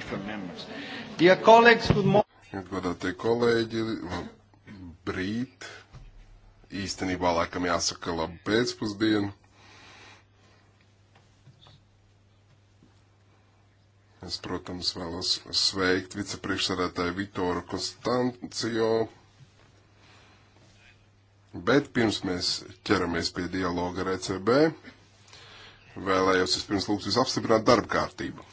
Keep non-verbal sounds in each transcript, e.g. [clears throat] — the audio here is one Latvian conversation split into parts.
committee from members. Dear colleagues, good morning. Godātie kolēģi, brīt. Īstenībā laikam jāsaka labu pēcpusdienu. Es, protams, vēlos sveikt vicepriekšsēdētāju Vitoru Konstancijo. Bet pirms mēs ķeramies pie dialoga ar ECB, vēlējos vispirms lūgt jūs apstiprināt darba kārtību.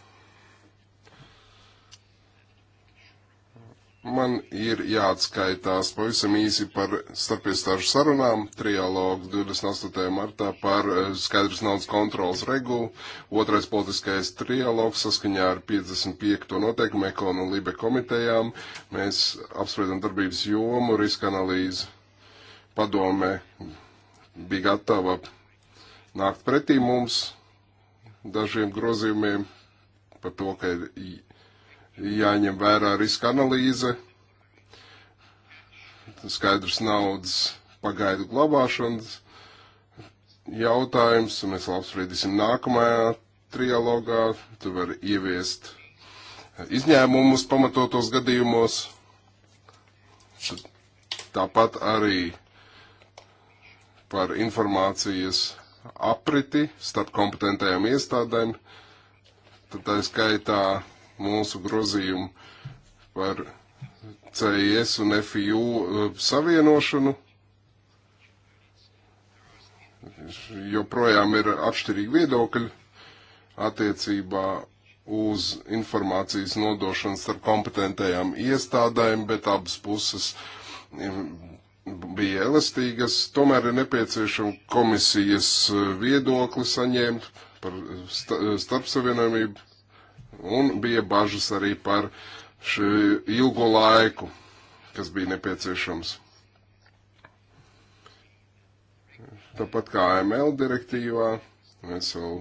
man ir jāatskaitās pavisam īsi par starpiestāžu sarunām, trialogu 28. martā par eh, skaidrs naudas kontrolas regulu, otrais politiskais trialogs saskaņā ar 55. noteikumu ekonu un libe komitejām. Mēs apspriedam darbības jomu, riska analīzi, padome bija gatava nākt pretī mums dažiem grozījumiem par to, ka ir jāņem vērā riska analīze skaidrs naudas pagaidu glabāšanas jautājums, un mēs apspriedīsim nākamajā trialogā. Tu vari ieviest izņēmumus pamatotos gadījumos. Tāpat arī par informācijas apriti starp kompetentajām iestādēm, tad tā skaitā mūsu grozījumu par CIS un FIU uh, savienošanu. Joprojām ir atšķirīgi viedokļi attiecībā uz informācijas nodošanu starp kompetentajām iestādēm, bet abas puses bija elastīgas. Tomēr ir nepieciešama komisijas uh, viedokli saņemt par uh, starpsavienojumību un bija bažas arī par uh, šo ilgo laiku, kas bija nepieciešams. Tāpat kā ML direktīvā, mēs vēl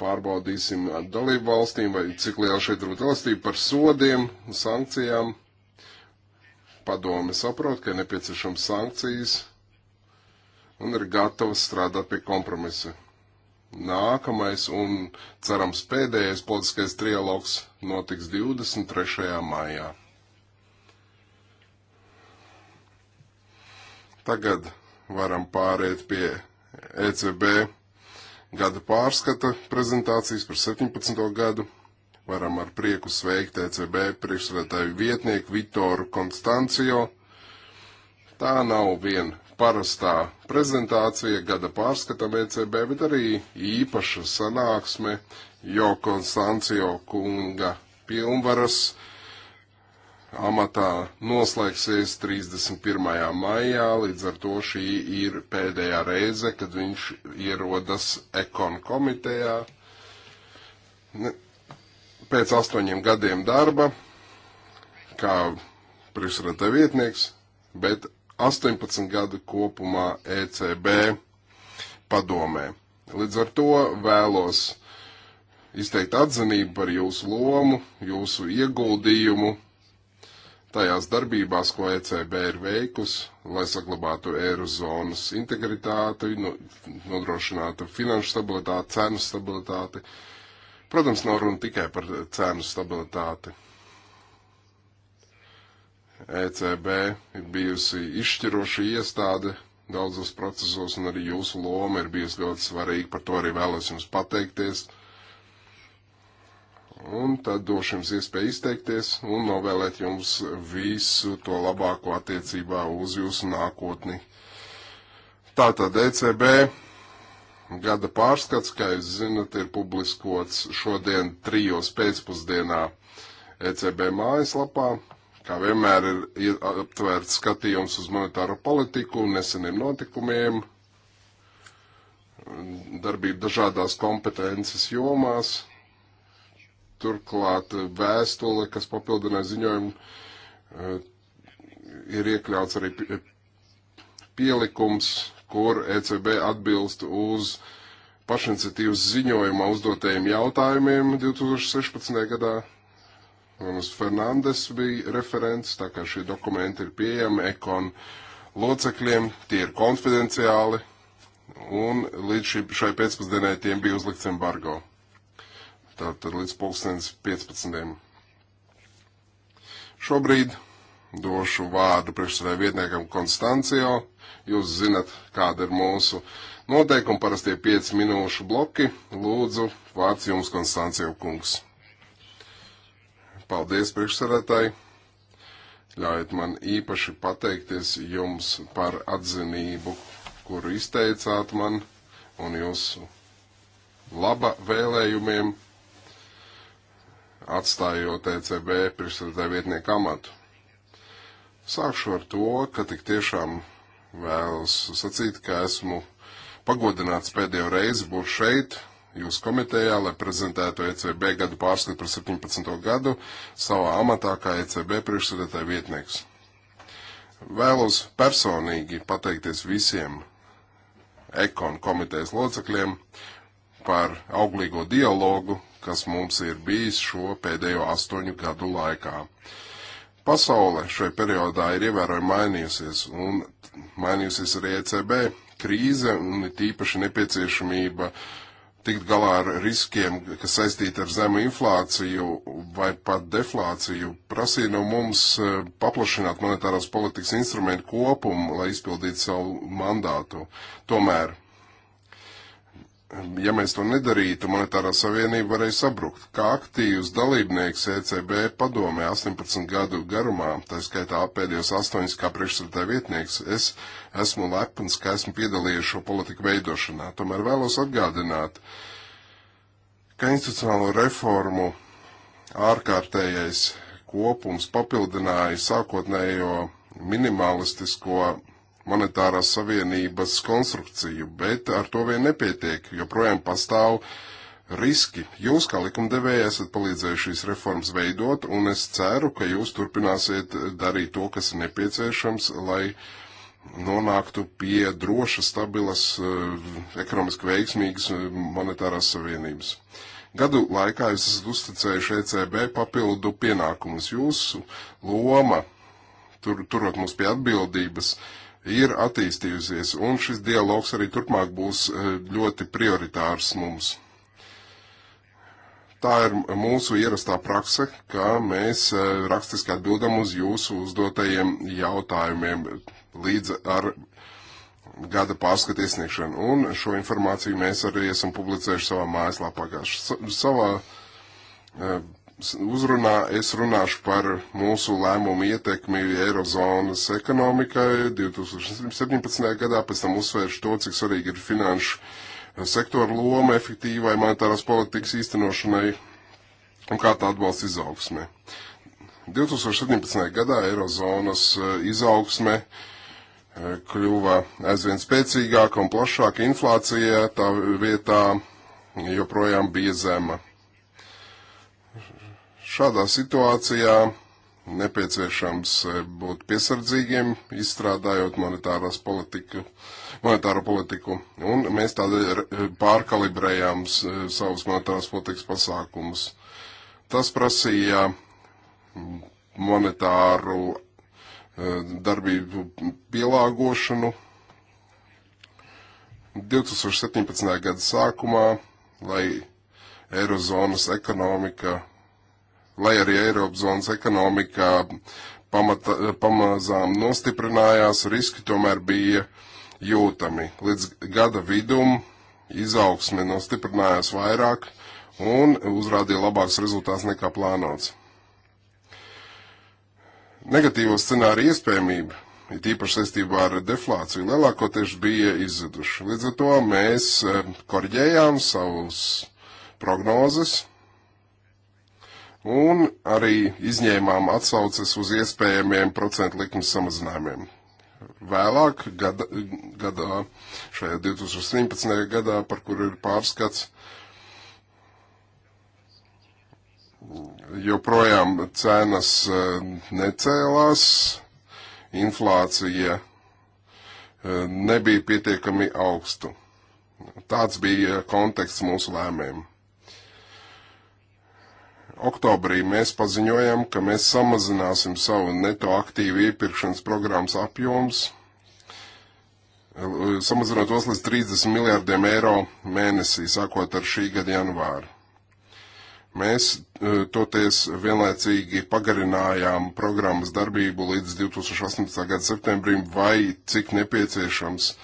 pārbaudīsim dalību valstīm, vai cik liela šeit ir elastība par sodiem un sankcijām. Padome saprot, ka ir nepieciešams sankcijas un ir gatavs strādāt pie kompromisa. Nākamais un, cerams, pēdējais politiskais trialogs notiks 23. maijā. Tagad varam pāriet pie ECB gada pārskata prezentācijas par 17. gadu. Varam ar prieku sveikt ECB priekšsēdētāju vietnieku Vitoru Konstancijo. Tā nav viena parastā prezentācija, gada pārskatam ECB, bet arī īpaša sanāksme Jo Konstancijo kunga pilnvaras amatā noslēgsies 31. maijā, līdz ar to šī ir pēdējā reize, kad viņš ierodas ekon komitejā pēc astoņiem gadiem darba, kā priekšsēdētāja vietnieks, bet 18 gadu kopumā ECB padomē. Līdz ar to vēlos izteikt atzinību par jūsu lomu, jūsu ieguldījumu tajās darbībās, ko ECB ir veikusi, lai saglabātu eirozonas integritāti, nu, nodrošinātu finanšu stabilitāti, cenu stabilitāti. Protams, nav runa tikai par cenu stabilitāti. ECB ir bijusi izšķiroša iestāde daudzos procesos, un arī jūsu loma ir bijusi ļoti svarīga. Par to arī vēlos jums pateikties. Un tad došu jums iespēju izteikties un novēlēt jums visu to labāko attiecībā uz jūsu nākotni. Tātad ECB gada pārskats, kā jūs zinat, ir publiskots šodien trijos pēcpusdienā ECB mājaslapā, Kā vienmēr ir aptvērts skatījums uz monetāro politiku un neseniem notikumiem, darbību dažādās kompetences jomās, turklāt vēstule, kas papildināja ziņojumu, eh, ir iekļauts arī pielikums, kur ECB atbilst uz pašiniciatīvas ziņojumā uzdotajiem jautājumiem 2016. gadā Jonas Fernandes bija referents, tā kā šie dokumenti ir pieejami ekon locekļiem, tie ir konfidenciāli, un līdz šī, šai pēcpusdienai tiem bija uzlikts embargo. Tātad līdz pulkstens 15. Šobrīd došu vārdu priekšsēdē vietniekam Konstancijo. Jūs zinat, kāda ir mūsu noteikuma, parasti 5 minūšu bloki. Lūdzu, vārds jums, Konstancijo kungs. Paldies, priekšsarētāji! Ļaujiet man īpaši pateikties jums par atzinību, kuru izteicāt man un jūsu laba vēlējumiem, atstājot ECB priekšsarētāju vietnieku amatu. Sākšu ar to, ka tik tiešām vēlos sacīt, ka esmu pagodināts pēdējo reizi būt šeit, jūsu komitejā, lai prezentētu ECB gadu pārskatu par 17. gadu savā amatā kā ECB priekšsēdētāja vietnieks. Vēlos personīgi pateikties visiem ekon komitejas locekļiem par auglīgo dialogu, kas mums ir bijis šo pēdējo astoņu gadu laikā. Pasaule šajā periodā ir ievērojami mainījusies, un mainījusies arī ECB krīze un tīpaši nepieciešamība uh, tikt galā ar riskiem, kas saistīti ar zemu inflāciju vai pat deflāciju, prasīja no mums eh, paplašināt monetārās politikas instrumentu kopumu, lai izpildītu savu mandātu. Tomēr Ehm, ja mēs to nedarītu, monetārā savienība varēja sabrukt. Kā aktīvs dalībnieks ECB padomē 18 gadu garumā, tā skaitā pēdējos astoņus kā priekšsēdētāja vietnieks, es esmu lepns, ka esmu piedalījies šo politiku veidošanā. Tomēr vēlos atgādināt, ka institucionālo reformu ārkārtējais kopums papildināja sākotnējo minimalistisko monetārās savienības konstrukciju, bet ar to vien nepietiek, jo projām pastāv riski. Jūs, kā likumdevēja, esat palīdzējuši šīs reformas veidot, un es ceru, ka jūs turpināsiet darīt to, kas ir nepieciešams, lai nonāktu pie drošas, stabilas, eh, ekonomiski veiksmīgas eh, monetārās savienības. Gadu laikā jūs esat uzticējuši ECB papildu pienākumus. Jūsu loma, tur, turot mūs pie atbildības, uh, ir attīstījusies, un šis dialogs arī turpmāk būs e, ļoti prioritārs mums. Tā ir mūsu ierastā prakse, ka mēs e, rakstiski atbildam uz jūsu uzdotajiem jautājumiem līdz ar gada pārskatu iesniegšanu, un šo informāciju mēs arī esam publicējuši savā mājaslapā. Savā e, uzrunā es runāšu par mūsu lēmumu ietekmi Eirozonas ekonomikai 2017. gadā, pēc tam uzsvēršu to, cik svarīgi ir finanšu eh, sektora loma efektīvai monetārās politikas īstenošanai un kā tā atbalsta izaugsmē. 2017. gadā Eirozonas eh, izaugsme eh, kļuva aizvien spēcīgāka un plašāka inflācija, tā vietā joprojām bija zema. Šādā situācijā nepieciešams eh, būt piesardzīgiem, izstrādājot monetāros politiku, monetāro politiku. Un mēs tādēļ eh, pārkalibrējām eh, savus monetāros politikas pasākumus. Tas prasīja mm, monetāru darbību pielāgošanu. 2017. gada sākumā, lai Eirozonas ekonomika Lai arī Eiropas zonas ekonomikā pamata, pamazām nostiprinājās, riski tomēr bija jūtami. Līdz gada vidum izaugsme nostiprinājās vairāk un uzrādīja labāks rezultāts nekā plānots. Negatīvo scenāriju iespējamība it īpaši saistībā ar deflāciju, lielākoties bija izzuduši. Līdz ar to mēs eh, korģējām savus prognozes un arī izņēmām atsauces uz iespējamiem procentu likmes samazinājumiem. Vēlāk gada, gadā, šajā 2017. gadā, par kuru ir pārskats, joprojām cenas eh, necēlās, inflācija eh, nebija pietiekami augstu. Tāds bija konteksts mūsu lēmējiem oktobrī mēs paziņojam, ka mēs samazināsim savu neto aktīvu iepirkšanas programmas apjoms, eh, samazinot tos līdz 30 miljārdiem eiro mēnesī, sākot ar šī gada janvāru. Mēs eh, toties vienlaicīgi pagarinājām programmas darbību līdz 2018. gada septembrim vai cik nepieciešams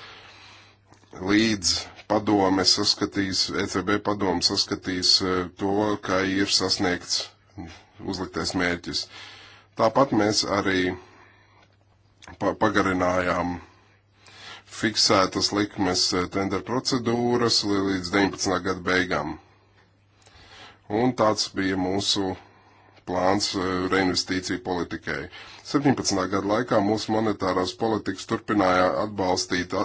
līdz padome saskatīs, ECB padome saskatīs e, to, ka ir sasniegts uzliktais mērķis. Tāpat mēs arī pa pagarinājām fiksētas likmes e, tender procedūras līdz 19. gada beigām. Un tāds bija mūsu plāns e, reinvestīciju politikai. 17. gada laikā mūsu monetārās politikas turpināja atbalstīt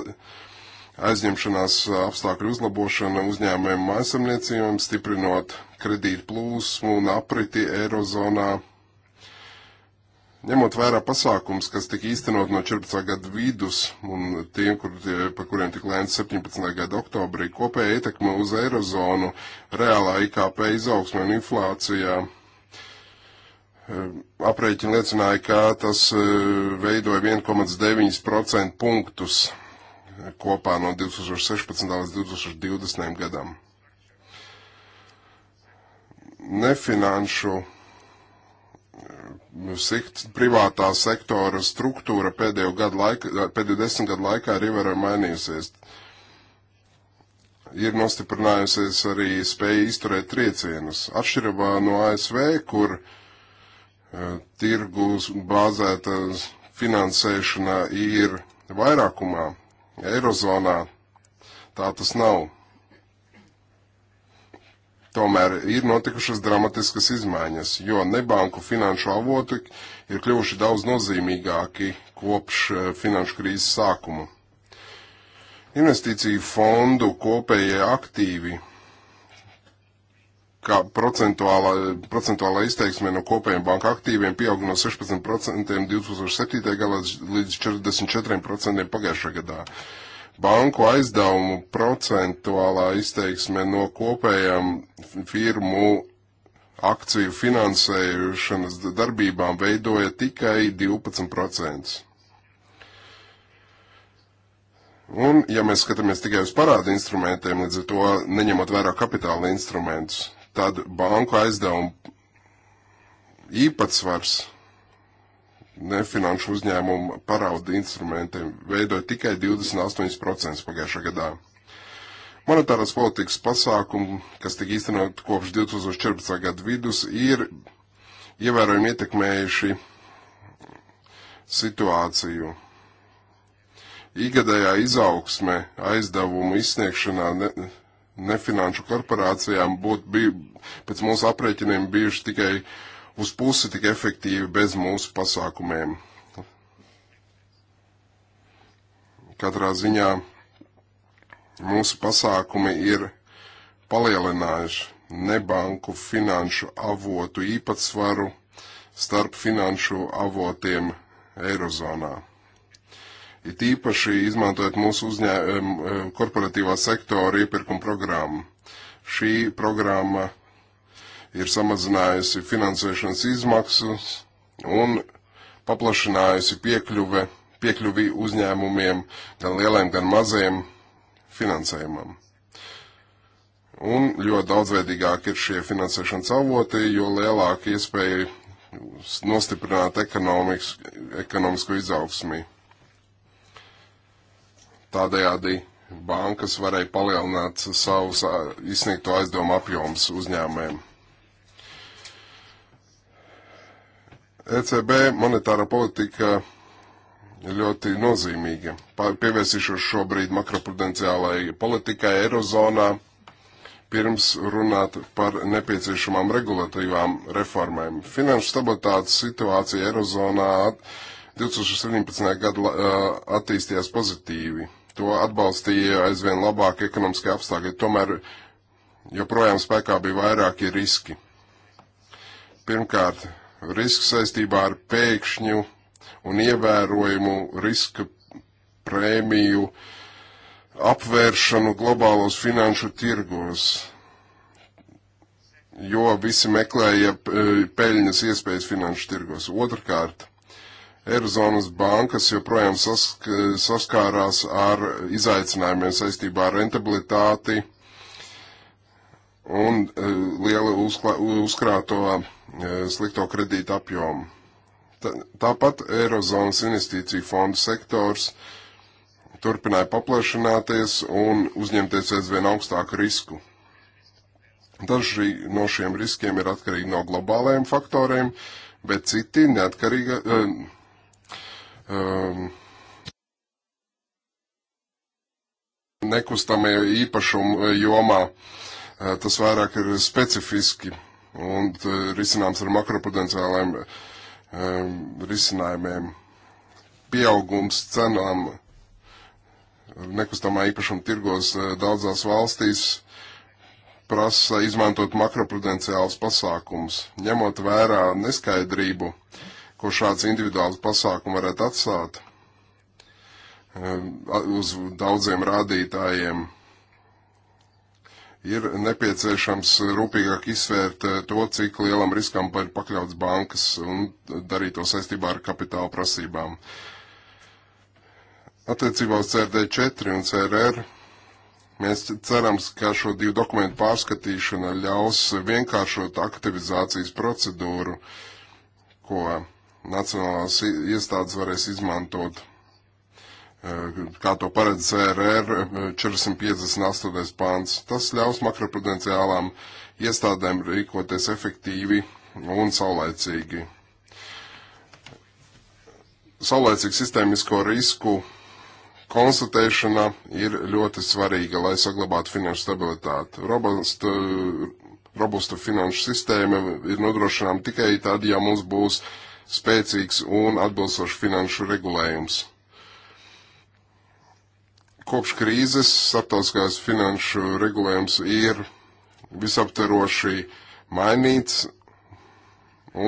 aizņemšanās apstākļu uzlabošana uzņēmējiem mājasemniecībām, stiprinot kredītu plūsmu un apriti Eirozonā. Ņemot vērā pasākums, kas tika īstenot no 14. gada vidus un tiem, kur, par kuriem tika lēns 17. gada oktobrī, kopēja ietekme uz eirozonu reālā IKP izaugsmē un inflācijā aprēķini liecināja, ka tas veidoja 1,9% punktus kopā no 2016. līdz 2020. gadam. Nefinanšu eh, privātā sektora struktūra pēdējo, gadu laika, eh, pēdējo desmit gadu laikā ir ievērojami mainījusies. Ir nostiprinājusies arī spēja izturēt triecienus. Atšķirībā no ASV, kur uh, tirgus bāzētas finansēšana ir vairākumā, Eirozonā tā tas nav. Tomēr ir notikušas dramatiskas izmaiņas, jo nebanku finanšu avoti ir kļuvuši daudz nozīmīgāki kopš eh, finanšu krīzes sākuma. Investīciju fondu kopējie aktīvi kā procentuālā, procentuālā izteiksme no kopējiem banka aktīviem pieauga no 16% 2007. gadā līdz 44% pagājušā gadā. Banku aizdevumu procentuālā izteiksme no kopējām firmu akciju finansējušanas darbībām veidoja tikai 12%. Un, ja mēs skatāmies tikai uz parādu instrumentiem, līdz ar to neņemot vērā kapitāla instrumentus, tad banku aizdevumu īpatsvars nefinanšu uzņēmumu paraudu instrumentiem veidoja tikai 28% pagājušā gadā. Monetāras politikas pasākumi, kas tika īstenot kopš 2014. gada vidus, ir ievērojami ietekmējuši situāciju. Igadējā izaugsme aizdevumu izsniegšanā ne, nefinanšu korporācijām būtu bij, pēc mūsu aprēķiniem bijuši tikai uz pusi tik efektīvi bez mūsu pasākumiem. Katrā ziņā mūsu pasākumi ir palielinājuši nebanku finanšu avotu īpatsvaru starp finanšu avotiem Eirozonā. It īpaši izmantojot mūsu uzņēmumu korporatīvā sektora iepirkuma programmu. Šī programma ir samazinājusi finansēšanas izmaksas un paplašinājusi piekļuve, piekļuvi uzņēmumiem, gan lieliem, gan maziem finansējumam. Un ļoti daudzveidīgāk ir šie finansēšanas avoti, jo lielāka iespēja nostiprināt ekonomisko izaugsmī. Tādējādi bankas varēja palielināt savus izsniegto aizdomu apjomus uzņēmējiem. ECB monetāra politika ir ļoti nozīmīga. Pievērsīšos šobrīd makroprudenciālai politikai Eirozonā pirms runāt par nepieciešamām regulatīvām reformēm. Finanšu stabilitātes situācija Eirozonā 2017. gadu attīstījās pozitīvi to atbalstīja aizvien labāk ekonomiskie apstākļi, tomēr joprojām spēkā bija vairāki riski. Pirmkārt, risks saistībā ar pēkšņu un ievērojumu riska prēmiju apvēršanu globālos finanšu tirgos, jo visi meklēja eh, peļņas iespējas finanšu tirgos. Otrkārt, Eirozonas bankas joprojām sask saskārās ar izaicinājumiem saistībā ar rentabilitāti un e, lielu uzkrāto e, slikto kredītu apjomu. Ta tāpat Eirozonas investīciju fondu sektors turpināja paplašināties un uzņemties aizvien augstāku risku. Daži no šiem riskiem ir atkarīgi no globālajiem faktoriem, bet citi neatkarīgi. E, um, nekustamie īpašumu uh, jomā. Uh, tas vairāk ir specifiski un uh, risināms ar makroprudenciāliem um, risinājumiem. Pieaugums cenām nekustamā īpašuma tirgos daudzās valstīs prasa izmantot makroprudenciālus pasākumus, ņemot vērā neskaidrību uh, ko šāds individuāls pasākums varētu atstāt eh, uz daudziem rādītājiem. Ir nepieciešams rūpīgāk izsvērt eh, to, cik lielam riskam ir pakļauts bankas un darīt to saistībā ar kapitāla prasībām. Attiecībā uz CRD4 un CRR Mēs cerams, ka šo divu dokumentu pārskatīšana ļaus vienkāršot aktivizācijas procedūru, ko nacionālās iestādes varēs izmantot, e, kā to paredz CRR 458. E, pāns. Tas ļaus makroprudenciālām iestādēm rīkoties efektīvi un saulēcīgi. Saulēcīgu sistēmisko risku konstatēšana ir ļoti svarīga, lai saglabātu finanšu stabilitāti. Robusta, e, robusta finanšu sistēma ir nodrošinām tikai tad, ja mums būs uh, spēcīgs un atbilstošs finanšu regulējums. Kopš krīzes starptautiskās finanšu regulējums ir visaptveroši mainīts,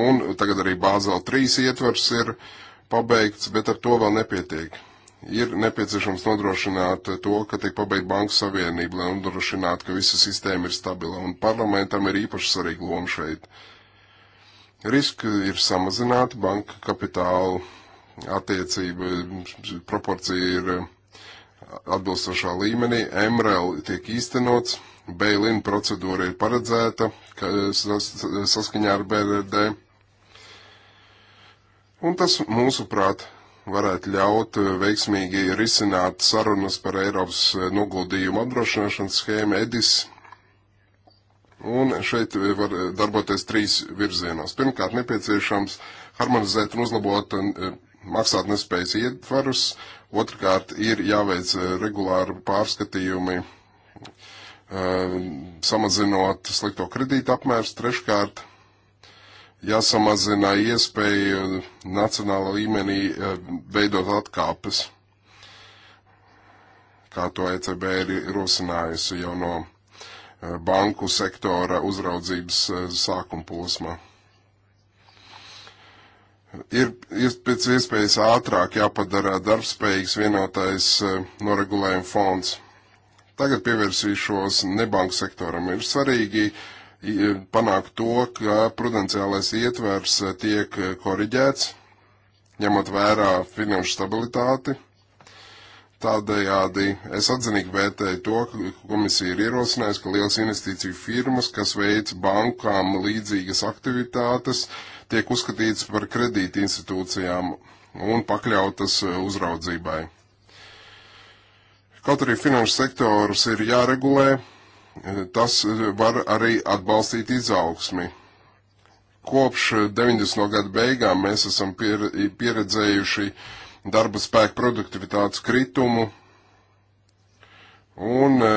un tagad arī Bāzela 3 ietvers ir pabeigts, bet ar to vēl nepietiek ir nepieciešams nodrošināt to, ka tiek pabeigta Banku Savienība, lai nodrošinātu, ka visa sistēma ir stabila. Un parlamentam ir īpaši svarīga loma šeit. Riski ir samazināti, banka kapitāla attiecība proporcija ir atbilstošā līmenī, MRL tiek īstenots, Beilina procedūra ir paredzēta ka, sas, saskaņā ar BRD. Un tas, mūsuprāt, varētu ļaut veiksmīgi risināt sarunas par Eiropas noguldījumu apdrošināšanas schēmu EDIS Un šeit var darboties trīs virzienos. Pirmkārt, nepieciešams harmonizēt un uzlabot e, maksāt nespējas ietvarus. Otrkārt, ir jāveic e, regulāri pārskatījumi, e, samazinot slikto kredītu apmērs. Treškārt, jāsamazina iespēju nacionāla līmenī veidot atkāpes, kā to ECB ir rosinājusi jau no Eh, banku sektora uzraudzības eh, sākuma posmā. Ir, ir pēc iespējas ātrāk jāpadara darbspējīgs vienotais eh, noregulējuma fonds. Tagad pievērsīšos nebanku sektoram. Ir svarīgi panākt to, ka prudenciālais ietvers tiek koriģēts, ņemot vērā finanšu stabilitāti Tādējādi es atzinīgi vērtēju to, ka komisija ir ierosinājusi, ka liels investīciju firmas, kas veic bankām līdzīgas aktivitātes, tiek uzskatītas par kredīti institūcijām un pakļautas e, uzraudzībai. Kaut arī finanšu sektorus ir jāregulē, e, tas e, var arī atbalstīt izaugsmi. Kopš 90. gadu beigām mēs esam pieredzējuši uh, darba spēka produktivitātes kritumu un e,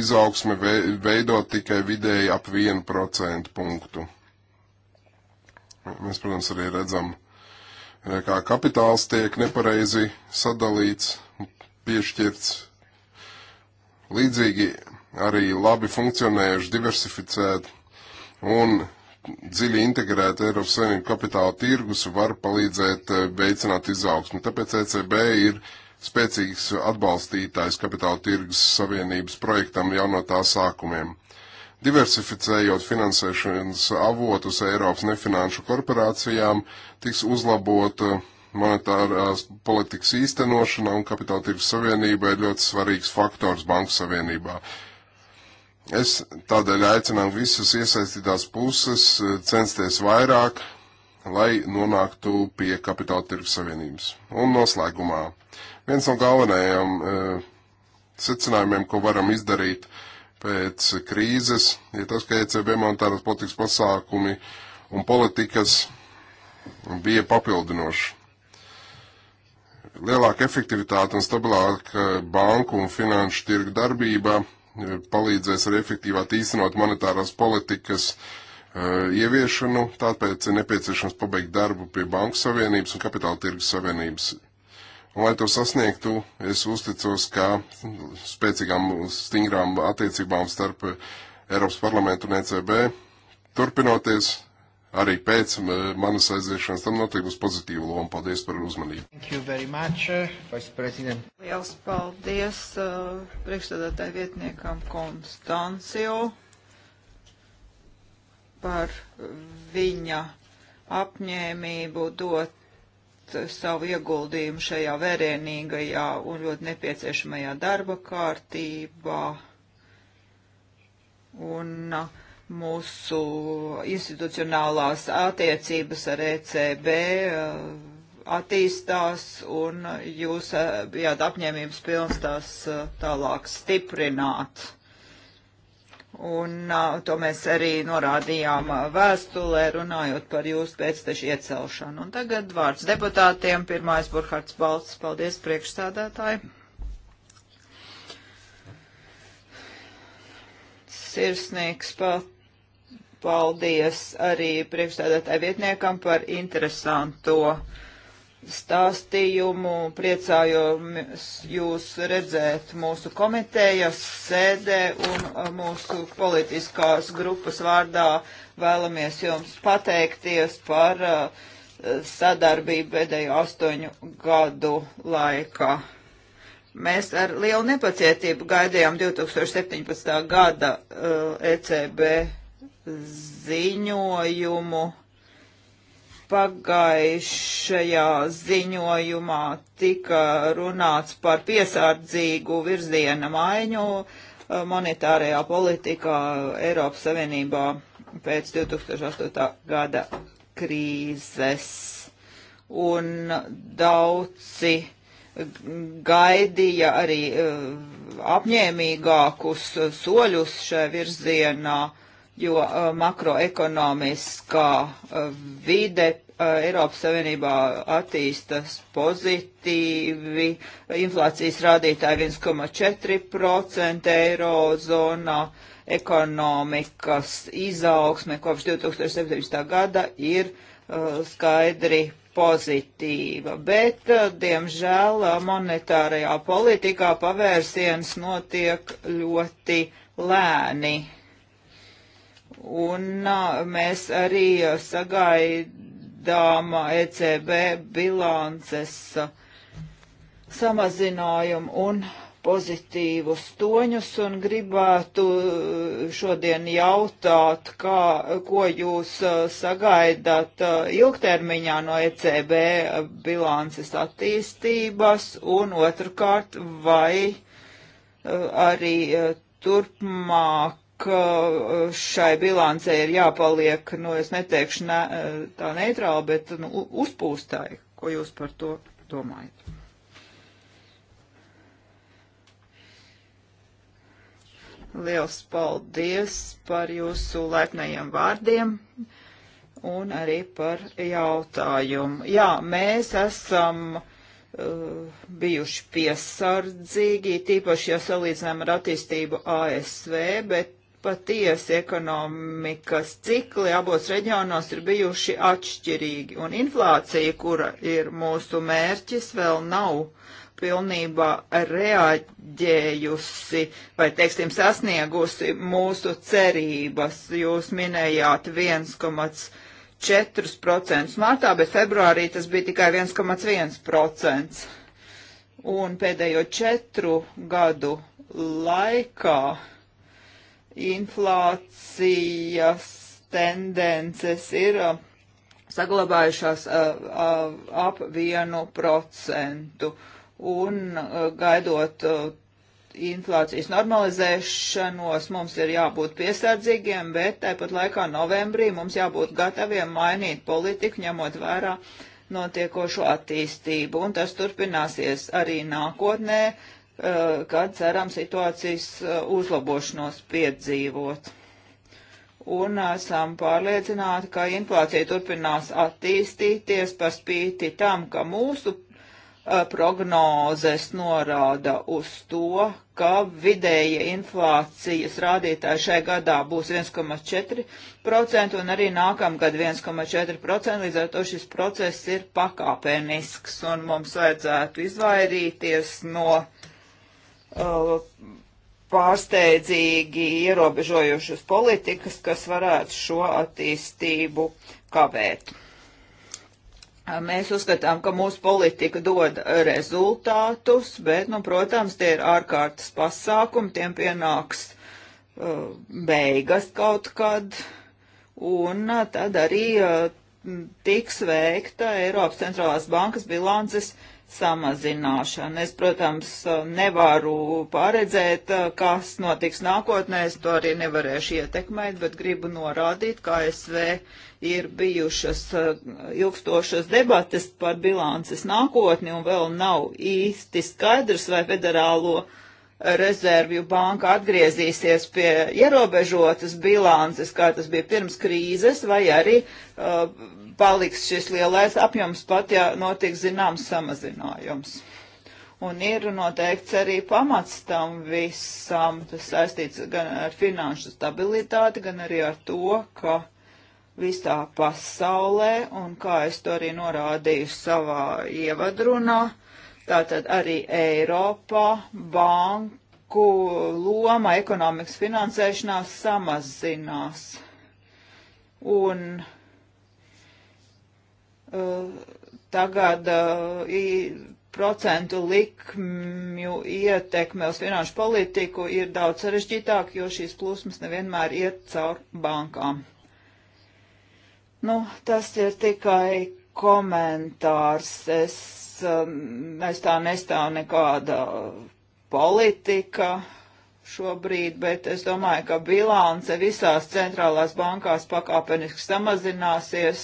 izaugsme veido tikai vidēji ap 1% punktu. Mēs, protams, arī redzam, e, kā kapitāls tiek nepareizi sadalīts, piešķirts. Līdzīgi arī labi funkcionējuši, diversificēti un dziļi integrēta Eiropas Savienības kapitāla tirgus var palīdzēt eh, veicināt izaugsmu. Tāpēc ECB ir spēcīgs atbalstītājs kapitāla tirgus savienības projektam jau no tā sākumiem. Diversificējot finansēšanas avotus Eiropas nefinanšu korporācijām, tiks uzlabota eh, monetārās politikas īstenošana un kapitāla tirgus savienība ir ļoti svarīgs faktors banku savienībā. Uh, Es tādēļ aicinātu visus iesaistītās puses eh, censties vairāk, lai nonāktu pie kapitāla tirgus savienības. Un noslēgumā viens no galvenajiem e, secinājumiem, ko varam izdarīt pēc krīzes, ir tas, ka ECB monetāras politikas pasākumi un politikas bija papildinoši. Lielāka efektivitāte un stabilāka banku un finanšu tirgu darbība E, palīdzēs arī efektīvāk īstenot monetārās politikas uh, ieviešanu, tāpēc ir nepieciešams pabeigt darbu pie Banku Savienības un Kapitāla tirgus Savienības. Un, lai to sasniegtu, es uzticos, ka spēcīgām, stingrām attiecībām starp Eiropas parlamentu un ECB turpinoties, arī pēc manas aiziešanas tam noteikti būs pozitīva loma. Paldies par uzmanību. Much, uh, Lielas paldies uh, priekšstādātāju vietniekam Konstanciju par viņa apņēmību dot savu ieguldījumu šajā vērienīgajā un ļoti nepieciešamajā darba kārtībā. Un uh, mūsu institucionālās attiecības ar ECB uh, attīstās un jūs bijāt uh, apņēmības pilns tās uh, tālāk stiprināt. Un to mēs arī norādījām vēstulē, runājot par jūsu pēctešu iecelšanu. Un tagad vārds deputātiem. Pirmais Burkhards Balts. Paldies, priekšstādātāji. Sirsnīgs pat Paldies arī priekšstādātāju vietniekam par interesanto stāstījumu. Priecājos jūs redzēt mūsu komitejas sēdē un uh, mūsu politiskās grupas vārdā vēlamies jums pateikties par uh, sadarbību pēdējo astoņu gadu laikā. Mēs ar lielu nepacietību gaidījām 2017. gada uh, ECB ziņojumu. Pagājušajā ziņojumā tika runāts par piesardzīgu virziena maiņu eh, monetārajā politikā Eiropas Savienībā pēc 2008. gada krīzes. Un daudzi gaidīja arī eh, apņēmīgākus soļus šajā virzienā jo uh, makroekonomiskā uh, vide uh, Eiropas Savienībā attīstas pozitīvi, inflācijas rādītāji 1,4% eirozonā, ekonomikas izaugsme kopš 2017. gada ir uh, skaidri pozitīva, bet, uh, diemžēl, uh, monetārajā politikā pavērsiens notiek ļoti lēni Un mēs arī sagaidām ECB bilances samazinājumu un pozitīvus toņus un gribētu šodien jautāt, kā, ko jūs sagaidat ilgtermiņā no ECB bilances attīstības un otrkārt vai arī turpmāk ka eh, šai bilancē ir jāpaliek, nu, es neteikšu ne, eh, tā neitrāli, bet nu, uzpūstāji. Ko jūs par to domājat? Liels paldies par jūsu laipnajiem vārdiem un arī par jautājumu. Jā, mēs esam. Uh, bijuši piesardzīgi, tīpaši, ja salīdzinām ar attīstību ASV, bet patiesi ekonomikas cikli abos reģionos ir bijuši atšķirīgi, un inflācija, kura ir mūsu mērķis, vēl nav pilnībā reaģējusi vai, teiksim, sasniegusi mūsu cerības. Jūs minējāt 1,4% martā, bet februārī tas bija tikai 1,1%. Un pēdējo četru gadu laikā inflācijas tendences ir uh, saglabājušās uh, uh, ap vienu procentu un gaidot inflācijas normalizēšanos mums ir jābūt piesardzīgiem, bet tāpat laikā novembrī mums jābūt gataviem mainīt politiku, ņemot vērā notiekošo attīstību. Un tas turpināsies arī nākotnē, Eh, kad ceram situācijas eh, uzlabošanos piedzīvot. Un esam pārliecināti, ka inflācija turpinās attīstīties par spīti tam, ka mūsu eh, prognozes norāda uz to, ka vidēja inflācijas rādītāji šai gadā būs 1,4% un arī nākamgad 1,4%, līdz ar to šis process ir pakāpenisks un mums vajadzētu izvairīties no uh, Uh, pārsteidzīgi ierobežojušas politikas, kas varētu šo attīstību kavēt. Uh, mēs uzskatām, ka mūsu politika dod rezultātus, bet, nu, protams, tie ir ārkārtas pasākumi, tiem pienāks uh, beigas kaut kad, un uh, tad arī uh, tiks veikta Eiropas centrālās bankas bilances uh, samazināšana. Es, protams, nevaru paredzēt, eh, kas notiks nākotnē, es to arī nevarēšu ietekmēt, bet gribu norādīt, ka ASV ir bijušas eh, ilgstošas debates par bilances nākotni un vēl nav īsti skaidrs, vai federālo uh, rezervju banka atgriezīsies pie ierobežotas bilances, kā tas bija pirms krīzes, vai arī uh, paliks šis lielais apjoms pat, ja notiks zināms samazinājums. Un ir noteikts arī pamats tam visam, tas saistīts gan ar finanšu stabilitāti, gan arī ar to, ka visā pasaulē, un kā es to arī norādīju savā ievadrunā, uh, Tātad arī Eiropā banku loma ekonomikas finansēšanā samazinās. Un uh, tagad uh, i, procentu likmju ietekme uz finanšu politiku ir daudz sarežģītāk, jo šīs plūsmas nevienmēr iet caur bankām. Nu, tas ir tikai komentārs. Es Um, mēs tā nestāv nekāda politika šobrīd, bet es domāju, ka bilance visās centrālās bankās pakāpeniski samazināsies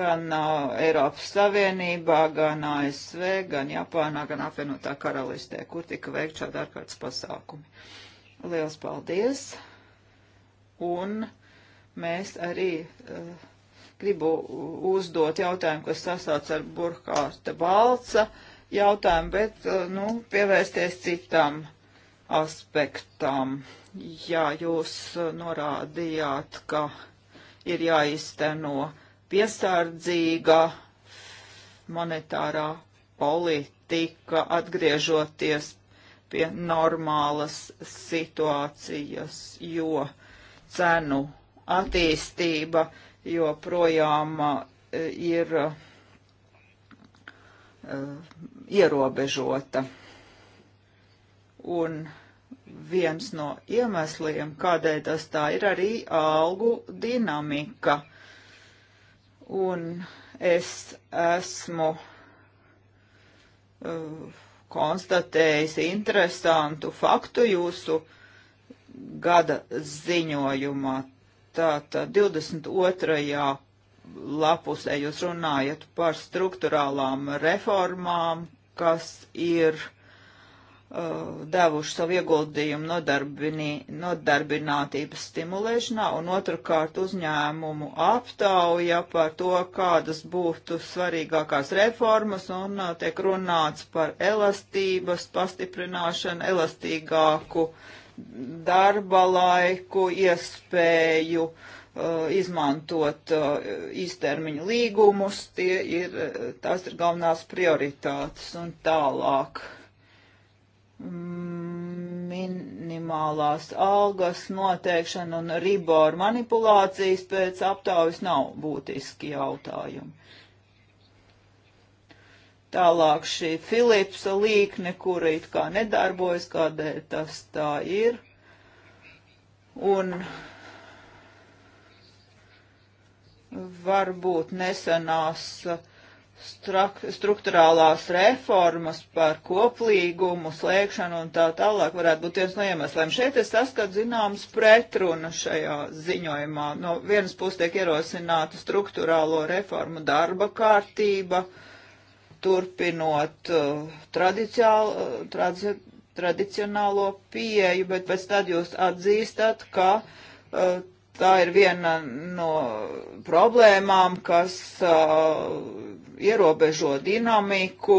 gan uh, Eiropas Savienībā, gan ASV, gan Japānā, gan apvienotā karalistē, kur tika veikt šādi ārkārtas pasākumi. Liels paldies! Un mēs arī uh, gribu uzdot jautājumu, kas sasauc ar Burkhārta Balca jautājumu, bet, eh, nu, pievērsties citam aspektam. Jā, jūs eh, norādījāt, ka ir jāizteno piesardzīga monetārā politika, atgriežoties pie normālas situācijas, jo cenu attīstība uh, joprojām uh, ir uh, ierobežota. Un viens no iemesliem, kādēļ tas tā ir, arī algu dinamika. Un es esmu uh, konstatējis interesantu faktu jūsu gada ziņojumā. Tātad 22. lapusē jūs runājat par struktūrālām reformām, kas ir uh, devuši savu ieguldījumu nodarbinātības stimulēšanā, un otrkārt uzņēmumu aptauja par to, kādas būtu svarīgākās reformas, un uh, tiek runāts par elastības pastiprināšanu, elastīgāku uh, darba laiku, iespēju uh, izmantot uh, īstermiņu līgumus, tie ir, uh, tās ir galvenās prioritātes un tālāk. Minimālās algas noteikšana un riboru manipulācijas pēc aptaujas nav būtiski jautājumi Tālāk šī Philipsa līkne, kura it kā nedarbojas, kādēļ tas tā ir. Un varbūt nesenās struktūrālās reformas par koplīgumu, slēgšanu un tā tālāk varētu būt viens no iemesliem. Šeit es saskatu zināmas pretruna šajā ziņojumā. No vienas puses tiek ierosināta struktūrālo reformu darba kārtība. Uh, turpinot uh, tradicionālo, uh, tradicionālo pieeju, bet pēc tad jūs atzīstat, ka uh, tā ir viena no problēmām, kas ierobežo dinamiku.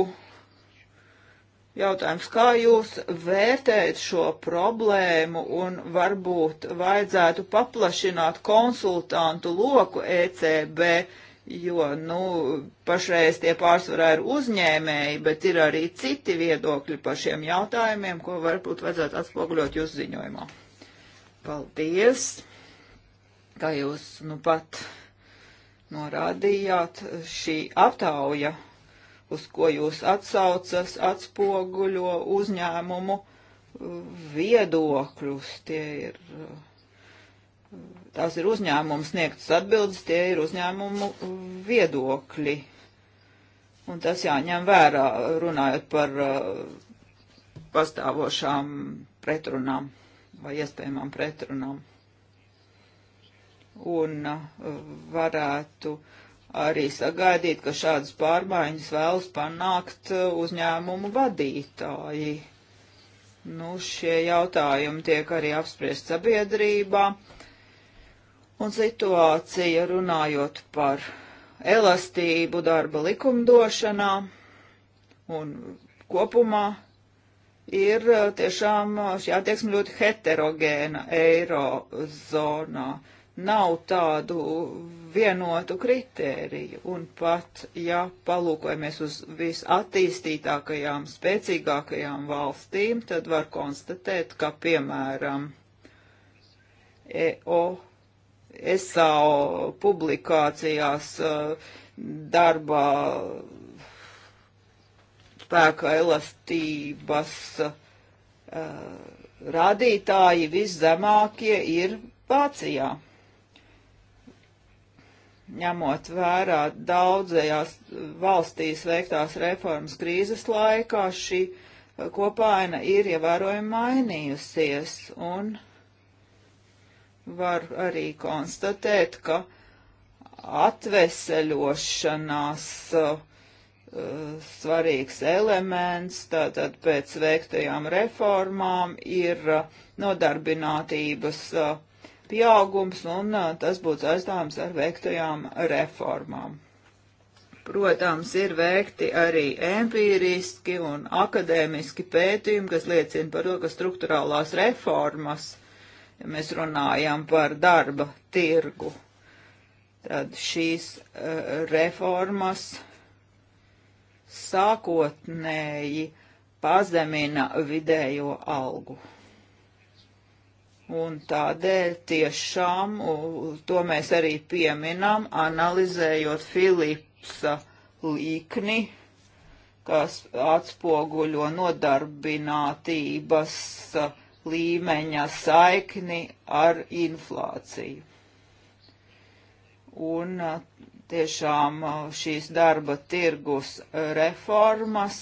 Jautājums, kā jūs vērtējat šo problēmu un varbūt vajadzētu paplašināt konsultantu loku ECB? jo, nu, pašreiz tie pārsvarā ir uzņēmēji, bet ir arī citi viedokļi par šiem jautājumiem, ko varbūt vajadzētu atspoguļot jūsu ziņojumā. Paldies, ka jūs, nu, pat norādījāt šī aptauja, uz ko jūs atsaucas, atspoguļo uzņēmumu viedokļus. Tie ir uh, tās ir uzņēmumu sniegtas atbildes, tie ir uzņēmumu uh, viedokļi. Un tas jāņem vērā, runājot par uh, pastāvošām pretrunām vai iespējamām pretrunām. Un uh, varētu arī sagaidīt, ka šādas pārmaiņas vēlas panākt uzņēmumu vadītāji. Nu, šie jautājumi tiek arī apspriest sabiedrībā. Uh, Un situācija runājot par elastību darba likumdošanā un kopumā ir eh, tiešām šī attieksme ļoti heterogēna eirozonā. Nav tādu vienotu kritēriju, un pat, ja palūkojamies uz visattīstītākajām, spēcīgākajām valstīm, tad var konstatēt, ka, piemēram, EO ESAO publikācijās eh, darba spēka elastības eh, rādītāji viszemākie ir Vācijā. Ņemot vērā daudzajās valstīs veiktās reformas krīzes laikā, šī kopaina ir ievērojami mainījusies, un var arī konstatēt, ka atveseļošanās uh, uh, svarīgs elements, tātad pēc veiktajām reformām ir uh, nodarbinātības uh, pieaugums, un uh, tas būtu saistāms ar veiktajām reformām. Protams, ir veikti arī empīriski un akadēmiski pētījumi, kas liecina par to, ka struktūrālās reformas ja mēs runājam par darba tirgu, tad šīs e, reformas sākotnēji pazemina vidējo algu. Un tādēļ tiešām, to mēs arī pieminam, analizējot Filipsa līkni, kas atspoguļo nodarbinātības uh, līmeņa saikni ar inflāciju. Un tiešām šīs darba tirgus reformas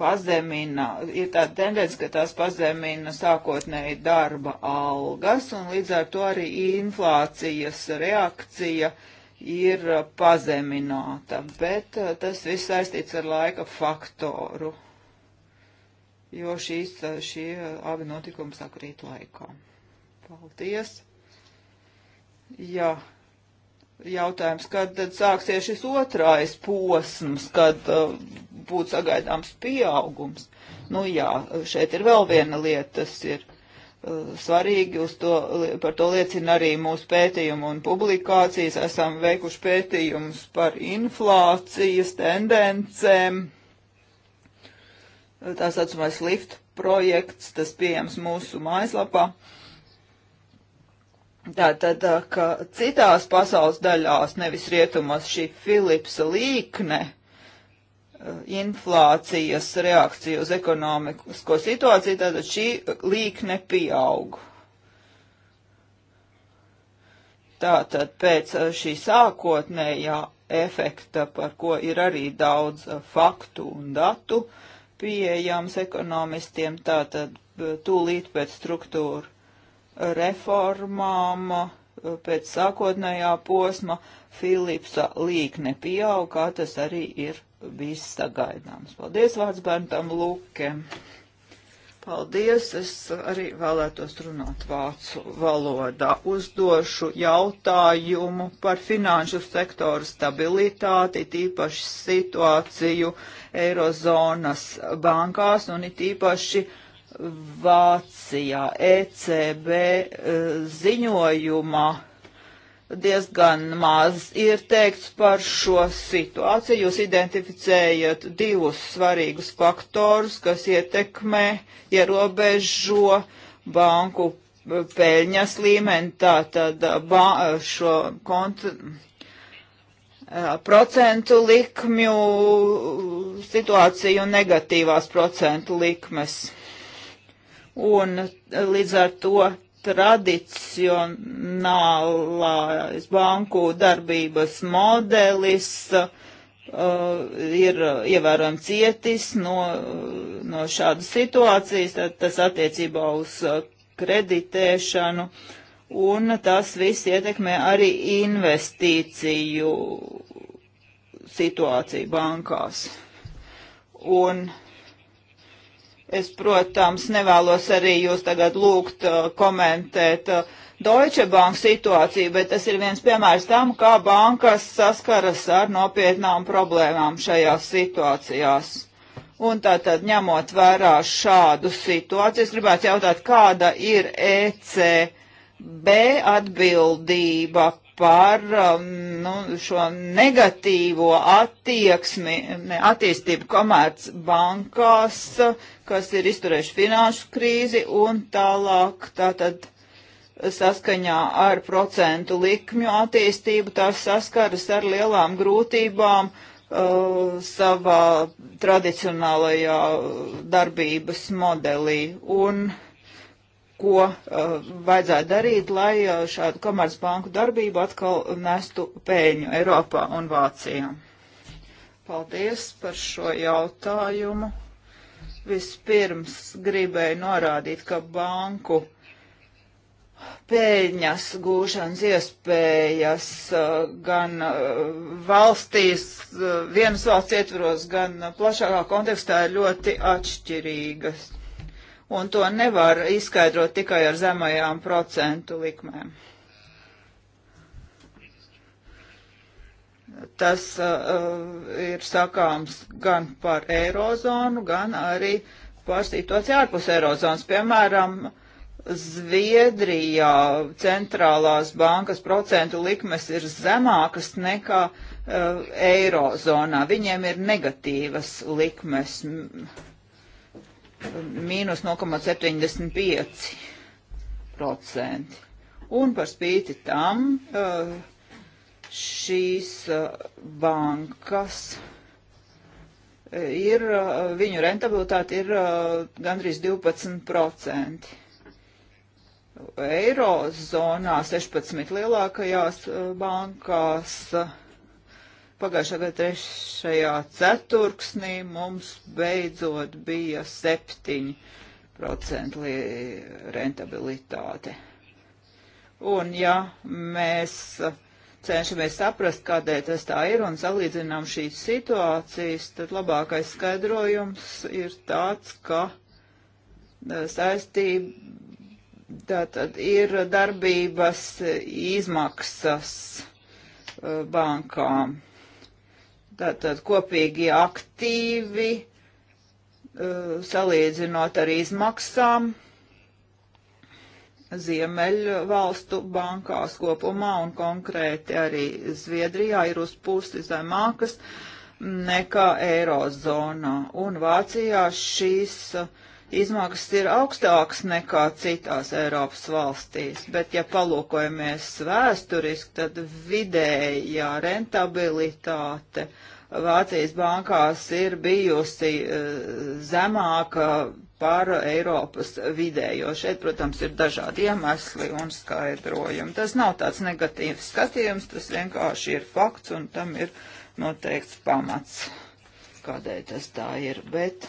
pazemina, ir tāda tendence, ka tās pazemina sākotnēji darba algas, un līdz ar to arī inflācijas reakcija uh, ir uh, pazemināta, bet uh, tas viss saistīts ar laika faktoru, jo šīs, uh, šie abi notikumi sakrīt laikā. Paldies! Jā, jautājums, kad tad sāksies šis otrais posms, kad uh, būtu sagaidāms pieaugums? Nu jā, šeit ir vēl viena lieta, tas ir Eh, svarīgi, uz to, par to liecina arī mūsu pētījumu un publikācijas. Esam veikuši pētījumus par inflācijas tendencēm. Tā saucamais lift projekts, tas pieejams mūsu mājaslapā. Tātad, eh, ka citās pasaules daļās, nevis rietumos, šī Philipsa līkne inflācijas reakciju uz ekonomisko situāciju, tātad šī līkne pieaug. Tātad pēc eh, šī sākotnējā efekta, par ko ir arī daudz eh, faktu un datu pieejams ekonomistiem, tātad eh, tūlīt pēc struktūra reformām Eh, pēc sākotnējā posma Filipsa līkne pieaug, kā tas arī ir viss sagaidāms. Paldies vārds bērntam Lukem. Paldies, es arī vēlētos runāt vācu valodā. Uzdošu jautājumu par finanšu sektoru stabilitāti, tīpaši situāciju Eirozonas bankās un it īpaši uh, Vācijā ECB eh, ziņojumā diezgan maz ir teikts par šo situāciju. Jūs identificējat divus svarīgus faktorus, kas ietekmē, ierobežo banku peļņas līmeni, tātad eh, ba šo kontu eh, procentu likmju situāciju un negatīvās procentu likmes un līdz ar to tradicionālais banku darbības modelis uh, ir ievērojami cietis no, no šādas situācijas, tad tas attiecībā uz kreditēšanu, un tas viss ietekmē arī investīciju situāciju bankās. Un uh, Es, protams, nevēlos arī jūs tagad lūgt uh, komentēt uh, Deutsche Bank situāciju, bet tas ir viens piemērs tam, kā bankas saskaras ar nopietnām problēmām šajās situācijās. Un tātad ņemot vērā šādu situāciju, es gribētu jautāt, kāda ir ECB atbildība par um, nu, šo negatīvo attieksmi, ne, attīstību komerc bankās, kas ir izturējuši finanšu krīzi un tālāk tātad saskaņā ar procentu likmju attīstību, tās saskaras ar lielām grūtībām uh, savā tradicionālajā darbības modelī. Un, uh, ko uh, vajadzētu darīt, lai uh, šādu komercbanku darbību atkal nestu pēļņu Eiropā un Vācijā. Paldies par šo jautājumu. Vispirms gribēju norādīt, ka banku pēļņas gūšanas iespējas uh, gan uh, valstīs, uh, vienas valsts ietvaros, gan plašākā kontekstā ir ļoti atšķirīgas un to nevar izskaidrot tikai ar zemajām procentu likmēm. Tas uh, uh, ir sakāms gan par eirozonu, gan arī par situāciju ārpus eirozonas. Piemēram, uh, Zviedrijā centrālās bankas procentu likmes ir zemākas nekā uh, eirozonā. Viņiem ir negatīvas likmes mīnus 0,75%. Un par spīti tam eh, šīs eh, bankas eh, ir, viņu rentabilitāte ir gandrīz 12% eirozonā 16 lielākajās bankās Pagājušā gada trešajā ceturksnī mums beidzot bija 7% rentabilitāte. Un ja mēs cenšamies saprast, kādēļ tas tā ir un salīdzinām šīs situācijas, tad labākais skaidrojums ir tāds, ka e, saistība tātad ir darbības izmaksas e, bankām. Tātad kopīgi aktīvi, eh, salīdzinot ar izmaksām Ziemeļvalstu bankās kopumā un konkrēti arī Zviedrijā ir uz pusi zemākas nekā Eirozonā. Un Vācijā šīs uh, eh, izmaksas ir augstākas nekā citās Eiropas valstīs, bet ja palūkojamies vēsturiski, tad vidējā rentabilitāte Vācijas bankās ir bijusi eh, zemāka par Eiropas vidējo. Šeit, protams, ir dažādi iemesli un skaidrojumi. Tas nav tāds negatīvs skatījums, tas vienkārši ir fakts un tam ir noteikts pamats, kādēļ tas tā ir. Bet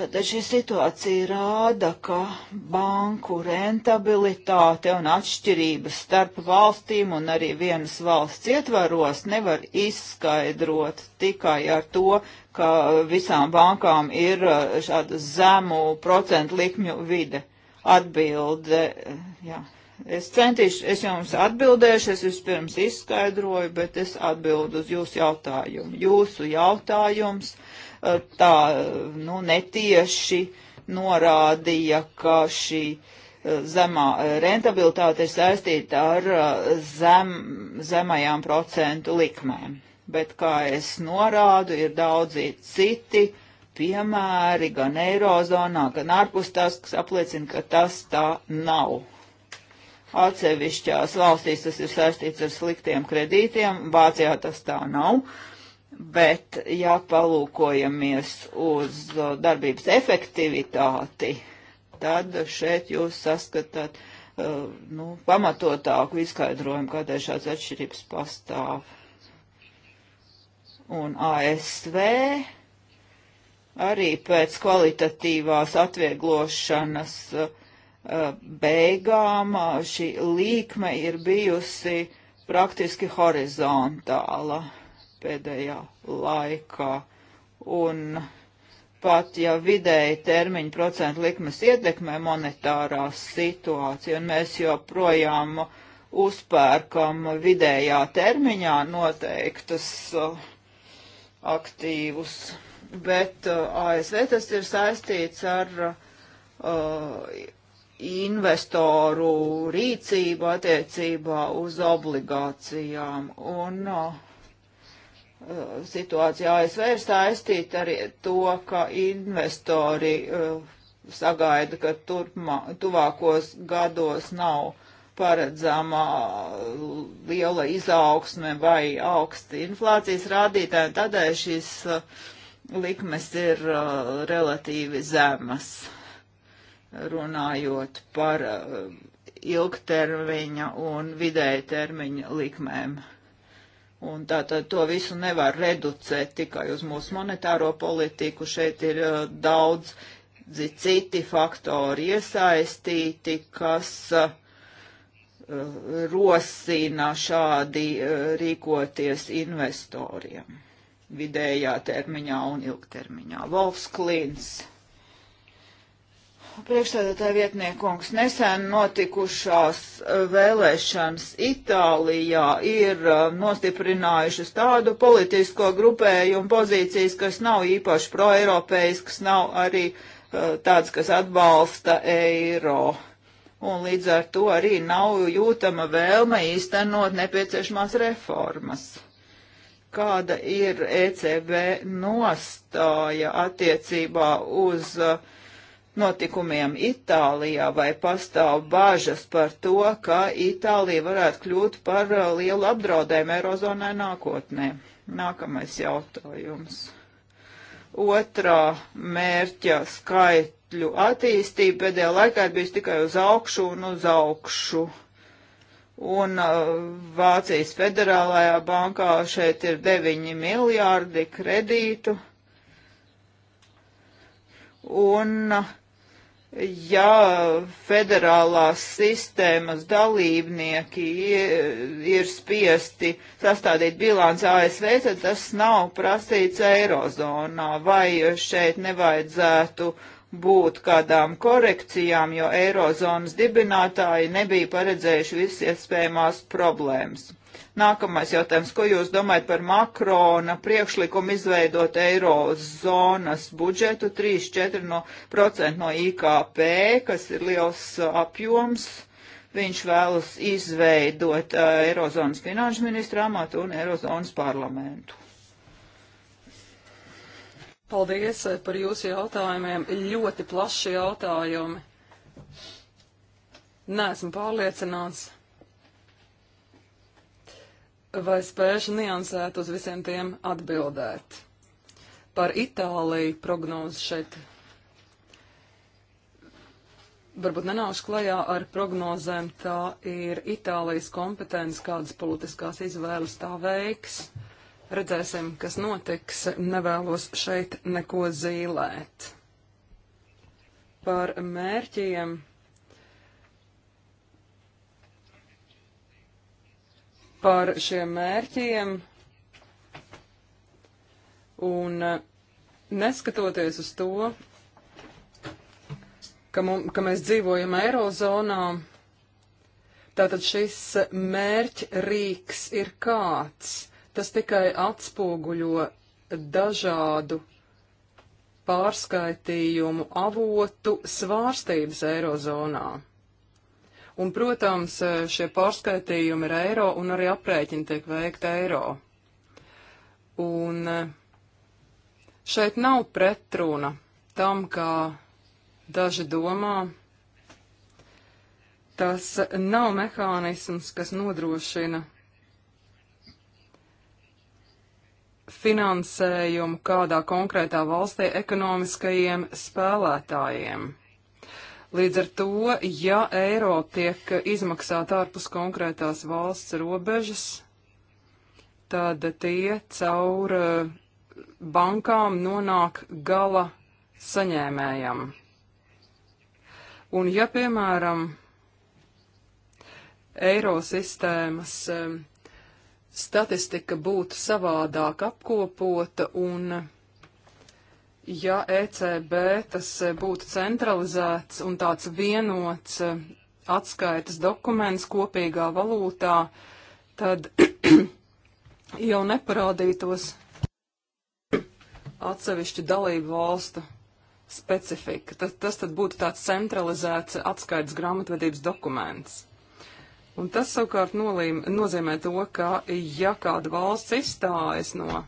Tad šī situācija rāda, ka banku rentabilitāte un atšķirības starp valstīm un arī vienas valsts ietvaros nevar izskaidrot tikai ar to, ka visām bankām ir uh, šāda zemu procentu likmju vide. Atbilde, uh, jā. Es centīšu, es jums atbildēšu, es vispirms izskaidroju, bet es atbildu uz jūsu jautājumu. Jūsu jautājums. Jūsu jautājums tā nu, netieši norādīja, ka šī eh, zemā rentabilitāte ir saistīta ar eh, zem, zemajām procentu likmēm. Bet, kā es norādu, ir daudzi citi piemēri gan Eirozonā, gan ārpus tās, kas apliecina, ka tas tā nav. Atsevišķās valstīs tas ir saistīts ar sliktiem kredītiem, Vācijā tas tā nav. Uh, bet ja palūkojamies uz darbības efektivitāti, tad šeit jūs saskatāt uh, nu, pamatotāku izskaidrojumu, kādēļ šāds atšķirības pastāv. Un ASV arī pēc kvalitatīvās atvieglošanas uh, beigām uh, šī līkme ir bijusi praktiski horizontāla pēdējā laikā. Un pat ja vidēji termiņu procentu likmes ietekmē monetārā situācija, un mēs joprojām uzpērkam vidējā termiņā noteiktus uh, aktīvus, bet uh, ASV tas ir saistīts ar uh, investoru rīcību attiecībā uz obligācijām. Un uh, situācija ASV ir saistīta ar to, ka investori eh, sagaida, ka turpmā, tuvākos gados nav paredzama liela izaugsme vai augsts inflācijas rādītāji, tādēļ šīs eh, likmes ir eh, relatīvi zemas, runājot par ilgtermiņa un vidēja termiņa likmēm. Un tātad to visu nevar reducēt tikai uz mūsu monetāro politiku. Šeit ir uh, daudz citi faktori iesaistīti, kas uh, rosina šādi uh, rīkoties investoriem vidējā termiņā un ilgtermiņā. Volfs Klins priekšstādātāja vietniekungs, nesen notikušās e, vēlēšanas Itālijā ir e, nostiprinājušas tādu politisko grupējumu pozīcijas, kas nav īpaši proeiropeisks, nav arī e, tāds, kas atbalsta eiro. Un līdz ar to arī nav jūtama vēlme īstenot nepieciešamās reformas kāda ir ECB nostāja attiecībā uz uh, notikumiem Itālijā vai pastāv bāžas par to, ka Itālija varētu kļūt par uh, lielu apdraudējumu Eirozonai nākotnē? Nākamais jautājums. Otrā mērķa skaitļu attīstība pēdējā laikā ir bijusi tikai uz augšu un uz augšu. Un uh, Vācijas federālajā bankā šeit ir 9 miljārdi kredītu. Un uh, ja federālās sistēmas dalībnieki ir spiesti sastādīt bilanci ASV, tad tas nav prasīts Eirozonā, vai šeit nevajadzētu būt kādām korekcijām, jo Eirozonas dibinātāji nebija paredzējuši visas iespējamās problēmas. Nākamais jautājums. Ko jūs domājat par Makrona priekšlikumu izveidot eirozonas budžetu 3-4% no, no IKP, kas ir liels apjoms? Viņš vēlas izveidot eirozonas finanšu ministru amatu un eirozonas parlamentu. Paldies par jūsu jautājumiem. Ļoti plaši jautājumi. Nē, esmu pārliecināts vai spēšu niansēt uz visiem tiem atbildēt. Par Itāliju prognozi šeit varbūt nenāšu klajā ar prognozēm, tā ir Itālijas kompetence, kādas politiskās izvēles tā veiks. Redzēsim, kas notiks, nevēlos šeit neko zīlēt. Par mērķiem par šiem mērķiem. Un eh, neskatoties uz to, ka, mum, ka mēs dzīvojam Eirozonā, tātad šis eh, mērķrīks ir kāds. Tas tikai atspoguļo dažādu pārskaitījumu avotu svārstības Eirozonā. Un, protams, šie pārskaitījumi ir eiro un arī aprēķini tiek veikti eiro. Un šeit nav pretruna tam, kā daži domā. Tas nav mehānisms, kas nodrošina finansējumu kādā konkrētā valstī ekonomiskajiem spēlētājiem. Līdz ar to, ja eiro tiek izmaksāta ārpus konkrētās valsts robežas, tad tie caur eh, bankām nonāk gala saņēmējam. Un ja, piemēram, eiro sistēmas eh, statistika būtu savādāk apkopota un ja ECB tas e, būtu centralizēts un tāds vienots e, atskaitas dokuments kopīgā valūtā, tad [clears throat] jau neparādītos atsevišķu dalību valstu specifika. Tas, tas tad būtu tāds centralizēts atskaites grāmatvedības dokuments. Un tas savukārt nolīm, nozīmē to, ka ja kāda valsts izstājas no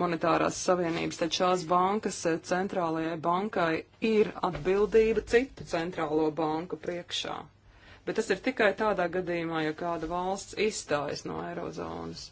monetārās savienības, tad šās bankas eh, centrālajai bankai ir atbildība citu centrālo banku priekšā. Bet tas ir tikai tādā gadījumā, ja kāda valsts izstājas no eirozonas.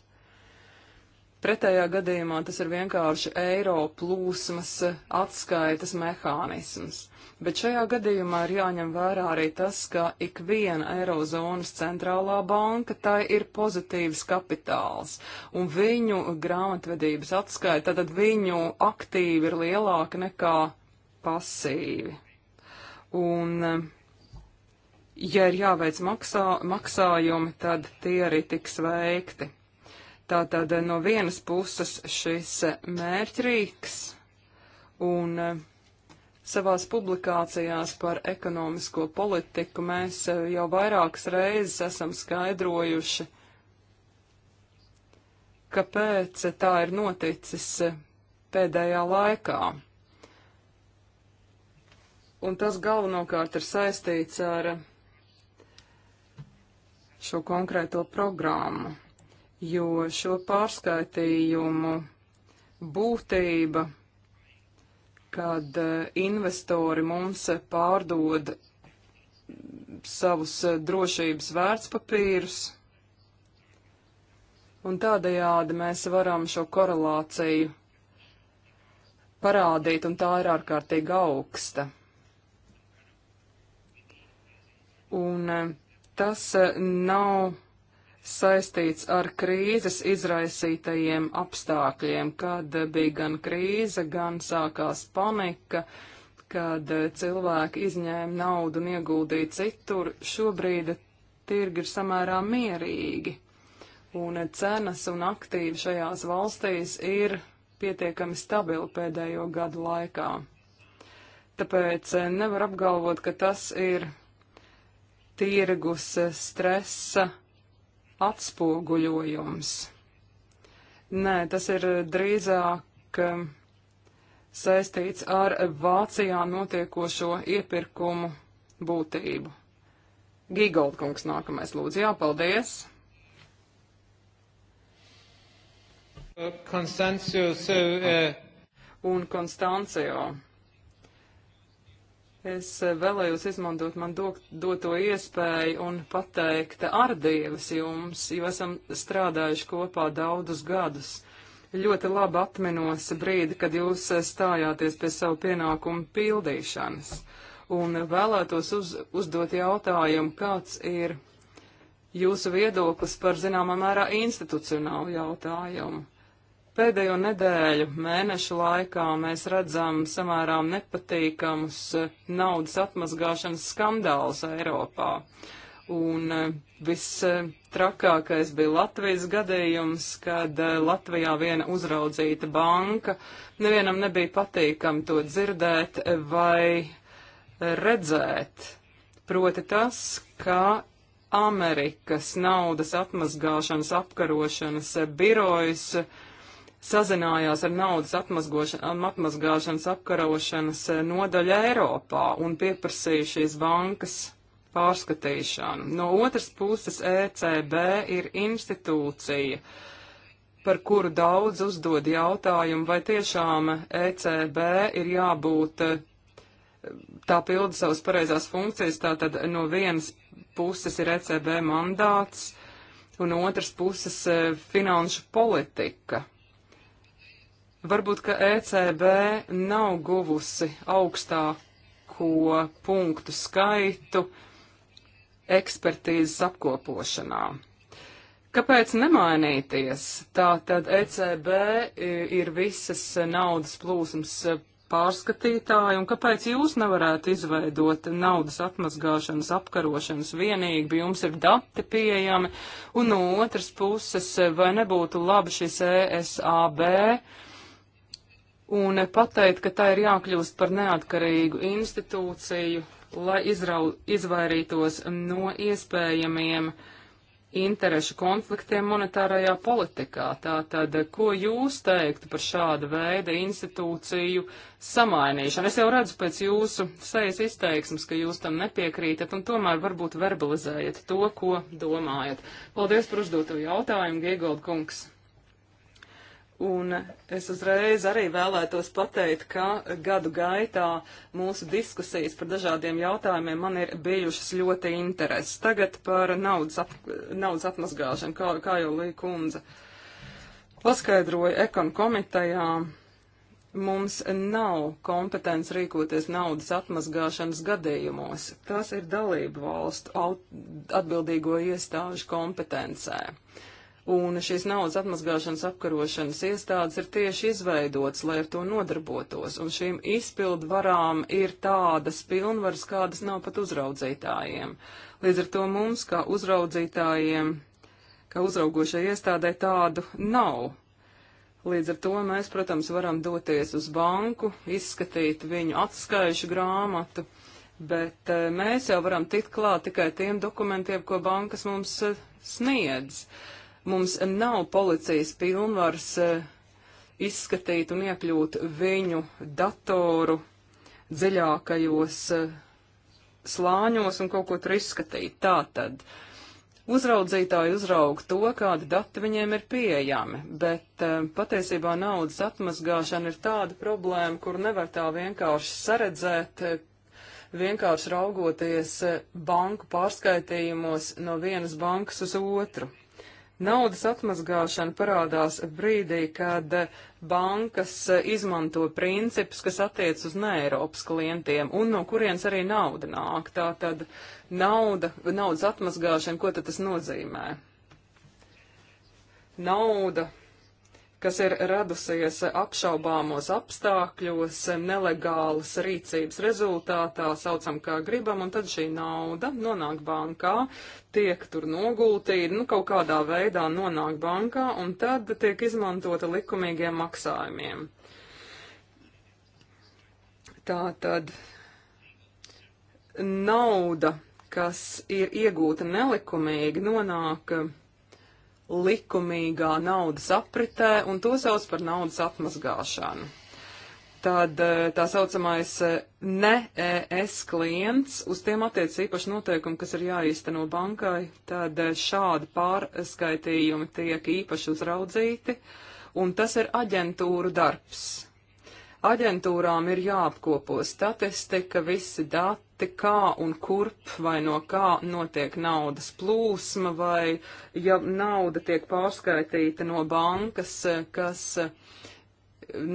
Pretējā gadījumā tas ir vienkārši eiro plūsmas atskaitas mehānisms. Bet šajā gadījumā ir jāņem vērā arī tas, ka ikviena Eirozonas centrālā banka tai ir pozitīvs kapitāls, un viņu grāmatvedības atskaita, tad viņu aktīvi ir lielāka nekā pasīvi. Un, ja ir jāveic maksā, maksājumi, tad tie arī tiks veikti. Tātad eh, no vienas puses šis eh, mērķrīgs un eh, savās publikācijās par ekonomisko politiku mēs jau vairākas reizes esam skaidrojuši, kāpēc tā ir noticis pēdējā laikā. Un tas galvenokārt ir saistīts ar šo konkrēto programmu jo šo pārskaitījumu būtība, kad e, investori mums pārdod savus e, drošības vērtspapīrus, un tādējādi mēs varam šo korelāciju parādīt, un tā ir ārkārtīgi augsta. Un e, tas nav saistīts ar krīzes izraisītajiem apstākļiem, kad bija gan krīze, gan sākās panika, kad cilvēki izņēma naudu un ieguldīja citur. Šobrīd tirgi ir samērā mierīgi, un cenas un aktīvi šajās valstīs ir pietiekami stabili pēdējo gadu laikā. Tāpēc nevar apgalvot, ka tas ir tirgus stresa atspoguļojums. Nē, tas ir drīzāk um, saistīts ar Vācijā notiekošo iepirkumu būtību. Gigoldkungs nākamais lūdzu. Jā, paldies! Konstancijo sev. Uh... Un Konstancijo. Es vēlējos izmantot man do, doto iespēju un pateikt ārdievas jums, jo esam strādājuši kopā daudzus gadus. Ļoti labi atminos brīdi, kad jūs stājāties pie savu pienākumu pildīšanas. Un vēlētos uz, uzdot jautājumu, kāds ir jūsu viedoklis par zināmā mērā institucionālu jautājumu. Pēdējo nedēļu, mēnešu laikā mēs redzam samērā nepatīkamus eh, naudas atmazgāšanas skandālus Eiropā. Un eh, vistrakākais bija Latvijas gadījums, kad eh, Latvijā viena uzraudzīta banka. Nevienam nebija patīkami to dzirdēt vai redzēt. Proti tas, ka Amerikas naudas atmazgāšanas apkarošanas birojas sazinājās ar naudas um, atmazgāšanas apkarošanas eh, nodaļu Eiropā un pieprasīja šīs bankas pārskatīšanu. No otras puses ECB ir institūcija, par kuru daudz uzdod jautājumu, vai tiešām ECB ir jābūt eh, tā pilda savas pareizās funkcijas, tātad no vienas puses ir ECB mandāts, un otras puses eh, finanšu politika. Varbūt, ka ECB nav guvusi augstāko punktu skaitu ekspertīzes apkopošanā. Kāpēc nemainīties? Tā tad ECB ir visas naudas plūsmas pārskatītāji, un kāpēc jūs nevarētu izveidot naudas atmazgāšanas, apkarošanas vienīgi, jums ir dati pieejami, un no otras puses, vai nebūtu labi šis ESAB un pateikt, ka tā ir jākļūst par neatkarīgu institūciju, lai izrau, izvairītos no iespējamiem interešu konfliktiem monetārajā politikā. Tātad, ko jūs teiktu par šāda veida institūciju samainīšanu? Es jau redzu pēc jūsu sejas izteiksmes, ka jūs tam nepiekrītat un tomēr varbūt verbalizējiet to, ko domājat. Paldies par uzdoto jautājumu, Giegold kungs! Un es uzreiz arī vēlētos pateikt, ka gadu gaitā mūsu diskusijas par dažādiem jautājumiem man ir bijušas ļoti intereses. Tagad par naudas, ap, naudas atmazgāšanu, kā, kā jau Līja kundze paskaidroja ekon komitejā. Mums nav kompetence rīkoties naudas atmazgāšanas gadījumos. Tas ir dalību valstu atbildīgo iestāžu kompetencē. Uh, un šīs naudas atmazgāšanas apkarošanas iestādes ir tieši izveidotas, lai ar to nodarbotos, un šīm izpildu varām ir tādas pilnvaras, kādas nav pat uzraudzītājiem. Līdz ar to mums, kā uzraudzītājiem, kā uzraugošai iestādē, tādu nav. Līdz ar to mēs, protams, varam doties uz banku, izskatīt viņu atskaišu grāmatu, bet e, mēs jau varam tikt klāt tikai tiem dokumentiem, ko bankas mums e, sniedz. Uh, Mums nav policijas pilnvars eh, izskatīt un iekļūt viņu datoru dziļākajos eh, slāņos un kaut ko tur izskatīt. Tātad uzraudzītāji uzraug to, kādi dati viņiem ir pieejami, bet eh, patiesībā naudas atmazgāšana ir tāda problēma, kur nevar tā vienkārši saredzēt, vienkārši raugoties banku pārskaitījumos no vienas bankas uz otru. Naudas atmazgāšana parādās brīdī, kad bankas izmanto principus, kas attiec uz ne Eiropas klientiem un no kurienes arī nauda nāk. Tā tad nauda, naudas atmazgāšana, ko tad tas nozīmē? Nauda kas ir radusies apšaubāmos apstākļos, nelegālas rīcības rezultātā, saucam kā gribam, un tad šī nauda nonāk bankā, tiek tur nogultīta, nu kaut kādā veidā nonāk bankā, un tad tiek izmantota likumīgiem maksājumiem. Tā tad nauda, kas ir iegūta nelikumīgi, nonāk likumīgā naudas apritē, un to sauc par naudas atmazgāšanu. Tad eh, tā saucamais eh, ne ES klients, uz tiem attiec īpaši noteikumi, kas ir jāīsteno bankai, tad eh, šādi pārskaitījumi tiek īpaši uzraudzīti, un tas ir aģentūru darbs. Aģentūrām ir jāapkopo statistika, visi dati, kā un kurp vai no kā notiek naudas plūsma, vai ja nauda tiek pārskaitīta no bankas, kas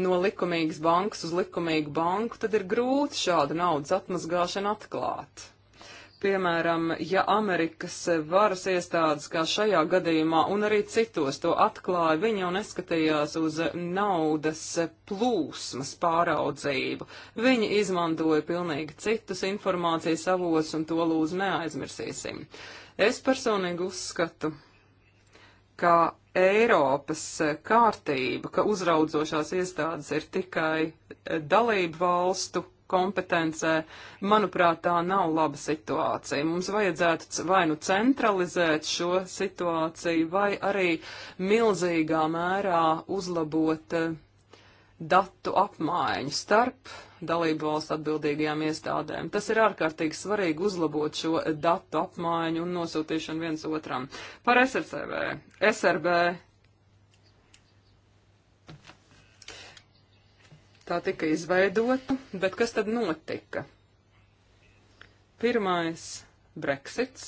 no likumīgas bankas uz likumīgu banku, tad ir grūti šādu naudas atmazgāšanu atklāt piemēram, ja Amerikas varas iestādes, kā šajā gadījumā, un arī citos to atklāja, viņi jau neskatījās uz naudas plūsmas pāraudzību. Viņi izmantoja pilnīgi citus informācijas avots, un to lūdzu neaizmirsīsim. Es personīgi uzskatu, ka Eiropas kārtība, ka uzraudzošās iestādes ir tikai dalību valstu kompetencē, manuprāt, tā nav laba situācija. Mums vajadzētu vai nu centralizēt šo situāciju, vai arī milzīgā mērā uzlabot eh, datu apmaiņu starp dalību valstu atbildīgajām iestādēm. Tas ir ārkārtīgi svarīgi uzlabot šo eh, datu apmaiņu un nosūtīšanu viens otram. Par SRCV. SRB Tā tika izveidota, bet kas tad notika? Pirmais - Brexits.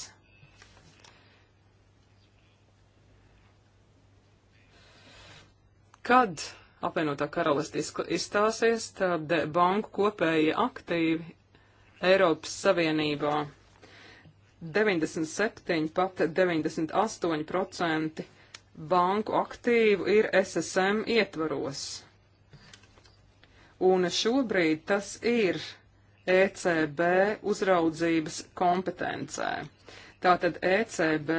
Kad apvienotā karaliste izstāsies, tad banku kopējie aktīvi Eiropas Savienībā 97, pat 98% banku aktīvu ir SSM ietvaros un šobrīd tas ir ECB uzraudzības kompetencē. Tātad ECB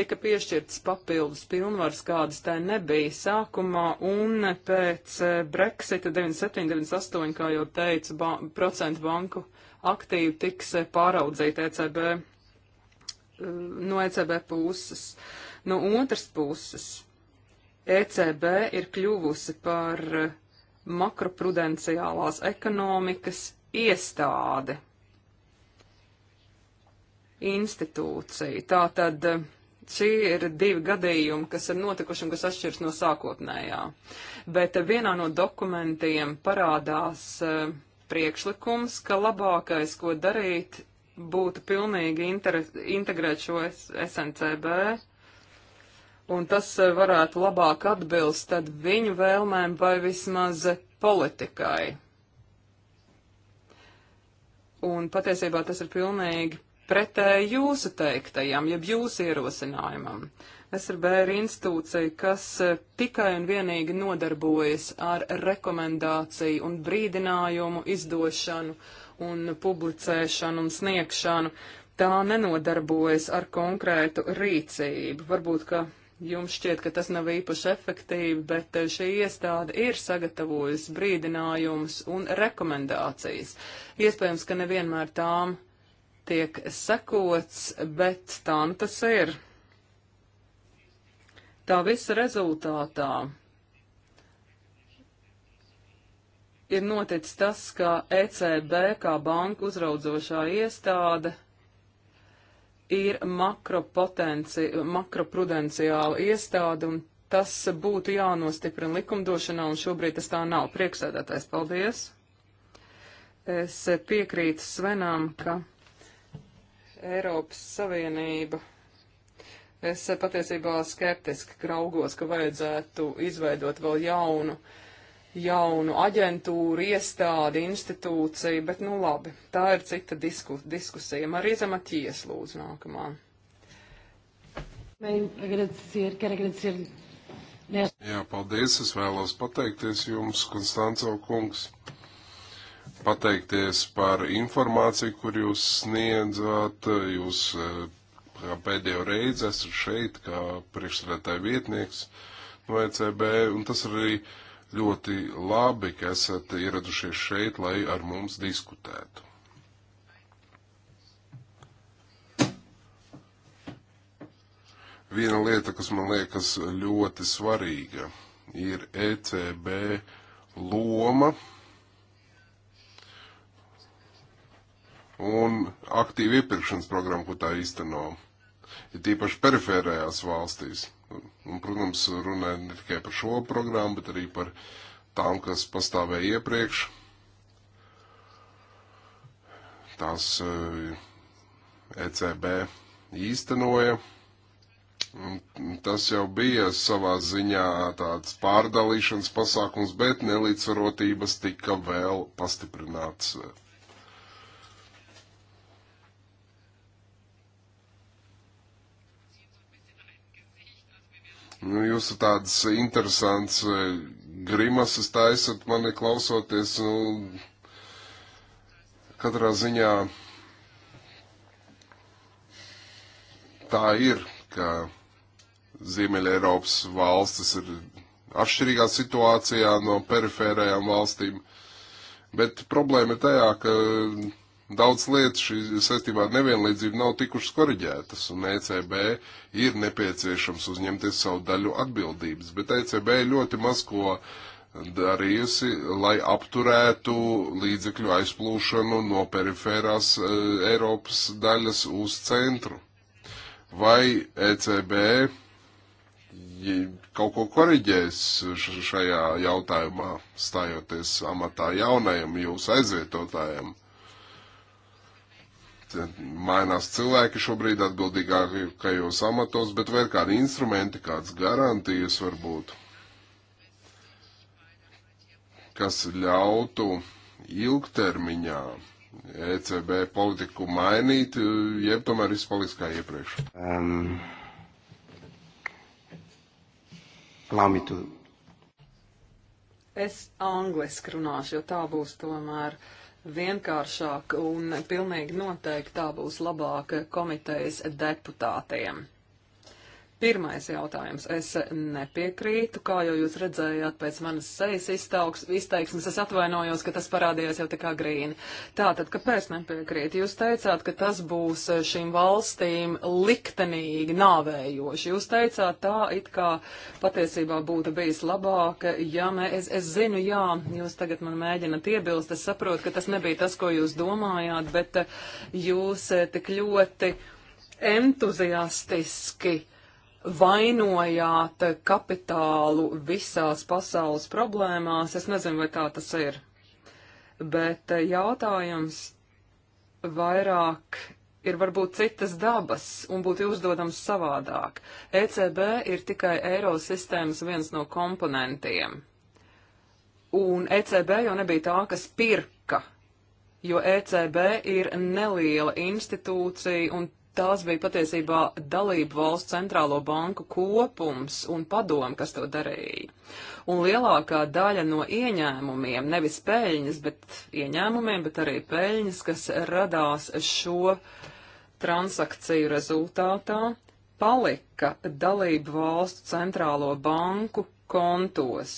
tika piešķirtas papildus pilnvaras, kādas tai nebija sākumā, un pēc eh, Brexita 97-98, kā jau teicu, ba procentu banku aktīvi tiks eh, pāraudzīta ECB, eh, no ECB puses. No otras puses, ECB ir kļuvusi par makroprudenciālās ekonomikas iestāde, institūcija. Tātad eh, šie ir divi gadījumi, kas ir notikuši un kas atšķirs no sākotnējā. Bet eh, vienā no dokumentiem parādās uh, priekšlikums, ka labākais, ko darīt, būtu pilnīgi integrēt šo SNCB un tas eh, varētu labāk atbilst tad viņu vēlmēm vai vismaz politikai. Un patiesībā tas ir pilnīgi pretēji jūsu teiktajam, jeb jūsu ierosinājumam. SRB ir institūcija, kas eh, tikai un vienīgi nodarbojas ar rekomendāciju un brīdinājumu izdošanu un publicēšanu un sniegšanu. Tā nenodarbojas ar konkrētu rīcību. Varbūt, ka jums šķiet, ka tas nav īpaši efektīvi, bet eh, šī iestāde ir sagatavojusi brīdinājumus un rekomendācijas. Iespējams, ka nevienmēr tām tiek sekots, bet tām nu tas ir. Tā visa rezultātā ir noticis tas, ka ECB kā banka uzraudzošā iestāde ir makroprudenciāla iestāde, un tas būtu jānostiprina likumdošanā, un šobrīd tas tā nav. Priekšsēdētājs, paldies! Es piekrītu Svenām, ka Eiropas Savienība. Es patiesībā skeptiski raugos, ka vajadzētu izveidot vēl jaunu uh, jaunu aģentūru, iestādi, institūciju, bet nu labi, tā ir cita disku, diskusija. Marīza Matijas lūdzu nākamā. Jā, paldies, es vēlos pateikties jums, Konstanco kungs, pateikties par informāciju, kur jūs sniedzāt, jūs kā eh, pēdējo reizi esat šeit, kā priekšsēdētāja vietnieks no ECB, un tas arī uh, Ļoti labi, ka esat ieradušies šeit, lai ar mums diskutētu. Viena lieta, kas man liekas ļoti svarīga, ir ECB loma un aktīva iepirkšanas programma, ko tā īsteno, ir tīpaši perifērējās valstīs. Un, protams, runāja ne tikai par šo programmu, bet arī par tām, kas pastāvēja iepriekš. Tās ECB eh, e īstenoja. Tas jau bija savā ziņā tāds pārdalīšanas pasākums, bet nelīdzsvarotības tika vēl pastiprināts Nu, jūs tādas interesants eh, grimases taisat mani klausoties. Nu, katrā ziņā tā ir, ka Ziemeļa Eiropas valstis ir atšķirīgā situācijā no perifērējām valstīm, bet problēma ir tajā, ka Daudz lietas šī saistībā ar nevienlīdzību nav tikušas koriģētas, un ECB ir nepieciešams uzņemties savu daļu atbildības, bet ECB ļoti maz ko darījusi, lai apturētu līdzekļu aizplūšanu no perifērās e, Eiropas daļas uz centru. Vai ECB kaut ko koriģēs šajā jautājumā, stājoties amatā jaunajam jūsu aizvietotājam. Eh, mainās cilvēki šobrīd atbildīgākajos amatos, bet vai ir kādi instrumenti, kādas garantijas varbūt, kas ļautu ilgtermiņā ECB politiku mainīt, eh, jeb tomēr viss paliks kā iepriekš? Um, to... Es angliski runāšu, jo tā būs tomēr. Uh, vienkāršāk un pilnīgi noteikti tā būs labāka komitejas deputātiem. Pirmais jautājums. Es nepiekrītu, kā jau jūs redzējāt pēc manas sejas iztauks, izteiksmes. Es atvainojos, ka tas parādījās jau tā kā grīni. Tātad, kāpēc nepiekrīt? Jūs teicāt, ka tas būs šīm valstīm liktenīgi nāvējoši. Jūs teicāt, tā it kā patiesībā būtu bijis labāk, ja mē, es, es zinu, jā, jūs tagad man mēģinat iebilst. Es saprotu, ka tas nebija tas, ko jūs domājāt, bet jūs tik ļoti entuziastiski uh, vainojāt kapitālu visās pasaules problēmās. Es nezinu, vai tā tas ir. Bet eh, jautājums vairāk ir varbūt citas dabas un būtu uzdodams savādāk. ECB ir tikai eirosistēmas viens no komponentiem. Un ECB jau nebija tā, kas pirka, jo ECB ir neliela institūcija un tās bija patiesībā dalību valsts centrālo banku kopums un padomu, kas to darīja. Un lielākā daļa no ieņēmumiem, nevis peļņas, bet ieņēmumiem, bet arī peļņas, kas radās šo transakciju rezultātā, palika dalību valstu centrālo banku kontos.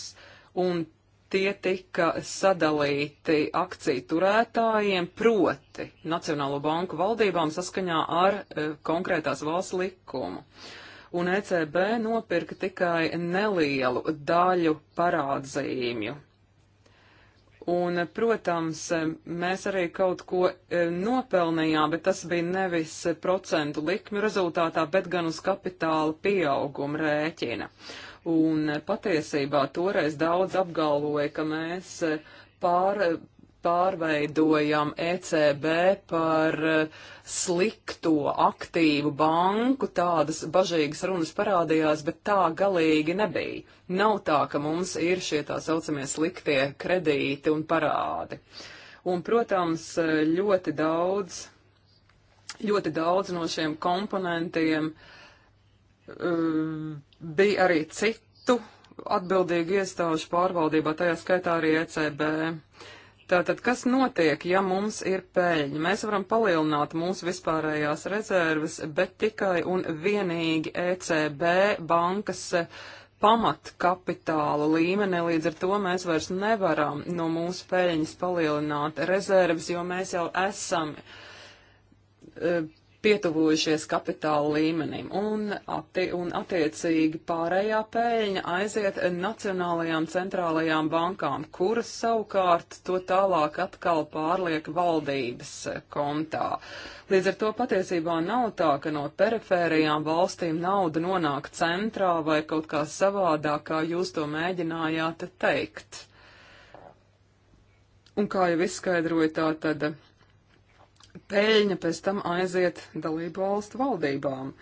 Un tie tika sadalīti akciju turētājiem proti Nacionālo banku valdībām saskaņā ar e, konkrētās valsts likumu. Un ECB nopirka tikai nelielu daļu parādzīmju. Un, protams, mēs arī kaut ko e, nopelnījām, bet tas bija nevis procentu likmju rezultātā, bet gan uz kapitāla pieauguma rēķina. Uh, un patiesībā toreiz daudz apgalvoja, ka mēs e, pār, pārveidojam ECB par e, slikto aktīvu banku, tādas bažīgas runas parādījās, bet tā galīgi nebija. Nav tā, ka mums ir šie tā saucamie sliktie kredīti un parādi. Un, protams, e, ļoti daudz, ļoti daudz no šiem komponentiem uh, Um, bija arī citu atbildīgu iestāžu pārvaldībā, tajā skaitā arī ECB. Tātad, kas notiek, ja mums ir peļņa? Mēs varam palielināt mūsu vispārējās rezerves, bet tikai un vienīgi ECB bankas pamatkapitāla līmenī, līdz ar to mēs vairs nevaram no mūsu peļņas palielināt rezerves, jo mēs jau esam e, pietuvojušies kapitāla līmenim, un, atti, un attiecīgi pārējā pēļņa aiziet nacionālajām centrālajām bankām, kuras savukārt to tālāk atkal pārliek valdības kontā. Līdz ar to patiesībā nav tā, ka no perifērijām valstīm nauda nonāk centrā vai kaut kā savādā, kā jūs to mēģinājāt teikt. Un kā jau izskaidroju, tā tad peļņa pēc tam aiziet dalību valstu valdībām.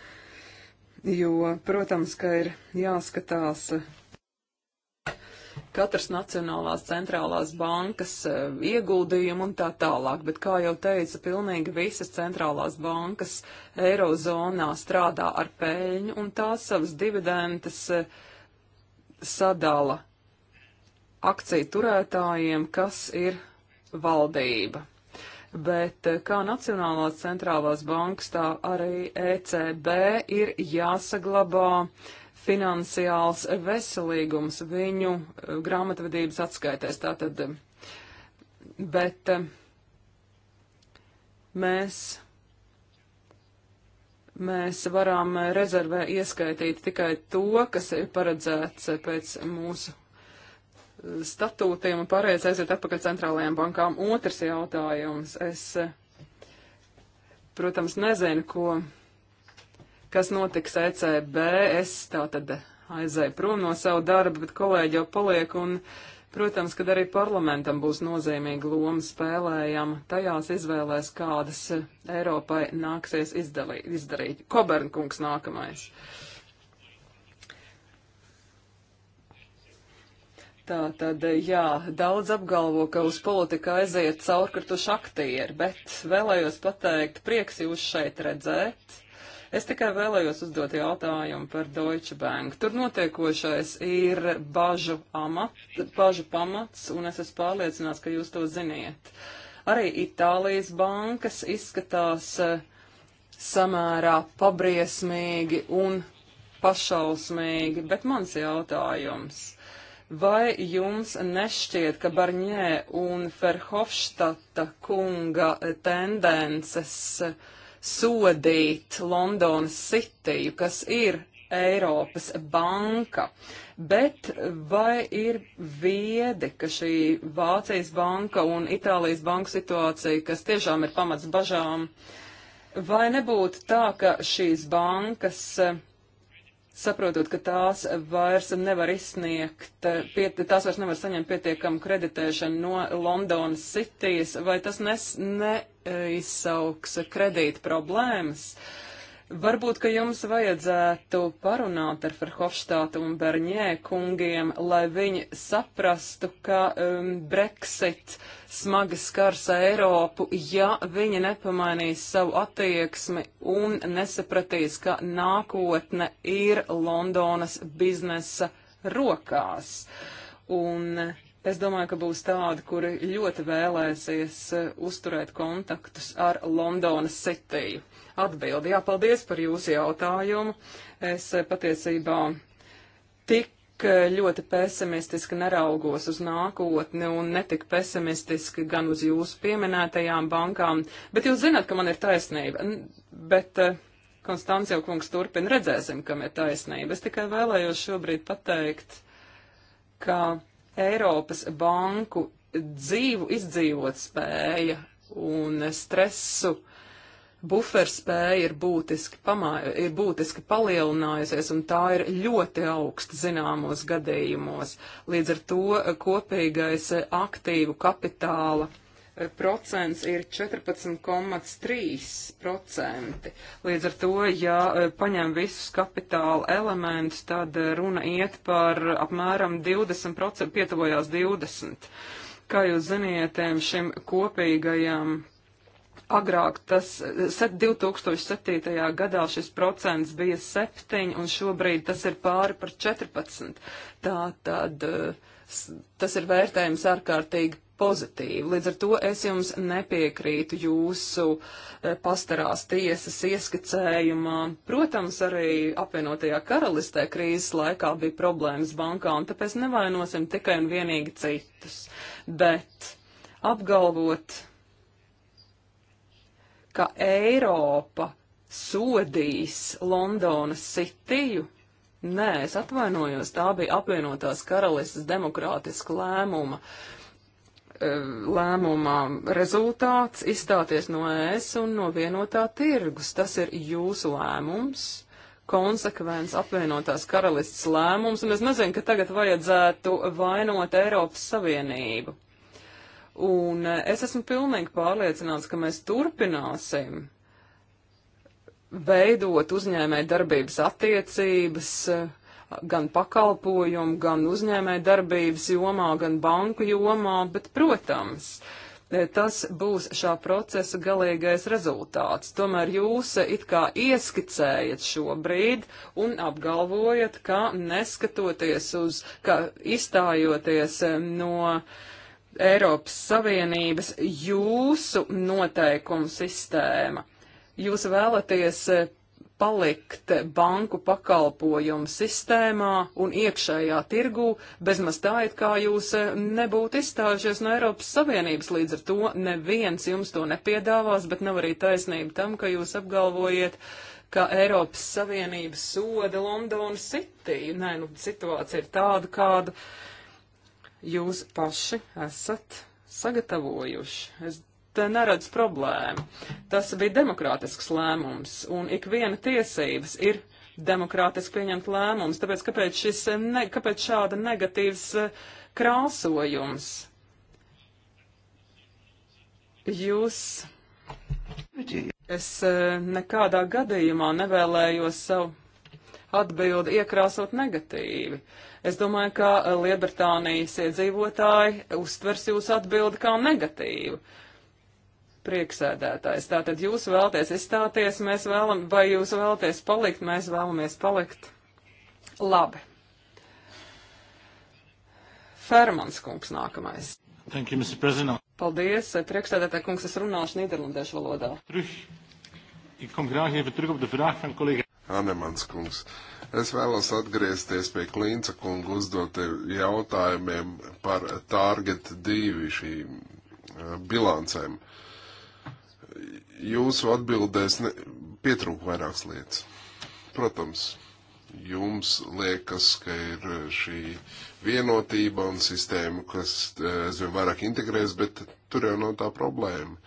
Jo, protams, ka ir jāskatās eh, katras nacionālās centrālās bankas eh, ieguldījumu un tā tālāk, bet, kā jau teica, pilnīgi visas centrālās bankas Eirozonā strādā ar peļņu un tās savas dividendes eh, sadala akciju turētājiem, kas ir valdība bet eh, kā Nacionālās centrālās bankas, tā arī ECB ir jāsaglabā finansiāls veselīgums viņu eh, grāmatvedības atskaitēs. Tātad, eh, bet mēs mēs varam rezervē ieskaitīt tikai to, kas ir paredzēts pēc mūsu statūtiem un pareizi aiziet atpakaļ centrālajām bankām. Otrs jautājums. Es, protams, nezinu, ko, kas notiks ECB. Es tā tad aizēju prom no savu darbu, bet kolēģi jau paliek un, protams, kad arī parlamentam būs nozīmīga loma spēlējama, tajās izvēlēs, kādas Eiropai nāksies izdalīt, izdarīt. Kobernkungs nākamais. Uh, Tā tad, jā, daudz apgalvo, ka uz politiku aiziet caurkartuši aktieri, bet vēlējos pateikt, prieks jūs šeit redzēt. Es tikai vēlējos uzdot jautājumu par Deutsche Bank. Tur notiekošais ir bažu, amat, bažu pamats, un es esmu pārliecināts, ka jūs to ziniet. Arī Itālijas bankas izskatās eh, samērā pabriesmīgi un pašausmīgi, bet mans jautājums. Vai jums nešķiet, ka Barņē un Ferhofštata kunga tendences sodīt Londonas Citiju, kas ir Eiropas banka, bet vai ir viedi, ka šī Vācijas banka un Itālijas banka situācija, kas tiešām ir pamats bažām, vai nebūtu tā, ka šīs bankas saprotot, ka tās vairs nevar izsniegt, piet, tās vairs nevar saņemt pietiekamu kreditēšanu no Londonas Citīs, vai tas nes, neizsauks kredīta problēmas? Varbūt, ka jums vajadzētu parunāt ar Ferhofštātu un Berņē kungiem, lai viņi saprastu, ka um, Brexit uh, smagi skars Eiropu, ja viņi nepamainīs savu attieksmi un nesapratīs, ka nākotne ir Londonas biznesa rokās. Un Es domāju, ka būs tādi, kuri ļoti vēlēsies eh, uzturēt kontaktus ar Londonas City. Atbildi, jā, paldies par jūsu jautājumu. Es eh, patiesībā tik Eh, ļoti pesimistiski neraugos uz nākotni un netik pesimistiski gan uz jūsu pieminētajām bankām, bet jūs zināt, ka man ir taisnība. Bet eh, Konstants jau kungs turpina, redzēsim, kam ir taisnība. Es tikai vēlējos šobrīd pateikt, ka Eiropas banku dzīvu izdzīvot spēja un stresu buferspēja ir būtiski, pamā, ir būtiski palielinājusies, un tā ir ļoti augsta zināmos gadījumos. Līdz ar to kopīgais aktīvu kapitāla eh, procents ir 14,3%. Līdz ar to, ja eh, paņem visus kapitāla elementus, tad eh, runa iet par apmēram 20%, pietuvojās 20%. Kā jūs ziniet, šim kopīgajam Agrāk tas 2007. gadā šis procents bija 7, un šobrīd tas ir pāri par 14. Tā tad eh, tas ir vērtējums ārkārtīgi pozitīvi. Līdz ar to es jums nepiekrītu jūsu eh, pastarās tiesas ieskicējumā. Protams, arī apvienotajā karalistē krīzes laikā bija problēmas bankā, un tāpēc nevainosim tikai un vienīgi citus. Bet apgalvot ka Eiropa sodīs Londonas sitiju? Nē, es atvainojos, tā bija apvienotās karalistas demokrātiska lēmuma, eh, lēmuma rezultāts izstāties no ES un no vienotā tirgus. Tas ir jūsu lēmums, konsekvents apvienotās karalistas lēmums, un es nezinu, ka tagad vajadzētu vainot Eiropas Savienību. Un eh, es esmu pilnīgi pārliecināts, ka mēs turpināsim veidot uzņēmē darbības attiecības, eh, gan pakalpojumu, gan uzņēmē darbības jomā, gan banku jomā, bet, protams, eh, tas būs šā procesa galīgais rezultāts. Tomēr jūs it kā ieskicējat šobrīd un apgalvojat, ka neskatoties uz, ka izstājoties no uh, Eiropas Savienības jūsu noteikumu sistēma. Jūs vēlaties e, palikt banku pakalpojumu sistēmā un iekšējā tirgū, bezmaz tā, it kā jūs e, nebūtu izstājušies no Eiropas Savienības. Līdz ar to neviens jums to nepiedāvās, bet nav arī taisnība tam, ka jūs apgalvojat, ka Eiropas Savienības soda Londonas City. Nē, nu, situācija ir tāda, kādu jūs paši esat sagatavojuši. Es te neredzu problēmu. Tas bija demokrātisks lēmums, un ikviena tiesības ir demokrātiski pieņemt lēmums. Tāpēc kāpēc, šis, ne, kāpēc šāda negatīvs eh, krāsojums? Jūs. Es eh, nekādā gadījumā nevēlējos savu atbildi iekrāsot negatīvi. Uh, Es domāju, ka eh, Liebertānijas iedzīvotāji uztvers jūsu atbildi kā negatīvu. Prieksēdētājs, tātad jūs vēlties izstāties, mēs vēlam, vai jūs vēlties palikt, mēs vēlamies palikt. Labi. Fermans kungs nākamais. Thank you, Mr. President. Paldies, eh, priekšstādātā kungs, es runāšu nīderlandiešu valodā. Terug. Ik kom graag even terug op de vraag van collega Hanemans kungs. Uh, Es vēlos atgriezties pie Klīnca kunga uzdotiem jautājumiem par Target 2 šīm eh, bilancēm. Jūsu atbildēs ne, pietrūk vairākas lietas. Protams, jums liekas, ka ir šī vienotība un sistēma, kas eh, aizvien vairāk integrēs, bet tur jau nav tā problēma.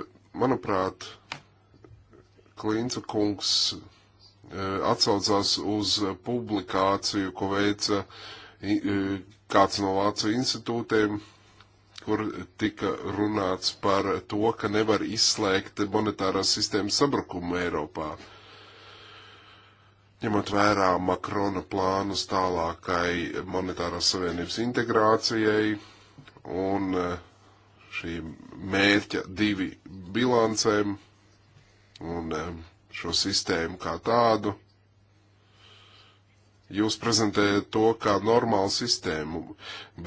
Bet, manuprāt, Klīnca kungs E, atsaucās uz publikāciju, ko veica e, kāds no Vācu institūtiem, kur tika runāts par to, ka nevar izslēgt monetārās sistēmas sabrukumu Eiropā. Ņemot vērā Makrona plānus tālākai monetārās savienības integrācijai un e, šī mērķa divi bilancēm un šo sistēmu kā tādu. Jūs prezentējat to kā normālu sistēmu,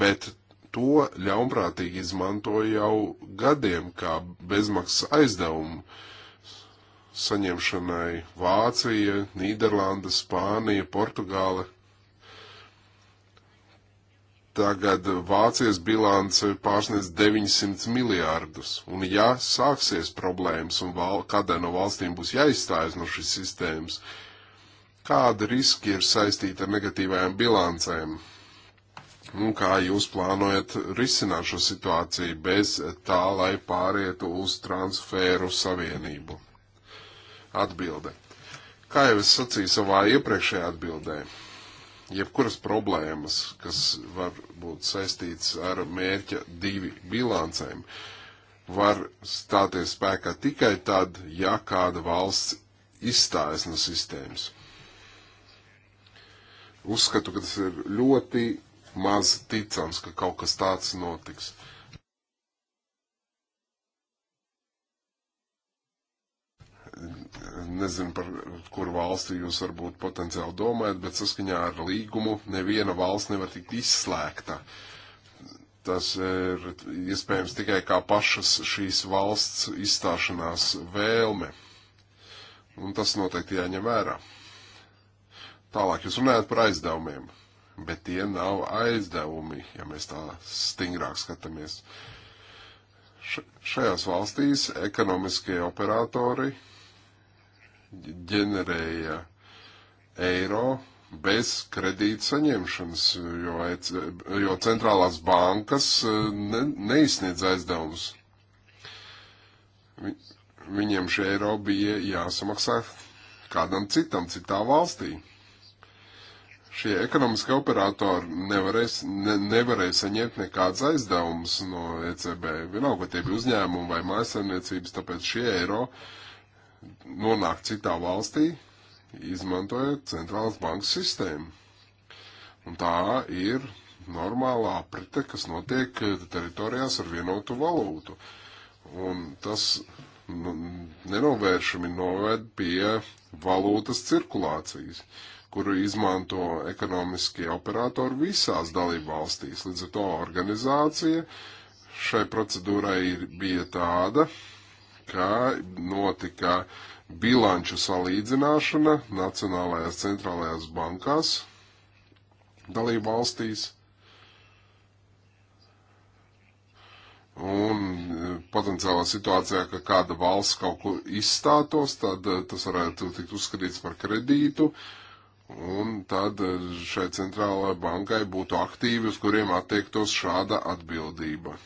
bet to ļaunprātīgi izmanto jau gadiem kā bezmaksas aizdevumu saņemšanai Vācija, Nīderlanda, Spānija, Portugāla. Tagad Vācijas bilance pārsniedz 900 miljārdus, un ja sāksies problēmas un val, kādai no valstīm būs jāizstājas no šīs sistēmas, kāda riski ir saistīta ar negatīvajām bilancēm? Un kā jūs plānojat risināt šo situāciju bez tā, lai pārietu uz transferu savienību? Atbilde. Kā jau es sacīju savā iepriekšējā atbildē, jebkuras problēmas, kas var būt saistīts ar mērķa divi bilancēm, var stāties spēkā tikai tad, ja kāda valsts izstājas no sistēmas. Uzskatu, ka tas ir ļoti maz ticams, ka kaut kas tāds notiks. Uh, nezinu, par kuru valsti jūs varbūt potenciāli domājat, bet saskaņā ar līgumu neviena valsts nevar tikt izslēgta. Tas ir iespējams tikai kā pašas šīs valsts izstāšanās vēlme. Un tas noteikti jāņem vērā. Tālāk jūs runājat par aizdevumiem, bet tie nav aizdevumi, ja mēs tā stingrāk skatāmies. Šajās valstīs ekonomiskie operatori ģenerēja eiro bez kredīta saņemšanas, jo, jo centrālās bankas eh, ne, neizsniedz aizdevumus. Vi, viņiem šie eiro bija jāsamaksā kādam citam, citā valstī. Šie ekonomiskie operatori nevarēs, ne, nevarēja saņemt nekādas aizdevumus no ECB. Vienalga, vai tie bija uzņēmumi vai mājasemniecības, tāpēc šie eiro uh, nonāk citā valstī, izmantojot centrālas bankas sistēmu. Un tā ir normāla aprite, kas notiek teritorijās ar vienotu valūtu. Un tas nu, nenovēršami noved pie valūtas cirkulācijas, kuru izmanto ekonomiskie operatori visās dalību valstīs. Līdz ar to organizācija šai procedūrai ir, bija tāda, ka notika bilanču salīdzināšana Nacionālajās centrālajās bankās dalību valstīs. Un e, potenciālā situācijā, ka kāda valsts kaut ko izstātos, tad e, tas varētu tikt uzskatīts par kredītu, un tad e, šai centrālajai bankai būtu aktīvi, uz kuriem attiektos šāda atbildība.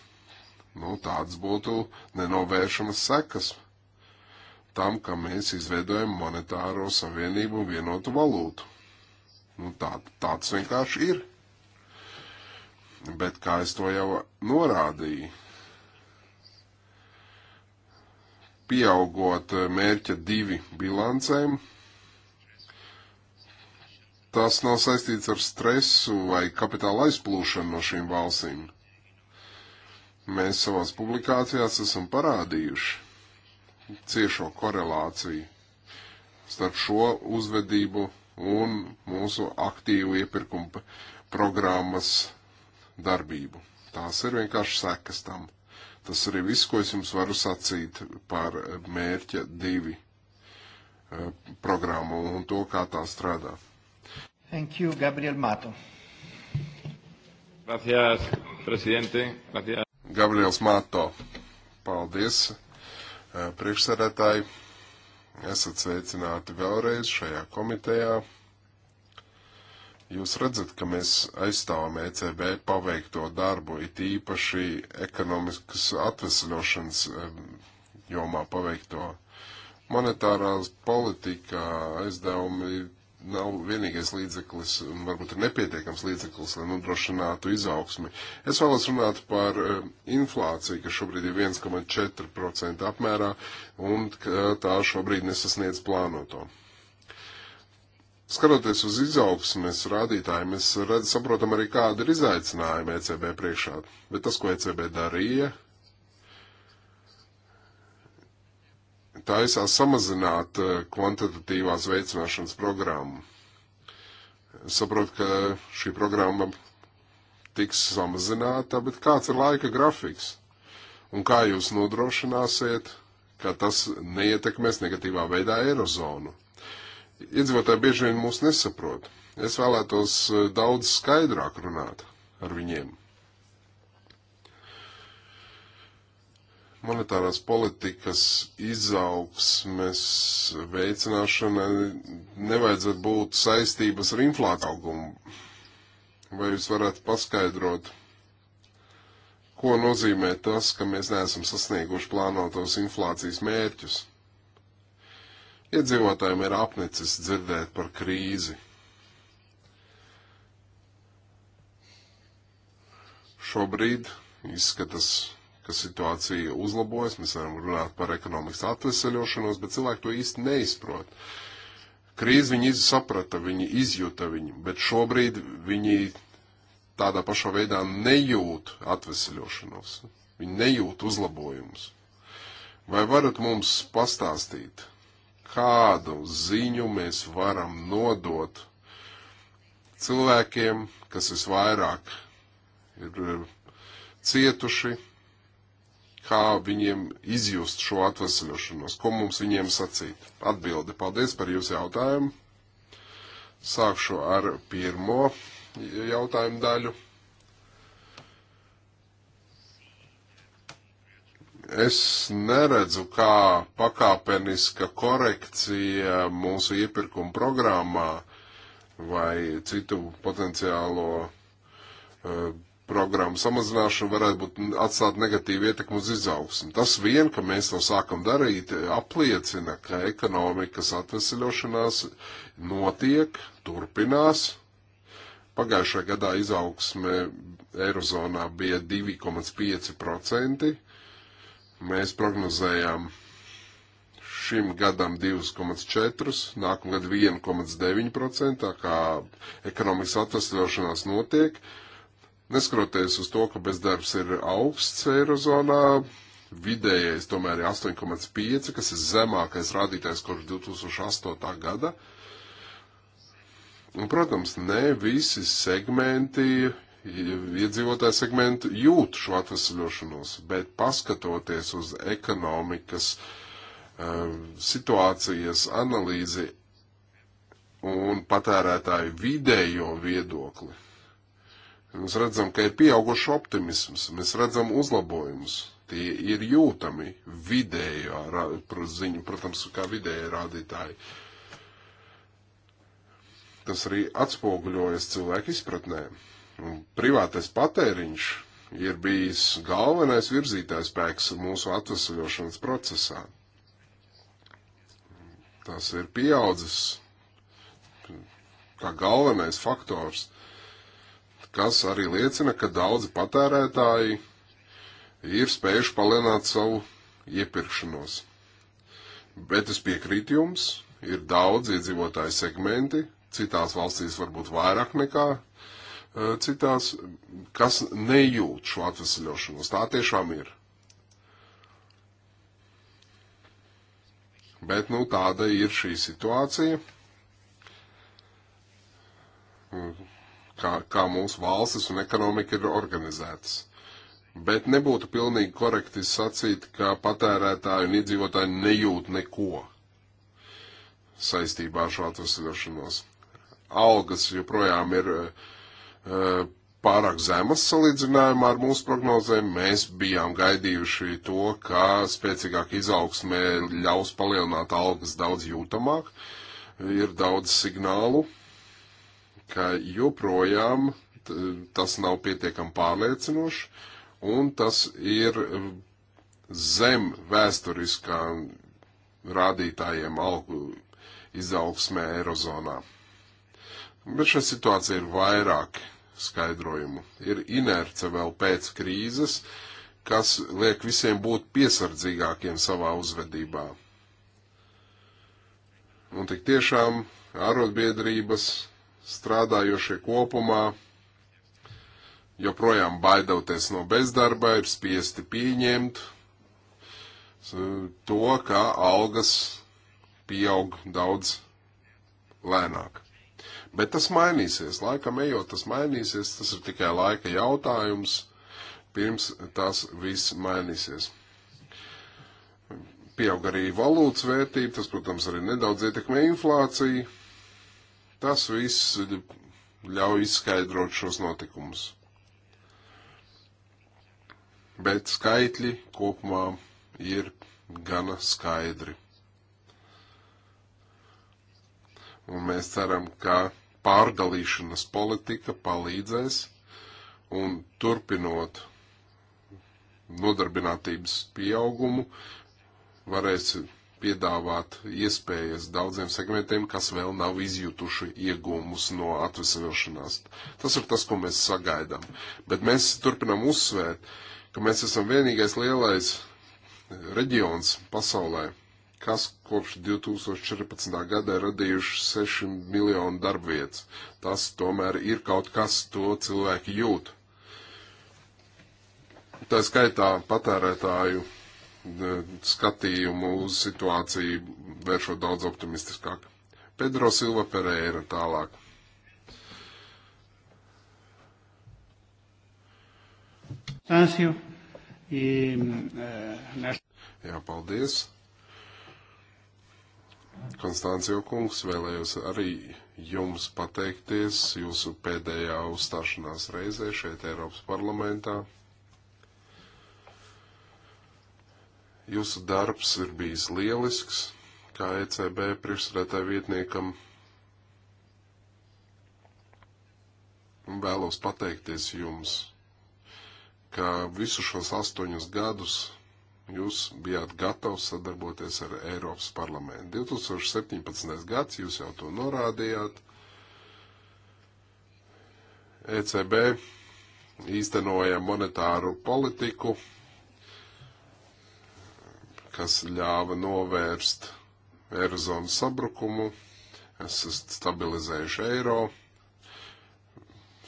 Nu, tāds būtu nenovēršamas sekas tam, ka mēs izveidojam monetāro savienību un vienotu valūtu. Nu, tā, tāds vienkārši ir. Bet kā es to jau norādīju, pieaugot mērķa divi bilancēm, tas nav saistīts ar stresu vai kapitāla aizplūšanu no šīm valstīm. Mēs savās publikācijās esam parādījuši ciešo korelāciju starp šo uzvedību un mūsu aktīvu iepirkuma programmas darbību. Tās ir vienkārši sekas tam. Tas arī viss, ko es jums varu sacīt par mērķa divi eh, programmu un to, kā tā strādā. Thank you, Gabriel Mato. Gracias, presidente. Gracias. Gabriels Mato. Paldies, priekšsarētāji. Esat sveicināti vēlreiz šajā komitejā. Jūs redzat, ka mēs aizstāvam ECB paveikto darbu, it īpaši ekonomikas atvesļošanas jomā paveikto. Monetārās politikā aizdevumi nav vienīgais līdzeklis, un varbūt ir nepietiekams līdzeklis, lai nodrošinātu izaugsmi. Es vēlos runāt par eh, inflāciju, kas šobrīd ir 1,4% apmērā, un tā šobrīd nesasniedz plānoto. Skatoties uz izaugsmes rādītājiem, mēs redz, saprotam arī, kāda ir izaicinājuma ECB priekšā. Bet tas, ko ECB darīja, taisās samazināt eh, kvantitatīvās veicināšanas programmu. Es saprotu, ka šī programma tiks samazināta, bet kāds ir laika grafiks? Un kā jūs nodrošināsiet, ka tas neietekmēs negatīvā veidā Eirozonu? Iedzīvotāji bieži vien mūs nesaprot. Es vēlētos eh, daudz skaidrāk runāt ar viņiem. monetārās politikas izaugsmes veicināšanai nevajadzētu būt saistības ar inflāciju augumu. Vai jūs varētu paskaidrot, ko nozīmē tas, ka mēs neesam sasnieguši plānotos inflācijas mērķus? Iedzīvotājiem ir apnicis dzirdēt par krīzi. Šobrīd izskatās ka situācija uzlabojas, mēs varam runāt par ekonomikas atveseļošanos, bet cilvēki to īsti neizprot. Krīzi viņi saprata, viņi izjuta viņu, bet šobrīd viņi tādā pašā veidā nejūt atveseļošanos. Viņi nejūt uzlabojumus. Vai varat mums pastāstīt, kādu ziņu mēs varam nodot cilvēkiem, kas visvairāk ir eh, cietuši kā viņiem izjust šo atvesļošanos, ko mums viņiem sacīt. Atbildi. Paldies par jūsu jautājumu. Sākšu ar pirmo jautājumu daļu. Es neredzu, kā pakāpeniska korekcija mūsu iepirkuma programmā vai citu potenciālo uh, programmu samazināšana varētu būt atstāt negatīvu ietekmu uz izaugsmu. Tas vien, ka mēs to sākam darīt, apliecina, ka ekonomikas atvesaļošanās notiek, turpinās. Pagājušajā gadā izaugsme Eirozonā bija 2,5%. Mēs prognozējām šim gadam 2,4, nākamgad 1,9%, kā ekonomikas atvesļošanās notiek. Uh, Neskroties uz to, ka bezdarbs ir augsts Eirozonā, vidējais tomēr ir 8,5, kas ir zemākais rādītājs kopš 2008. gada. Un, protams, ne visi segmenti, iedzīvotāju segmenti jūt šo atvesļošanos, bet paskatoties uz ekonomikas uh, situācijas analīzi un patērētāju vidējo viedokli Mēs redzam, ka ir pieaugušs optimisms, mēs redzam uzlabojumus. Tie ir jūtami vidējā ziņu, protams, kā vidēja rādītāji. Tas arī atspoguļojas cilvēku izpratnē. Un privātais patēriņš ir bijis galvenais virzītājs spēks mūsu atvesļošanas procesā. Tas ir pieaudzis kā galvenais faktors kas arī liecina, ka daudzi patērētāji ir spējuši palielināt savu iepirkšanos. Bet es piekrītu jums, ir daudz iedzīvotāju segmenti, citās valstīs varbūt vairāk nekā e, citās, kas nejūt šo atvesaļošanos. Tā tiešām ir. Bet, nu, tāda ir šī situācija. Mm-hmm kā, kā mūsu valstis un ekonomika ir organizētas. Bet nebūtu pilnīgi korekti sacīt, ka patērētāji un iedzīvotāji nejūt neko saistībā ar šo atvesļošanos. Algas joprojām ir uh, pārāk zemas salīdzinājumā ar mūsu prognozēm. Mēs bijām gaidījuši to, ka spēcīgāk izaugsmē ļaus palielināt algas daudz jūtamāk. Ir daudz signālu, ka joprojām tas nav pietiekami pārliecinoši, un tas ir zem vēsturiskā rādītājiem algu izaugsmē Eirozonā. Bet šajā situācijā ir vairāk skaidrojumu. Ir inerce vēl pēc krīzes, kas liek visiem būt piesardzīgākiem savā uzvedībā. Un tik tiešām arotbiedrības strādājošie kopumā joprojām baidoties no bezdarba, ir spiesti pieņemt to, ka algas pieaug daudz lēnāk. Bet tas mainīsies, laikam ejot, tas mainīsies, tas ir tikai laika jautājums, pirms tas viss mainīsies. Pieaug arī valūtas vērtība, tas, protams, arī nedaudz ietekmē inflāciju Tas viss ļauj izskaidrot šos notikumus. Bet skaitļi kopumā ir gana skaidri. Un mēs ceram, ka pārdalīšanas politika palīdzēs un turpinot nodarbinātības pieaugumu varēs piedāvāt iespējas daudziem segmentiem, kas vēl nav izjutuši iegūmus no atvesaļošanās. Tas ir tas, ko mēs sagaidām. Bet mēs turpinām uzsvērt, ka mēs esam vienīgais lielais reģions pasaulē, kas kopš 2014. gada ir radījuši 6 miljonu darbvietas. Tas tomēr ir kaut kas, to cilvēki jūt. Tā skaitā patērētāju E, skatījumu uz situāciju vēršot daudz optimistiskāk. Pedro Silva Pereira tālāk. E, e, Jā, paldies. Konstancijo kungs, vēlējos arī jums pateikties jūsu pēdējā uzstāšanās reizē šeit Eiropas parlamentā. Jūsu darbs ir bijis lielisks, kā ECB priekšsēdētāja vietniekam. Vēlos pateikties jums, ka visu šos astoņus gadus jūs bijāt gatavs sadarboties ar Eiropas parlamentu. 2017. gads, jūs jau to norādījāt, ECB īstenoja monetāru politiku kas ļāva novērst Eirozonas sabrukumu, esam stabilizējuši eiro,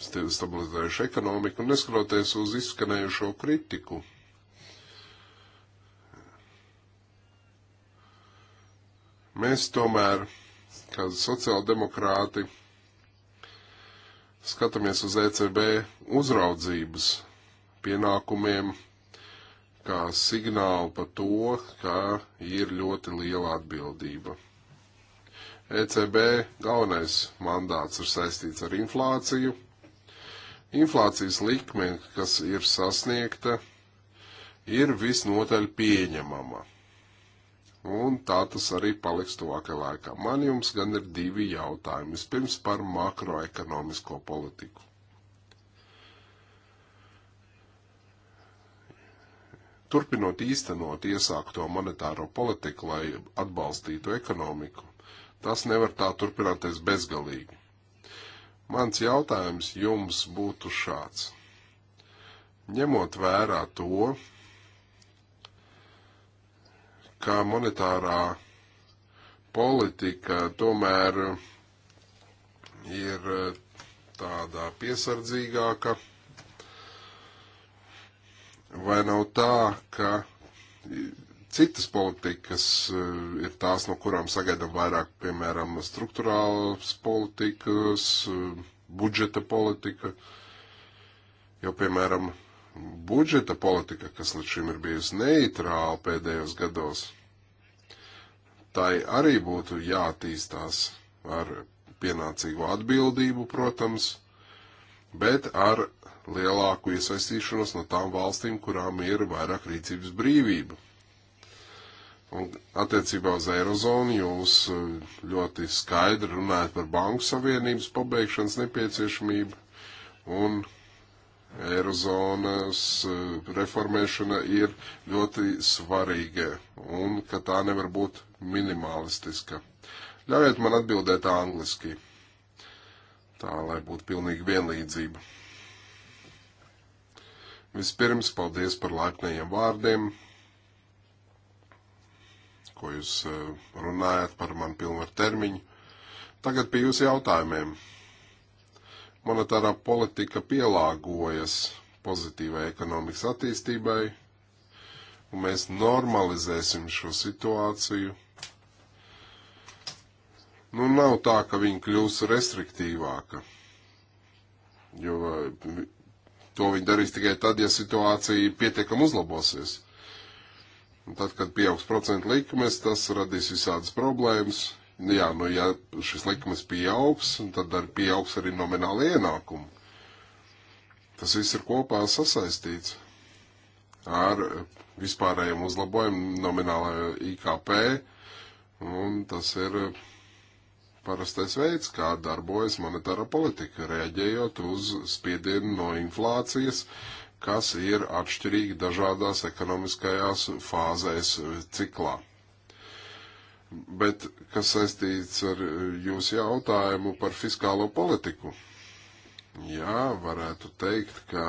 stabilizējuši ekonomiku, neskatoties uz izskanējušo kritiku. Mēs tomēr, kā sociāldemokrāti, skatāmies uz ECB uzraudzības pienākumiem kā signālu par to, ka ir ļoti liela atbildība. ECB galvenais mandāts ir saistīts ar inflāciju. Inflācijas likme, kas ir sasniegta, ir visnotaļ pieņemama. Un tā tas arī paliks tuvākajā laikā. Man jums gan ir divi jautājumi. Vispirms par makroekonomisko politiku. turpinot īstenot iesākto monetāro politiku, lai atbalstītu ekonomiku. Tas nevar tā turpināties bezgalīgi. Mans jautājums jums būtu šāds. Ņemot vērā to, ka monetārā politika tomēr ir eh, tāda piesardzīgāka, Vai nav tā, ka citas politikas eh, ir tās, no kurām sagaidām vairāk, piemēram, struktūrālas politikas, eh, budžeta politika? Jo, piemēram, budžeta politika, kas līdz šim ir bijusi neitrāla pēdējos gados, tai arī būtu jātīstās ar pienācīgo atbildību, protams, bet ar lielāku iesaistīšanos no tām valstīm, kurām ir vairāk rīcības brīvība. Un attiecībā uz Eirozonu jūs eh, ļoti skaidri runājat par Banku Savienības pabeigšanas nepieciešamību un Eirozonas eh, reformēšana ir ļoti svarīga un ka tā nevar būt minimalistiska. Ļaujiet man atbildēt angliski, tā lai būtu pilnīgi vienlīdzība. Vispirms, paldies par laipnajiem vārdiem, ko jūs e, runājat par manu pilnvaru termiņu. Tagad pie jūsu jautājumiem. Monetārā politika pielāgojas pozitīvai ekonomikas attīstībai, un mēs normalizēsim šo situāciju. Nu, nav tā, ka viņa kļūs restriktīvāka, jo To viņi darīs tikai tad, ja situācija pietiekam uzlabosies. Un tad, kad pieaugs procentu likmes, tas radīs visādas problēmas. Jā, nu ja šis likmes pieaugs, tad arī pieaugs arī nomināli ienākumi. Tas viss ir kopā sasaistīts ar vispārējiem uzlabojumiem nominālajā IKP, un tas ir parastais veids, kā darbojas monetāra politika, reaģējot uz spiedienu no inflācijas, kas ir atšķirīgi dažādās ekonomiskajās fāzēs ciklā. Bet kas saistīts ar jūsu jautājumu par fiskālo politiku? Jā, varētu teikt, ka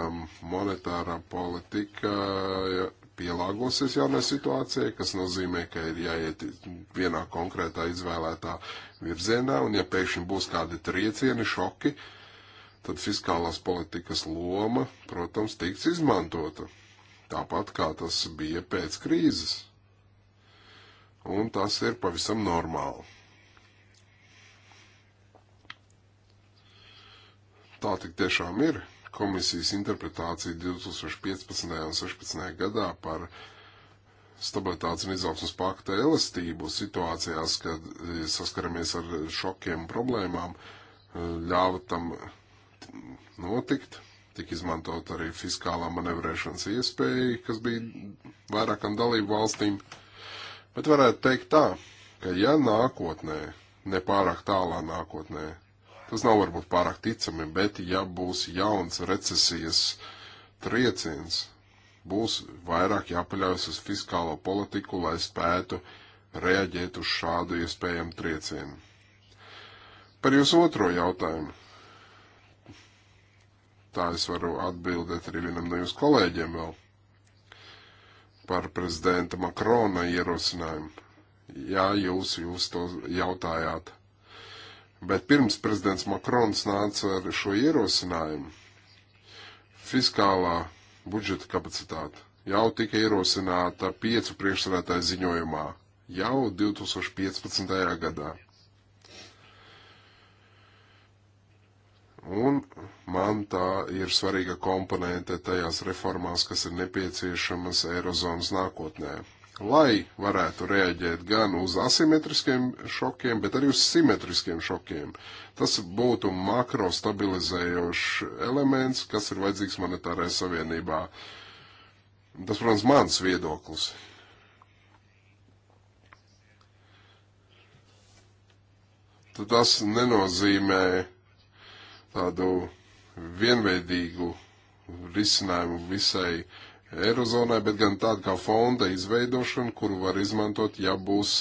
monetārā politika pielāgosies jaunai situācijai, kas nozīmē, ka ir jāiet vienā konkrētā izvēlētā virzienā, un ja pēkšņi būs kādi triecieni, šoki, tad fiskālās politikas loma, protams, tiks izmantota. Tāpat kā tas bija pēc krīzes. Un tas ir pavisam normāli. Tā tik tiešām ir komisijas interpretāciju 2015. un 2016. gadā par stabilitātes un izaugsmas pakta elastību situācijās, kad eh, saskaramies ar šokiem un problēmām, eh, ļāva tam notikt. Tik izmantot arī fiskālā manevrēšanas iespēja, kas bija vairākam dalību valstīm. Bet varētu teikt tā, ka ja nākotnē, nepārāk tālā nākotnē, Tas nav varbūt pārāk ticami, bet ja būs jauns recesijas trieciens, būs vairāk jāpaļaujas uz fiskālo politiku, lai spētu reaģēt uz šādu iespējamu triecienu. Par jūsu otro jautājumu. Tā es varu atbildēt arī vienam no jūsu kolēģiem vēl par prezidenta Makrona ierosinājumu. Jā, jūs, jūs to jautājāt. Bet pirms prezidents Makrons nāca ar šo ierosinājumu, fiskālā budžeta kapacitāte jau tika ierosināta piecu priekšsēdētāju ziņojumā jau 2015. gadā. Un man tā ir svarīga komponente tajās reformās, kas ir nepieciešamas Eirozonas nākotnē lai varētu reaģēt gan uz asimetriskiem šokiem, bet arī uz simetriskiem šokiem. Tas būtu makro stabilizējošs elements, kas ir vajadzīgs monetārai savienībā. Tas, protams, mans viedoklis. Tad tas nenozīmē tādu vienveidīgu risinājumu visai uh, Eirozonai, bet gan tāda kā fonda izveidošana, kuru var izmantot, ja būs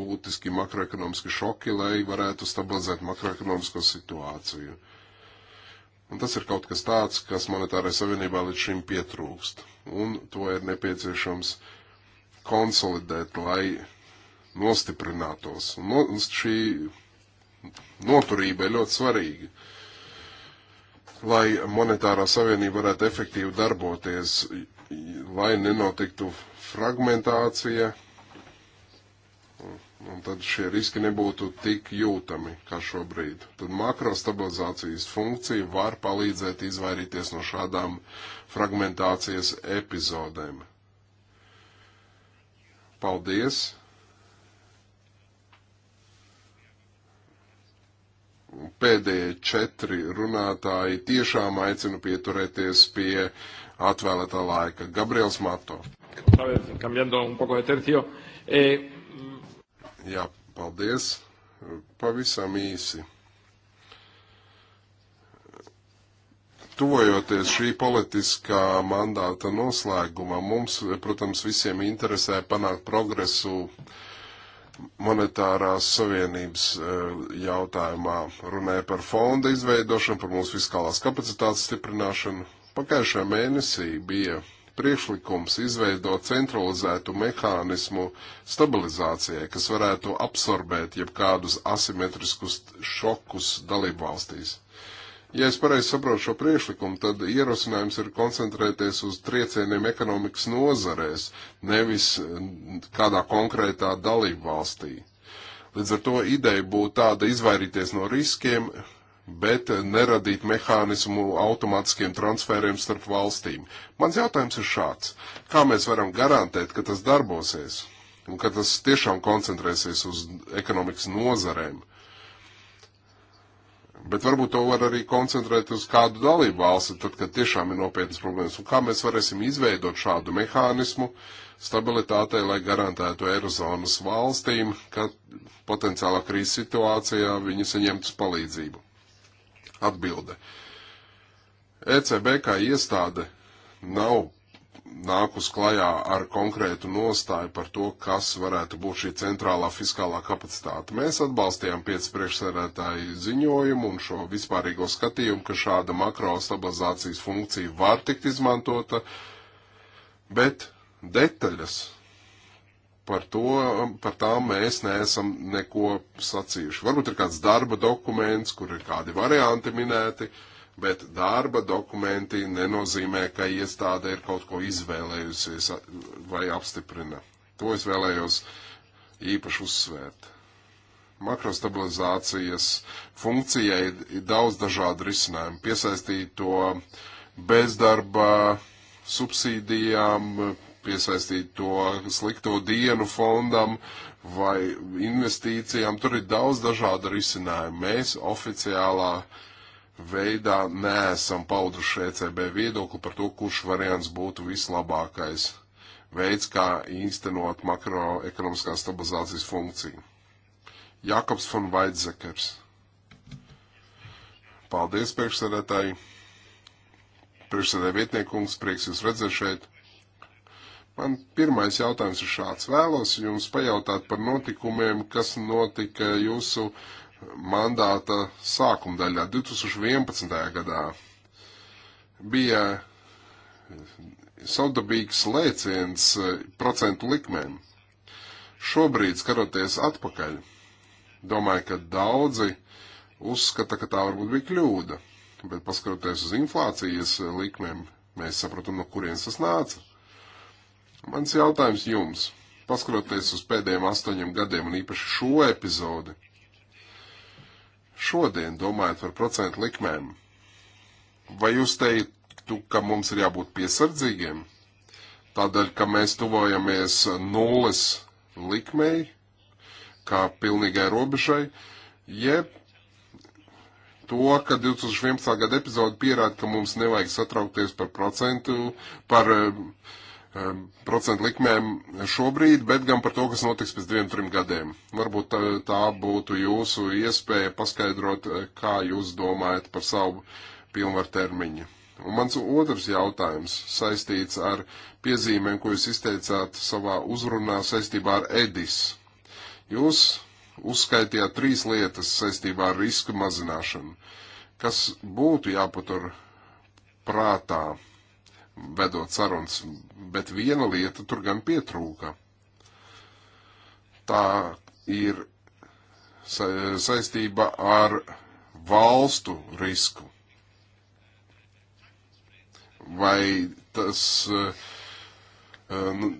būtiski makroekonomiski šoki, lai varētu stabilizēt makroekonomisko situāciju. Un tas ir kaut kas tāds, kas monetārai savienībā līdz šim pietrūkst. Un to ir nepieciešams konsolidēt, lai nostiprinātos. Un no, un šī noturība ir ļoti svarīga. Lai monetārā savienība varētu efektīvi darboties, lai nenotiktu fragmentācija, un tad šie riski nebūtu tik jūtami kā šobrīd. Tad makrostabilizācijas funkcija var palīdzēt izvairīties no šādām fragmentācijas epizodēm. Paldies! Pēdējie četri runātāji tiešām aicinu pieturēties pie uh, atvēlētā laika. Gabriels Mato. Eh, mm. Jā, paldies. Pavisam īsi. Tuvojoties šī politiskā mandāta noslēgumā, mums, protams, visiem interesē panākt progresu monetārās savienības eh, jautājumā. Runāja par fonda izveidošanu, par mūsu fiskālās kapacitātes stiprināšanu, Pagājušajā mēnesī bija priekšlikums izveidot centralizētu mehānismu stabilizācijai, kas varētu absorbēt jebkādus asimetriskus šokus dalībvalstīs. Ja es pareizi saprotu šo priekšlikumu, tad ierosinājums ir koncentrēties uz triecieniem ekonomikas nozarēs, nevis kādā konkrētā dalībvalstī. Līdz ar to ideja būtu tāda izvairīties no riskiem, bet neradīt mehānismu automātiskiem transferiem starp valstīm. Mans jautājums ir šāds. Kā mēs varam garantēt, ka tas darbosies un ka tas tiešām koncentrēsies uz ekonomikas nozarēm? Bet varbūt to var arī koncentrēt uz kādu dalību valsti, tad, kad tiešām ir nopietnas problēmas. Un kā mēs varēsim izveidot šādu mehānismu stabilitātei, lai garantētu Eirozonas valstīm, ka potenciālā krīzes situācijā viņi saņemtu palīdzību. Atbilde. ECB kā iestāde nav nākus klajā ar konkrētu nostāju par to, kas varētu būt šī centrālā fiskālā kapacitāte. Mēs atbalstījām piec priekšsēdētāju ziņojumu un šo vispārīgo skatījumu, ka šāda makro stabilizācijas funkcija var tikt izmantota, bet detaļas par to, par tām mēs neesam neko sacījuši. Varbūt ir kāds darba dokuments, kur ir kādi varianti minēti, bet darba dokumenti nenozīmē, ka iestāde ir kaut ko izvēlējusies vai apstiprina. To es vēlējos īpaši uzsvērt. Makrostabilizācijas funkcijai ir daudz dažādu risinājumu. Piesaistīt to bezdarba, subsīdijām, piesaistīt to slikto dienu fondam vai investīcijām. Tur ir daudz dažādu risinājumu. Mēs oficiālā veidā neesam pauduši ECB viedokli par to, kurš variants būtu vislabākais veids, kā īstenot makroekonomiskās stabilizācijas funkciju. Jakobs von Weizsekers. Paldies, priekšsēdētāji! Priekšsēdētāji vietniekums, prieks jūs redzēt šeit! Man pirmais jautājums ir šāds. Vēlos jums pajautāt par notikumiem, kas notika jūsu mandāta sākumdaļā, 2011. gadā. Bija saudabīgs lēciens procentu likmēm. Šobrīd, skatoties atpakaļ, domāju, ka daudzi uzskata, ka tā varbūt bija kļūda, bet paskatoties uz inflācijas likmēm, mēs saprotam, no kurienes tas nāca Mans jautājums jums, paskatoties uz pēdējiem astoņiem gadiem un īpaši šo epizodi, šodien domājot par procentu likmēm, vai jūs teiktu, ka mums ir jābūt piesardzīgiem, tādēļ, ka mēs tuvojamies nulles likmei, kā pilnīgai robežai, jeb to, ka 2011. gada epizode pierāda, ka mums nevajag satraukties par procentu, par uh, Um, procentu likmēm šobrīd, bet gan par to, kas notiks pēc diviem, trim gadiem. Varbūt tā, tā būtu jūsu iespēja paskaidrot, uh, kā jūs domājat par savu pilnvaru termiņu. Un mans otrs jautājums saistīts ar piezīmēm, ko jūs izteicāt savā uzrunā saistībā ar Edis. Jūs uzskaitījāt trīs lietas saistībā ar riska mazināšanu, kas būtu jāpatur prātā, vedot sarunas bet viena lieta tur gan pietrūka. Tā ir sa saistība ar valstu risku. Vai tas eh, eh, nu,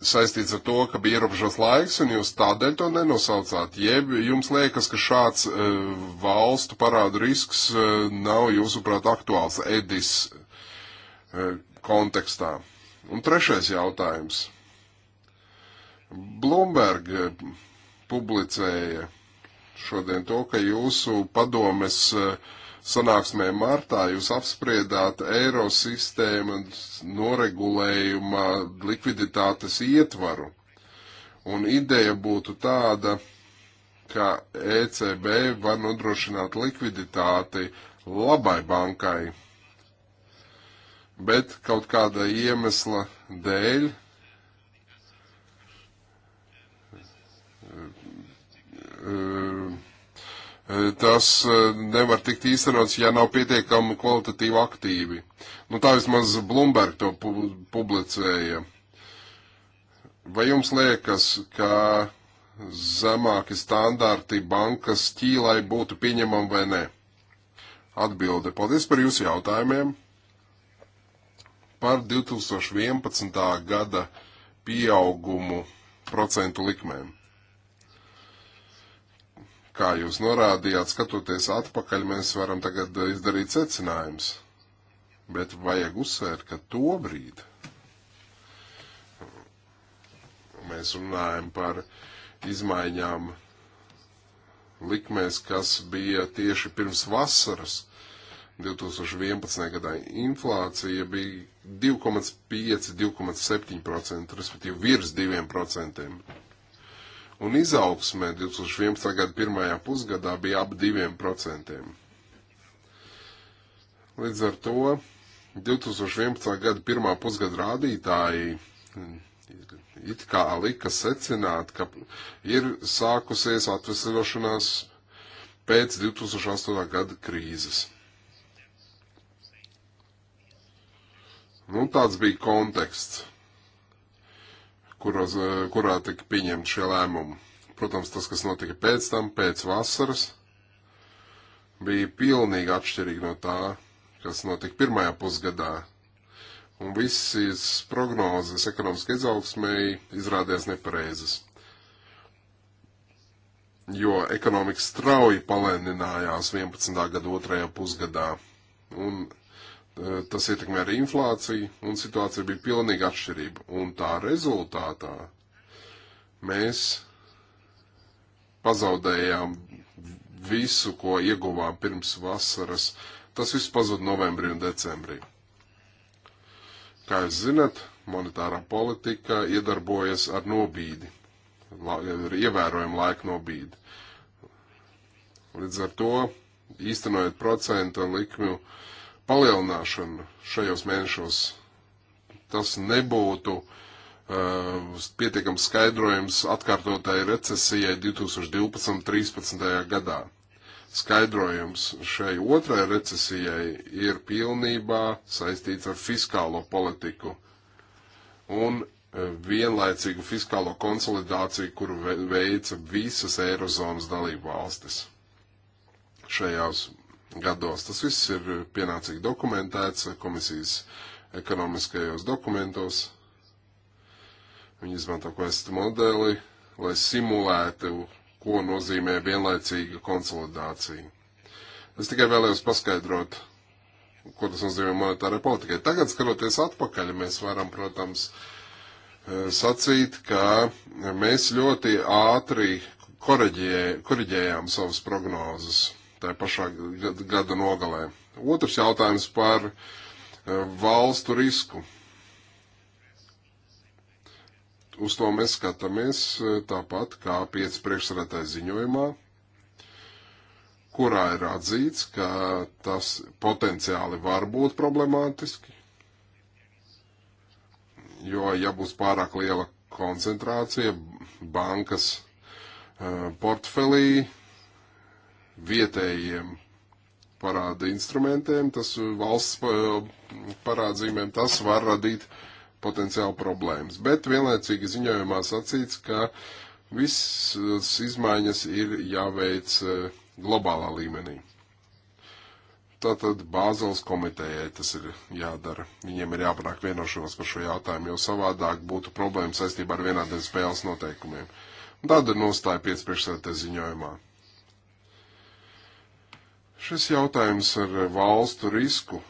saistīts ar to, ka bija ierobežots laiks un jūs tādēļ to nenosaucāt? Jeb jums liekas, ka šāds uh, valstu parādu risks uh, nav jūsuprāt aktuāls Edis uh, kontekstā? Un trešais jautājums. Bloomberg eh, publicēja šodien to, ka jūsu padomes eh, sanāksmē martā jūs apspriedāt eiro sistēmas noregulējuma likviditātes ietvaru. Un ideja būtu tāda, ka ECB var nodrošināt likviditāti labai bankai bet kaut kāda iemesla dēļ eh, eh, tas eh, nevar tikt īstenots, ja nav pietiekami kvalitatīvi aktīvi. Nu, tā vismaz Bloomberg to pu publicēja. Vai jums liekas, ka zemāki standarti bankas ķīlai būtu pieņemami vai nē? Atbilde. Paldies par jūsu jautājumiem par 2011. gada pieaugumu procentu likmēm. Kā jūs norādījāt, skatoties atpakaļ, mēs varam tagad izdarīt secinājumus, bet vajag uzsvērt, ka to brīdi mēs runājam par izmaiņām likmēs, kas bija tieši pirms vasaras 2011. gadā inflācija bija 2,5-2,7%, respektīvi virs 2%. Un izaugsmē 2011. gada pirmajā pusgadā bija ap 2%. Līdz ar to 2011. gada pirmā pusgada rādītāji mm, it kā lika secināt, ka ir sākusies atvesļošanās pēc 2008. gada krīzes. Nu, tāds bija konteksts, kuros, eh, kurā tika pieņemti šie lēmumi. Protams, tas, kas notika pēc tam, pēc vasaras, bija pilnīgi atšķirīgi no tā, kas notika pirmajā pusgadā. Un visas prognozes ekonomiskai izaugsmēji izrādījās nepareizas, jo ekonomika strauji palēninājās 11. gada otrajā pusgadā. Un Eh, tas ietekmē arī inflāciju, un situācija bija pilnīgi atšķirība. Un tā rezultātā mēs pazaudējām visu, ko ieguvām pirms vasaras. Tas viss pazuda novembrī un decembrī. Kā jūs zinat, monetārā politika iedarbojas ar nobīdi, la, ar ievērojumu laika nobīdi. Līdz ar to, īstenojot procentu un likmju uh, palielināšanu šajos mēnešos, tas nebūtu uh, pietiekams skaidrojums atkārtotai recesijai 2012-2013. gadā. Skaidrojums šai otrai recesijai ir pilnībā saistīts ar fiskālo politiku un uh, vienlaicīgu fiskālo konsolidāciju, kuru veica visas Eirozonas dalību valstis šajās gados. Tas viss ir pienācīgi dokumentēts komisijas ekonomiskajos dokumentos. Viņi izmanto kvestu modeli, lai simulētu, ko nozīmē vienlaicīga konsolidācija. Es tikai vēlējos paskaidrot, ko tas nozīmē monetārai politikai. Tagad, skatoties atpakaļ, mēs varam, protams, eh, sacīt, ka mēs ļoti ātri koreģējām savas prognozes tā pašā gada nogalē. Otrs jautājums par eh, valstu risku. Uz to mēs skatāmies eh, tāpat kā pieci priekšsarētāji ziņojumā, kurā ir atzīts, ka tas potenciāli var būt problemātiski, jo ja būs pārāk liela koncentrācija bankas eh, portfelī, vietējiem parāda instrumentiem, tas uh, valsts uh, parādzīmēm, tas var radīt potenciāli problēmas. Bet vienlaicīgi ziņojumā sacīts, ka visas izmaiņas ir jāveic uh, globālā līmenī. Tātad Bāzeles komitejai tas ir jādara. Viņiem ir jāpanāk vienošanās par šo jautājumu, jo savādāk būtu problēmas saistībā ar vienādiem spēles noteikumiem. Tāda ir nostāja 5. priekšsēdētāja ziņojumā. Šis jautājums ar valstu risku.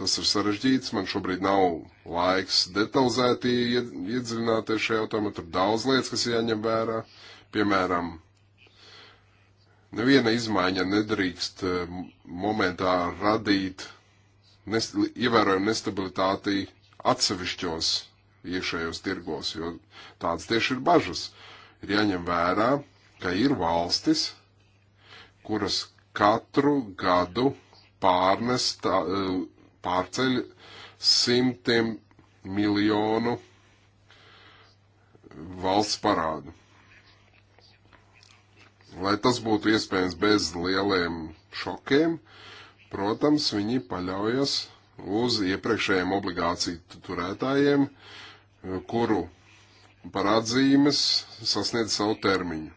Tas ir sarežģīts, man šobrīd nav laiks detalizēti iedziļināties šajā jautājumā. Tur daudz lietas, kas jāņem vērā. Piemēram, neviena izmaiņa nedrīkst eh, momentā radīt nest, ievērojumu nestabilitāti atsevišķos iekšējos tirgos, jo tāds tieši ir bažas. Ir jāņem vērā, ka ir valstis, kuras katru gadu pārnes, tā, pārceļ simtiem miljonu valsts parādu. Lai tas būtu iespējams bez lieliem šokiem, protams, viņi paļaujas uz iepriekšējiem obligāciju turētājiem, kuru parādzīmes sasniedz savu termiņu.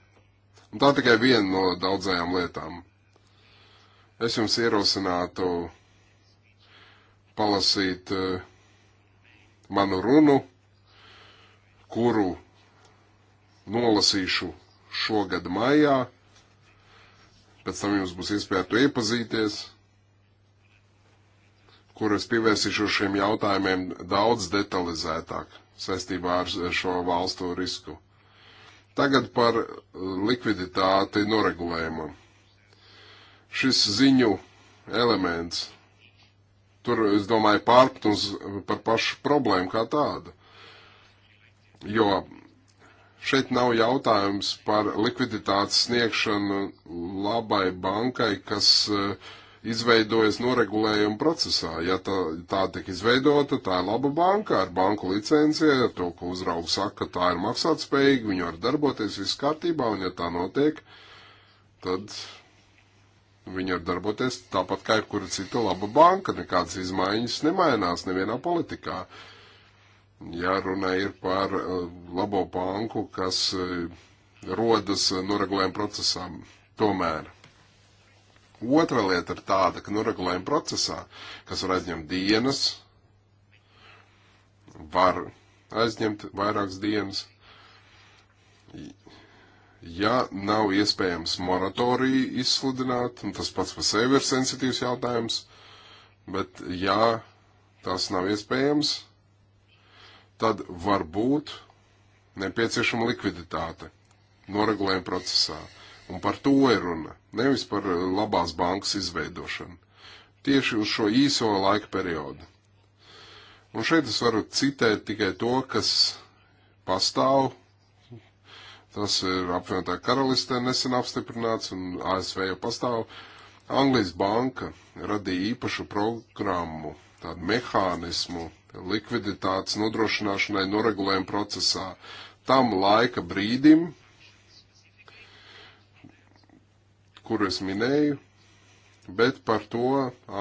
Un tā tikai viena no daudzajām lietām. Es jums ierosinātu palasīt uh, manu runu, kuru nolasīšu šogad maijā. Pēc tam jums būs iespēja to iepazīties, kur es pievērsīšu šiem jautājumiem daudz detalizētāk saistībā ar šo valstu risku. Tagad par likviditāti noregulējumam. Šis ziņu elements, tur, es domāju, pārptums par pašu problēmu kā tādu. Jo šeit nav jautājums par likviditātes sniegšanu labai bankai, kas uh, izveidojas noregulējuma procesā. Ja tā, tā tiek izveidota, tā ir laba banka ar banku licenci, ar to, ko uzraugs saka, ka tā ir maksātspējīga, viņi var darboties viss kārtībā, un ja tā notiek, tad viņi var darboties tāpat kā jebkura cita laba banka, nekādas izmaiņas nemainās nevienā politikā. Ja runa ir par uh, labo banku, kas uh, rodas noregulējuma procesām, tomēr Otra lieta ir tāda, ka noregulējuma procesā, kas var aizņemt dienas, var aizņemt vairākas dienas. Ja nav iespējams moratoriju izsludināt, un tas pats par sevi ir sensitīvs jautājums, bet ja tas nav iespējams, tad var būt nepieciešama likviditāte noregulējuma procesā. Un par to ir runa, nevis par eh, labās bankas izveidošanu. Tieši uz šo īso laika periodu. Un šeit es varu citēt tikai to, kas pastāv. Tas ir apvienotā karalistē nesen apstiprināts un ASV jau pastāv. Anglijas banka radīja īpašu programmu, tādu mehānismu likviditātes nodrošināšanai noregulējuma procesā tam laika brīdim, kuru es minēju, bet par to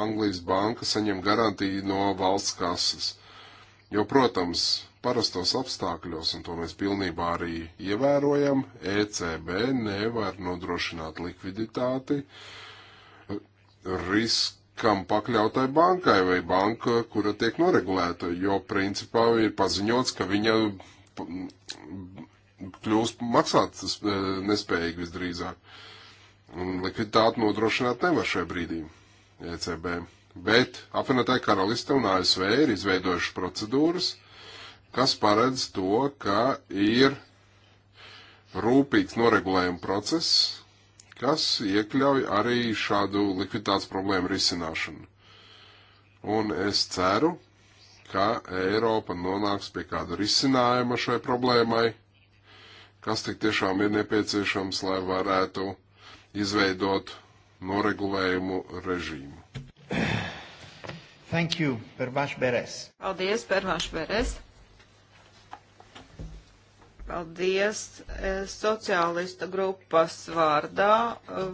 Anglijas banka saņem garantiju no valsts kases. Jo, protams, parastos apstākļos, un to mēs pilnībā arī ievērojam, ECB nevar nodrošināt likviditāti riskam pakļautai bankai vai banka, kura tiek noregulēta, jo principā ir paziņots, ka viņa kļūs maksāt eh, nespējīgi visdrīzāk. Un likviditāti nodrošināt nevar šajā brīdī ECB. Bet apvienotāja karaliste un ASV ir izveidojuši procedūras, kas paredz to, ka ir rūpīgs noregulējuma process, kas iekļauj arī šādu likviditātes problēmu risināšanu. Un es ceru, ka Eiropa nonāks pie kāda risinājuma šai problēmai, kas tik tiešām ir nepieciešams, lai varētu izveidot noregulējumu režīmu. Thank you, Pervaš Beres. Paldies, Pervaš Beres. Paldies e, sociālista grupas vārdā.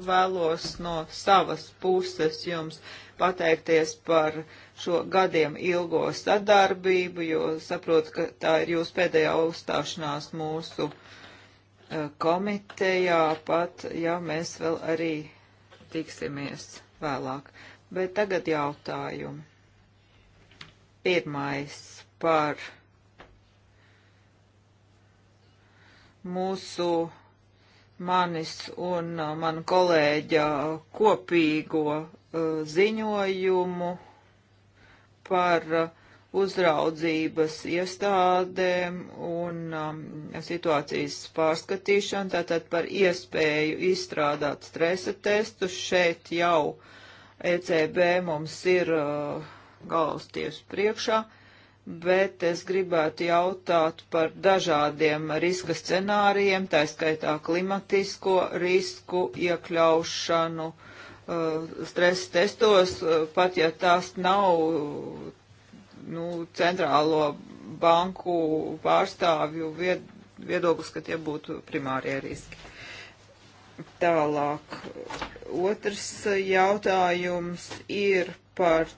Vēlos no savas puses jums pateikties par šo gadiem ilgo sadarbību, jo saprotu, ka tā ir jūsu pēdējā uzstāšanās mūsu uh, komitejā, pat ja mēs vēl arī tiksimies vēlāk. Bet tagad jautājumi. Pirmais par mūsu manis un uh, manu kolēģa kopīgo uh, ziņojumu par uh, uzraudzības iestādēm un um, situācijas pārskatīšanu, tātad par iespēju izstrādāt stresa testus. Šeit jau ECB mums ir uh, galvas tieši priekšā bet es gribētu jautāt par dažādiem riska scenārijiem, tā skaitā klimatisko risku iekļaušanu uh, stresa testos, uh, pat ja tās nav nu, centrālo banku pārstāvju vied, viedoklis, ka tie būtu primārie riski. Tālāk. Otrs jautājums ir par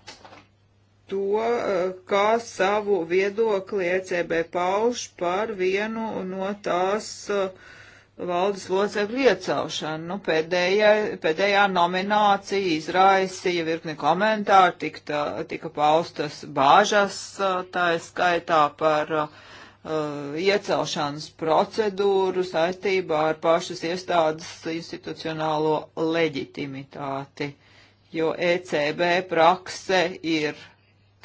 to, kā savu viedokli ECB pauž par vienu no tās uh, valdes locekļu iecelšanu. Nu, pēdējā, pēdējā nominācija izraisīja virkni komentāru, tika, tika paustas bāžas, tā ir skaitā par uh, iecelšanas procedūru saistībā ar pašas iestādes institucionālo leģitimitāti, jo ECB prakse ir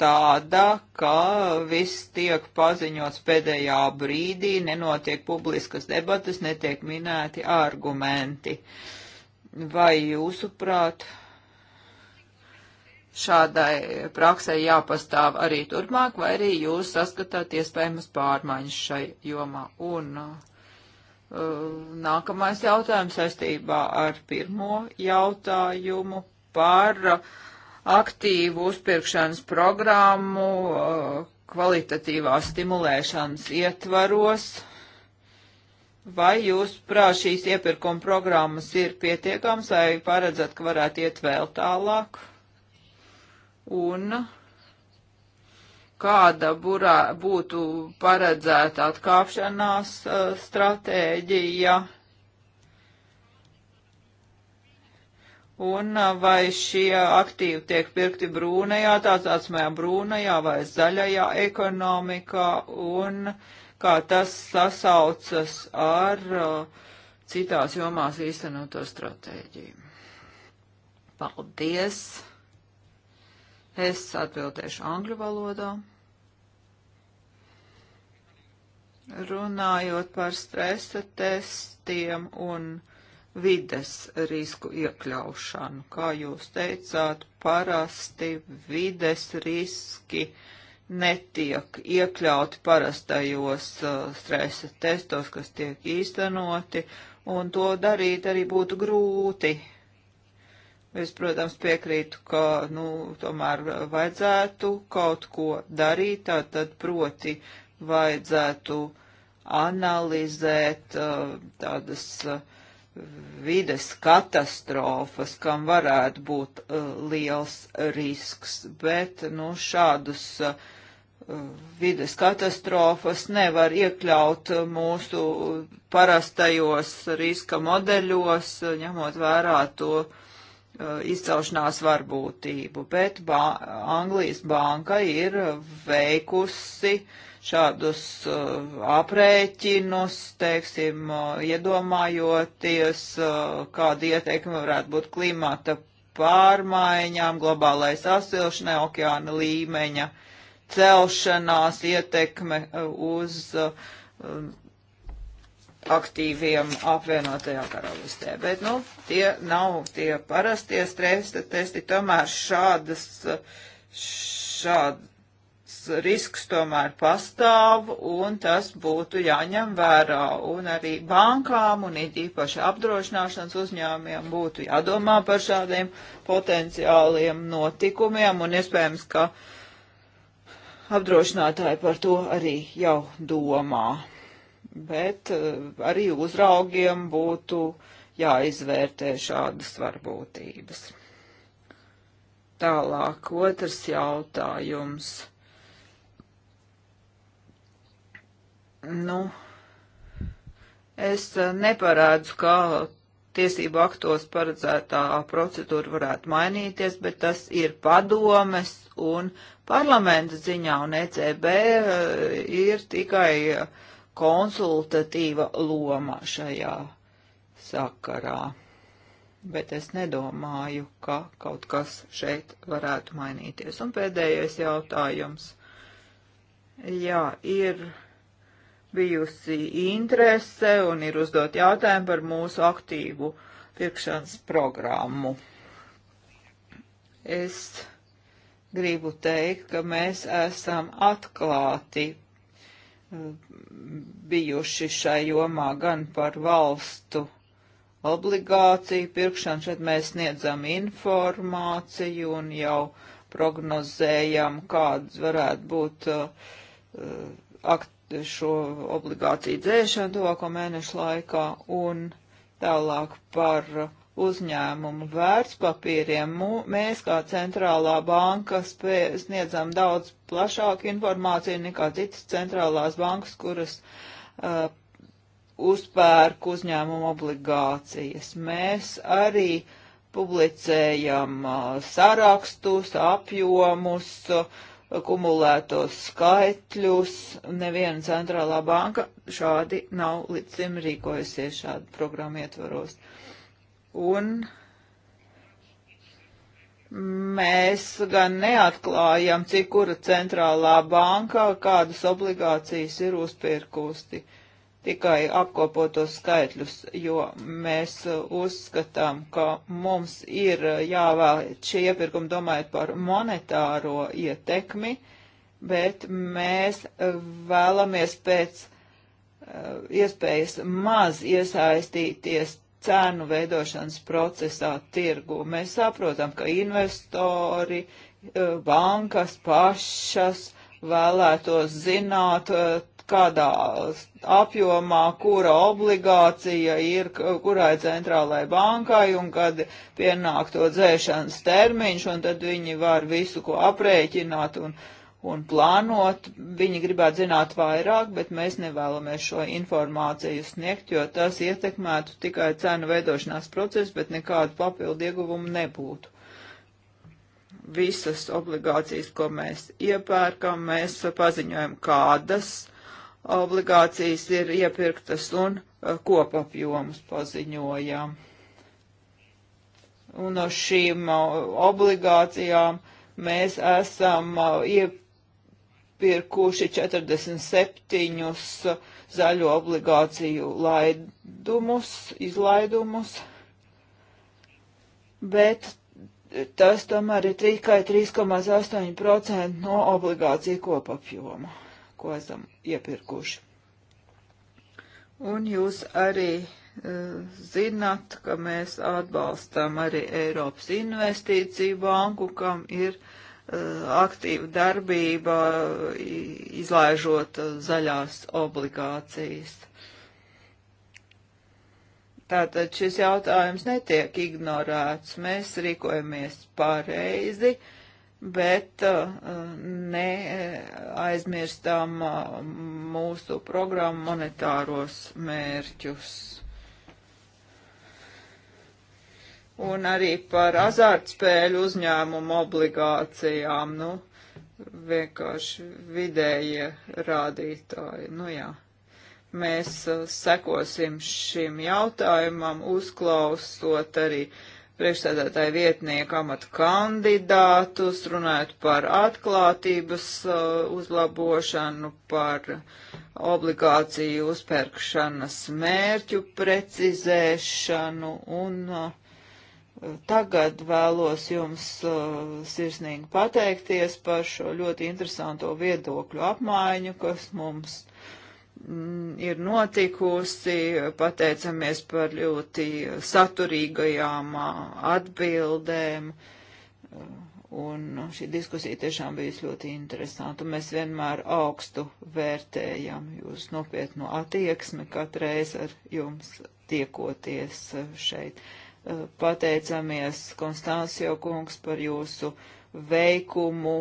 tāda, ka viss tiek paziņots pēdējā brīdī, nenotiek publiskas debatas, netiek minēti argumenti. Vai jūsuprāt, šādai praksē jāpastāv arī turpmāk, vai arī jūs saskatāt iespējamas pārmaiņas šai jomā? Un uh, nākamais jautājums saistībā ar pirmo jautājumu par uh, aktīvu uzpirkšanas programmu eh, kvalitatīvās stimulēšanas ietvaros. Vai jūs prāt šīs iepirkuma programmas ir pietiekams vai paredzat, ka varētu iet vēl tālāk? Un kāda burā, būtu paredzēta atkāpšanās eh, stratēģija? Un vai šie aktīvi tiek pirkti brūnajā, tā saucamajā brūnajā vai zaļajā ekonomikā, un kā tas sasaucas ar uh, citās jomās īstenoto stratēģiju. Paldies! Es atbildēšu angļu valodā. Runājot par stresa testiem un vides risku iekļaušanu. Kā jūs teicāt, parasti vides riski netiek iekļauti parastajos uh, stresa testos, kas tiek īstenoti, un to darīt arī būtu grūti. Es, protams, piekrītu, ka, nu, tomēr vajadzētu kaut ko darīt, tātad proti vajadzētu analizēt uh, tādas uh, vides katastrofas, kam varētu būt uh, liels risks, bet nu, šādus uh, vides katastrofas nevar iekļaut uh, mūsu parastajos riska modeļos, uh, ņemot vērā to uh, izcelšanās varbūtību, bet ba Anglijas banka ir veikusi uh, šādus uh, aprēķinus, teiksim, uh, iedomājoties, uh, kāda ieteikuma varētu būt klimata pārmaiņām, globālai sasilšanai, okeāna līmeņa celšanās ietekme uh, uz uh, um, aktīviem apvienotajā karalistē. Bet, nu, tie nav tie parastie stresa testi, tomēr šādas, uh, šād, risks tomēr pastāv un tas būtu jāņem vērā. Un arī bankām un it īpaši apdrošināšanas uzņēmiem būtu jādomā par šādiem potenciāliem notikumiem un iespējams, ka apdrošinātāji par to arī jau domā. Bet eh, arī uzraugiem būtu jāizvērtē šādas varbūtības. Tālāk, otrs jautājums nu, es eh, neparādzu, kā tiesību aktos paredzētā procedūra varētu mainīties, bet tas ir padomes un parlamenta ziņā, un ECB eh, ir tikai konsultatīva loma šajā sakarā. Bet es nedomāju, ka kaut kas šeit varētu mainīties. Un pēdējais jautājums. Jā, ir bijusi interese un ir uzdot jautājumu par mūsu aktīvu pirkšanas programmu. Es gribu teikt, ka mēs esam atklāti mm, bijuši šai jomā gan par valstu obligāciju pirkšanu, šeit mēs sniedzam informāciju un jau prognozējam, kāds varētu būt uh, uh akt šo obligāciju dzēšanu tuvāko mēnešu laikā un tālāk par uzņēmumu vērtspapīriem. Mēs kā centrālā banka sniedzam daudz plašāku informāciju nekā citas centrālās bankas, kuras uh, uzpērk uzņēmumu obligācijas. Mēs arī publicējam uh, sarakstus, apjomus, uh, kumulētos skaitļus. Neviena centrālā banka šādi nav līdz šim rīkojusies šādu programmu ietvaros. Un mēs gan neatklājam, cik kura centrālā banka kādas obligācijas ir uzpirkusti. Uh, tikai apkopotos skaitļus, jo mēs uh, uzskatām, ka mums ir uh, jāvēlēt šie iepirkumi domājot par monetāro ietekmi, bet mēs uh, vēlamies pēc iespējas maz iesaistīties cēnu veidošanas procesā tirgu. Mēs saprotam, ka investori, bankas pašas vēlētos zināt, kādā apjomā, kura obligācija ir kurai centrālai bankai un kad pienāk to dzēšanas termiņš, un tad viņi var visu, ko aprēķināt un, un plānot. Viņi gribētu zināt vairāk, bet mēs nevēlamies šo informāciju sniegt, jo tas ietekmētu tikai cenu veidošanās procesu, bet nekādu papildu ieguvumu nebūtu visas obligācijas, ko mēs iepērkam, mēs paziņojam, kādas obligācijas ir iepirktas un uh, kopapjomus paziņojām. Un no šīm uh, obligācijām mēs esam uh, iepirkuši 47 zaļo obligāciju laidumus, izlaidumus, bet tas tomēr ir tikai 3,8% no obligāciju kopapjoma ko esam iepirkuši. Un jūs arī uh, e, zināt, ka mēs atbalstam arī Eiropas investīciju banku, kam ir uh, aktīva darbība izlaižot zaļās obligācijas. Tātad šis jautājums netiek ignorēts. Mēs rīkojamies pareizi. Uh, bet uh, neaizmirstam uh, mūsu programmu monetāros mērķus. Un arī par azartspēļu uzņēmumu obligācijām, nu, vienkārši vidējie rādītāji, nu jā mēs uh, sekosim šim jautājumam, uzklausot arī priekšsēdētāja vietnieka amata kandidātus, runājot par atklātības uh, uzlabošanu, par obligāciju uzpērkšanas mērķu precizēšanu un uh, Tagad vēlos jums uh, sirsnīgi pateikties par šo ļoti interesanto viedokļu apmaiņu, kas mums uh, Mm, ir notikusi, pateicamies par ļoti saturīgajām atbildēm, un šī diskusija tiešām bijusi ļoti interesanta, un mēs vienmēr augstu vērtējam jūs nopietnu attieksmi katreiz ar jums tiekoties šeit. Pateicamies, Konstānsio kungs, par jūsu uh, veikumu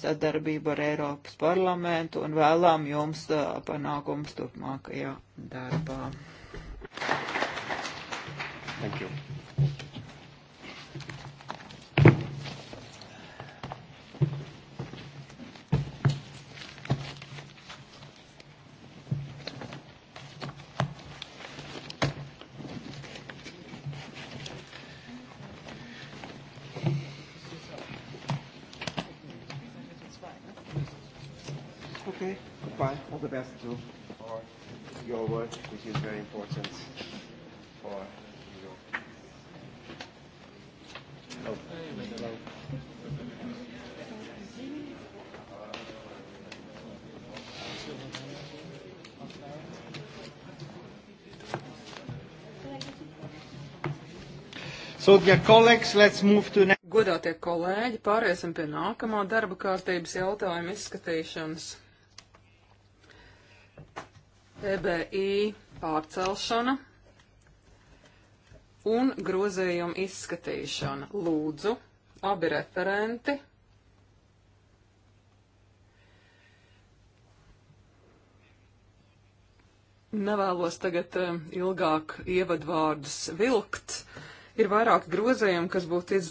sadarbību ar Eiropas parlamentu un vēlām jums panākums turpmākajā darbā. Thank you. best too for your work, which is very important for you. Oh. So, dear colleagues, let's move to next. Godātie kolēģi, pāriesim pie nākamā darba kārtības jautājuma izskatīšanas. EBI pārcelšana un grozījuma izskatīšana. Lūdzu, abi referenti. Nevēlos tagad um, ilgāk ievadvārdus vilkt. Ir vairāk grozījumi, kas būtu iz...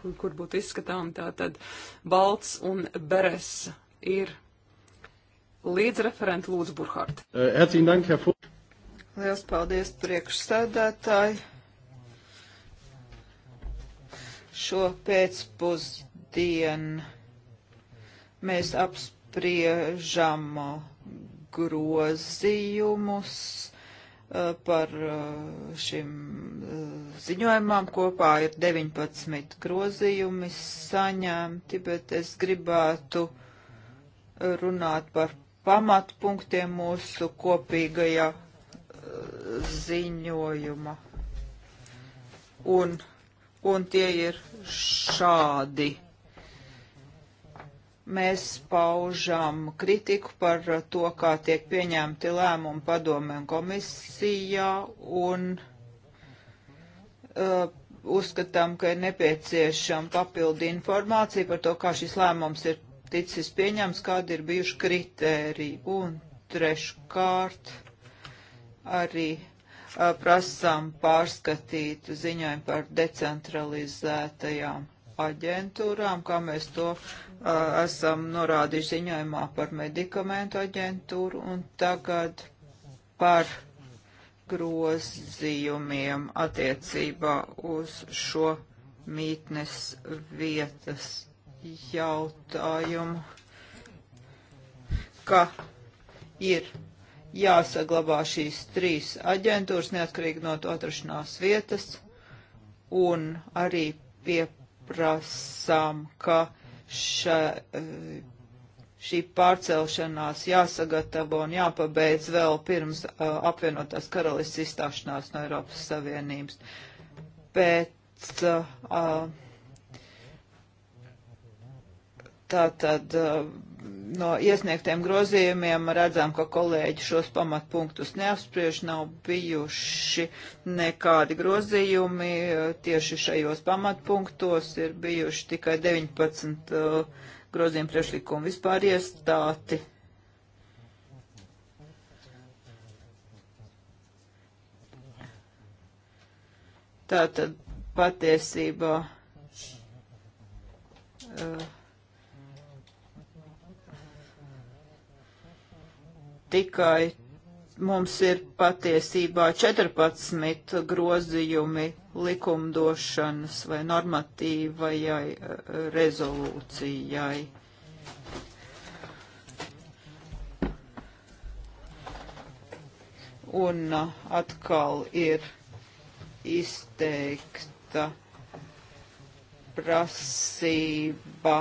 kur, kur būtu izskatām, tā tad balts un beres ir Līdzreferenti Lūdzu Burhārti. Eh, Lielas paldies priekšsēdētāji. Šo pēcpusdienu mēs apspriežam grozījumus eh, par eh, šim ziņojumam. Kopā ir 19 grozījumi saņemti, bet es gribētu runāt par pamatpunktiem mūsu kopīgajā eh, ziņojuma. Un, un tie ir šādi. Mēs paužam kritiku par to, kā tiek pieņemti lēmumi padome un komisijā, un uh, uzskatām, ka ir nepieciešama papildi informācija par to, kā šis lēmums ir ticis pieņemts, kādi ir bijuši kritēriji. Un treškārt arī a, prasām pārskatīt ziņojumu par decentralizētajām aģentūrām, kā mēs to a, esam norādījuši ziņojumā par medikamentu aģentūru un tagad par grozījumiem attiecībā uz šo mītnes vietas jautājumu, ka ir jāsaglabā šīs trīs aģentūras neatkarīgi no to atrašanās vietas un arī pieprasām, ka ša, šī pārcelšanās jāsagatavo un jāpabeidz vēl pirms uh, apvienotās karalists izstāšanās no Eiropas Savienības. Pēc uh, Tātad eh, no iesniegtiem grozījumiem redzam, ka kolēģi šos pamatpunktus neapspriež, nav bijuši nekādi grozījumi. Eh, tieši šajos pamatpunktos ir bijuši tikai 19 eh, grozījumu priekšlikumu vispār iestāti. Tātad patiesībā. Uh, tikai mums ir patiesībā 14 grozījumi likumdošanas vai normatīvajai eh, rezolūcijai. Un eh, atkal ir izteikta prasība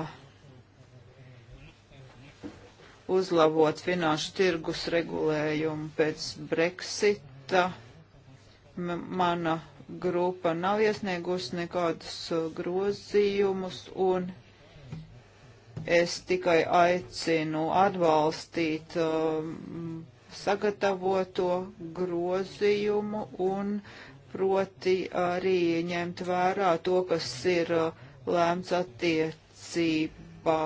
uzlabot finanšu tirgus regulējumu pēc Brexita. M mana grupa nav iesniegusi nekādus uh, grozījumus un es tikai aicinu atbalstīt um, sagatavoto grozījumu un proti arī ņemt vērā to, kas ir uh, lēmts attiecībā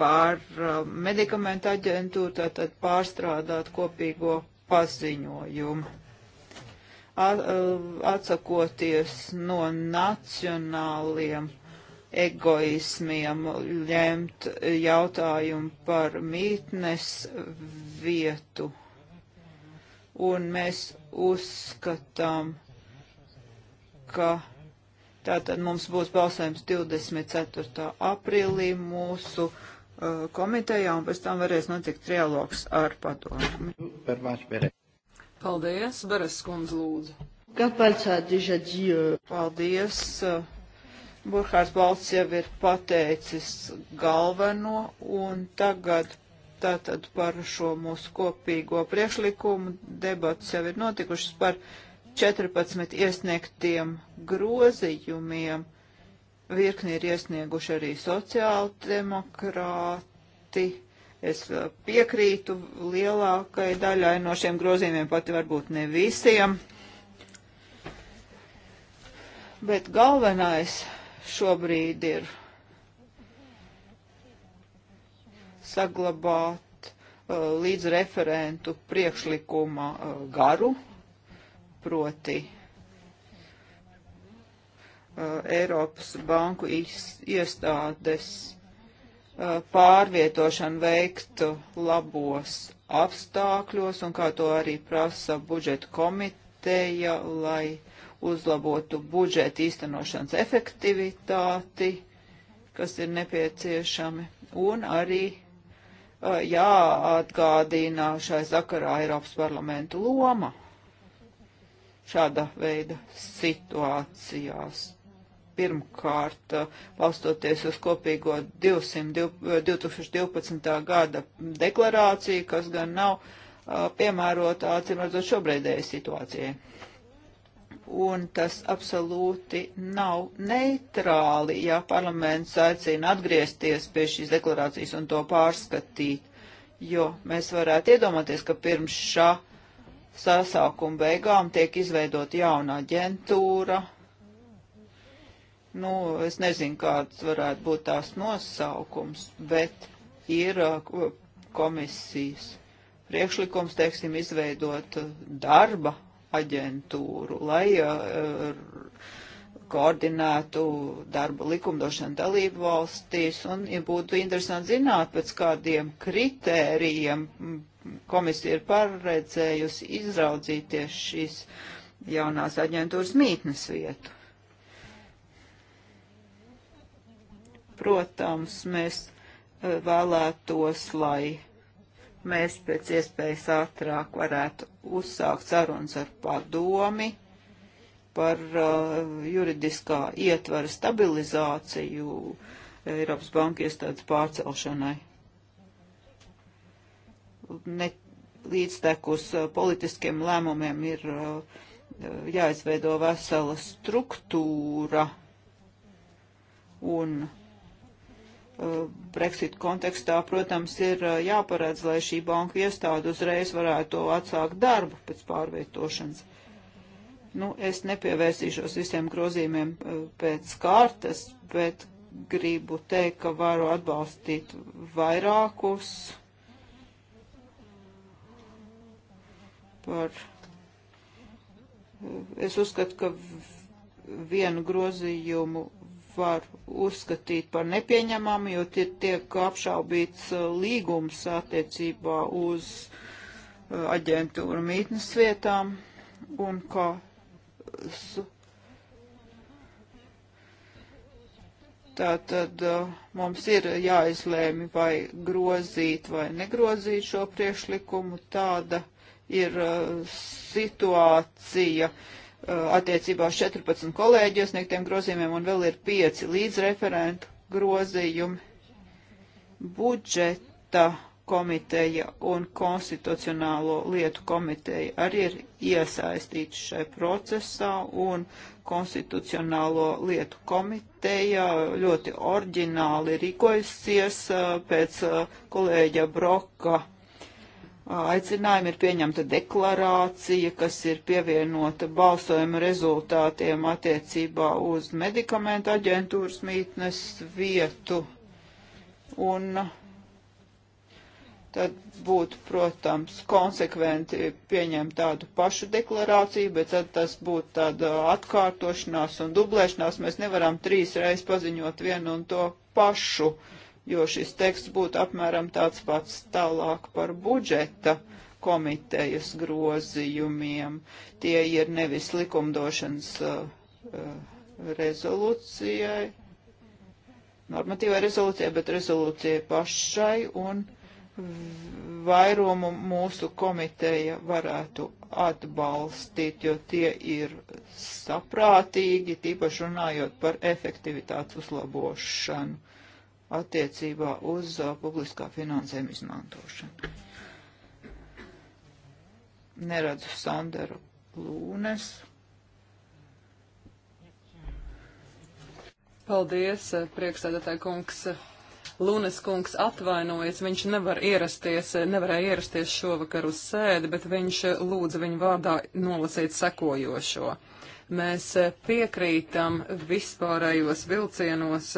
par uh, medikamentu aģentūru, tātad pārstrādāt kopīgo paziņojumu. Uh, atsakoties no nacionāliem egoismiem, ļemt jautājumu par mītnes vietu. Un mēs uzskatām, ka tātad mums būs balsojums 24. aprīlī mūsu uh, Uh, komitejā un pēc tam varēs notikt trialogs ar padomu. Paldies, Beres kundze lūdzu. Uh, Paldies. Uh, Burkhārds Balts jau ir pateicis galveno un tagad tātad par šo mūsu kopīgo priekšlikumu debats jau ir notikušas par 14 iesniegtiem grozījumiem. Uh, Virkni ir iesnieguši arī sociāldemokrāti. Es uh, piekrītu lielākai daļai no šiem grozījumiem, pati varbūt ne visiem. Bet galvenais šobrīd ir saglabāt uh, līdz referentu priekšlikuma uh, garu, proti Uh, Eiropas banku iestādes uh, pārvietošanu veiktu labos apstākļos un kā to arī prasa budžeta komiteja, lai uzlabotu budžeta īstenošanas efektivitāti, kas ir nepieciešami, un arī uh, jāatgādina šai sakarā Eiropas parlamentu loma šāda veida situācijās pirmkārt, uh, balstoties uz kopīgo 200, 2012. Uh, gada deklarāciju, kas gan nav uh, piemērota atcīmredzot šobrīdējai situācijai. Un tas absolūti nav neitrāli, ja parlaments aicina atgriezties pie šīs deklarācijas un to pārskatīt, jo mēs varētu iedomāties, ka pirms šā sasaukuma beigām tiek izveidota jauna aģentūra, nu, es nezinu, kāds varētu būt tās nosaukums, bet ir uh, komisijas priekšlikums, teiksim, izveidot uh, darba aģentūru, lai uh, koordinētu darba likumdošanu dalību valstīs, un ja būtu interesanti zināt, pēc kādiem kritērijiem komisija ir paredzējusi izraudzīties šīs jaunās aģentūras mītnes vietu. Protams, mēs eh, vēlētos, lai mēs pēc iespējas ātrāk varētu uzsākt sarunas ar padomi par uh, juridiskā ietvara stabilizāciju Eiropas banka iestādes pārcelšanai. Ne, līdztekus uh, politiskiem lēmumiem ir uh, jāizveido vesela struktūra un uh, Brexit kontekstā, protams, ir jāparedz, lai šī banka iestāde uzreiz varētu atsākt darbu pēc pārvietošanas. Nu, es nepievērsīšos visiem grozījumiem pēc kārtas, bet gribu teikt, ka varu atbalstīt vairākus par. Es uzskatu, ka vienu grozījumu var uzskatīt par nepieņemamu, jo tie tiek apšaubīts uh, līgums attiecībā uz uh, aģentūru mītnes vietām un kā Tā tad uh, mums ir jāizlēmi vai grozīt vai negrozīt šo priekšlikumu. Tāda ir situācija. Uh, Uh, attiecībā uz 14 kolēģi iesniegtiem grozījumiem un vēl ir 5 līdzreferentu grozījumi. Budžeta komiteja un konstitucionālo lietu komiteja arī ir iesaistīti šai procesā un konstitucionālo lietu komiteja ļoti orģināli rīkojasies uh, pēc uh, kolēģa Broka aicinājumu ir pieņemta deklarācija, kas ir pievienota balsojuma rezultātiem attiecībā uz medikamentu aģentūras mītnes vietu. Un tad būtu, protams, konsekventi pieņemt tādu pašu deklarāciju, bet tad tas būtu tāda atkārtošanās un dublēšanās. Mēs nevaram trīs reizes paziņot vienu un to pašu. Uh, jo šis teksts būtu apmēram tāds pats tālāk par budžeta komitejas grozījumiem. Tie ir nevis likumdošanas uh, uh, rezolūcijai, normatīvai rezolūcijai, bet rezolūcijai pašai un vairumu mūsu komiteja varētu atbalstīt, jo tie ir saprātīgi, tīpaši runājot par efektivitātes uzlabošanu attiecībā uz uh, publiskā finansējuma izmantošanu. Neredzu Sanderu Lūnes. Paldies, uh, priekšsēdētāji kungs. Lunes kungs atvainojas, viņš nevar ierasties, uh, nevarēja ierasties šovakar uz sēdi, bet viņš uh, lūdza viņu vārdā nolasīt sekojošo. Mēs piekrītam vispārējos vilcienos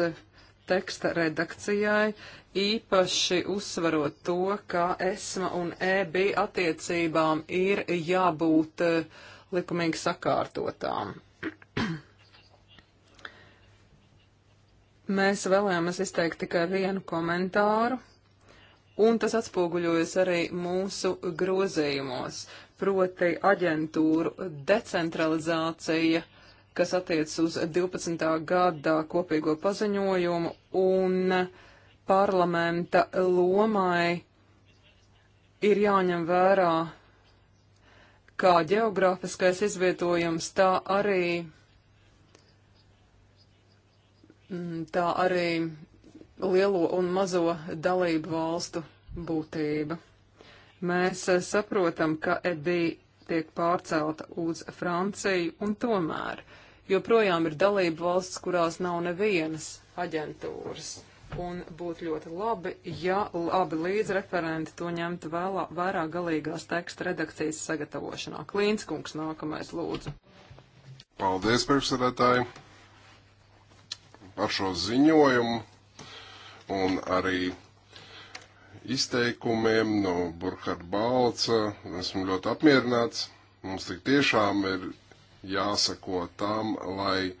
teksta redakcijai, īpaši uzsvarot to, ka ESMA un EBI attiecībām ir jābūt eh, likumīgi sakārtotām. [clears throat] Mēs vēlējāmies izteikt tikai vienu komentāru, un tas atspoguļojas arī mūsu grozījumos, proti aģentūru decentralizācija kas attiec uz 12. gada kopīgo paziņojumu un parlamenta lomai ir jāņem vērā kā geogrāfiskais izvietojums, tā arī, mm, tā arī lielo un mazo dalību valstu būtība. Mēs eh, saprotam, ka EBI tiek pārcelta uz Franciju, un tomēr joprojām ir dalība valsts, kurās nav nevienas aģentūras. Un būtu ļoti labi, ja abi līdzreferenti to ņemtu vēlā, vērā galīgās teksta redakcijas sagatavošanā. Klīnskungs nākamais lūdzu. Paldies, priekšsēdētāji! Ar šo ziņojumu un arī izteikumiem no Burkhard Balca. Esmu ļoti apmierināts. Mums tik tiešām ir jāsako tam, lai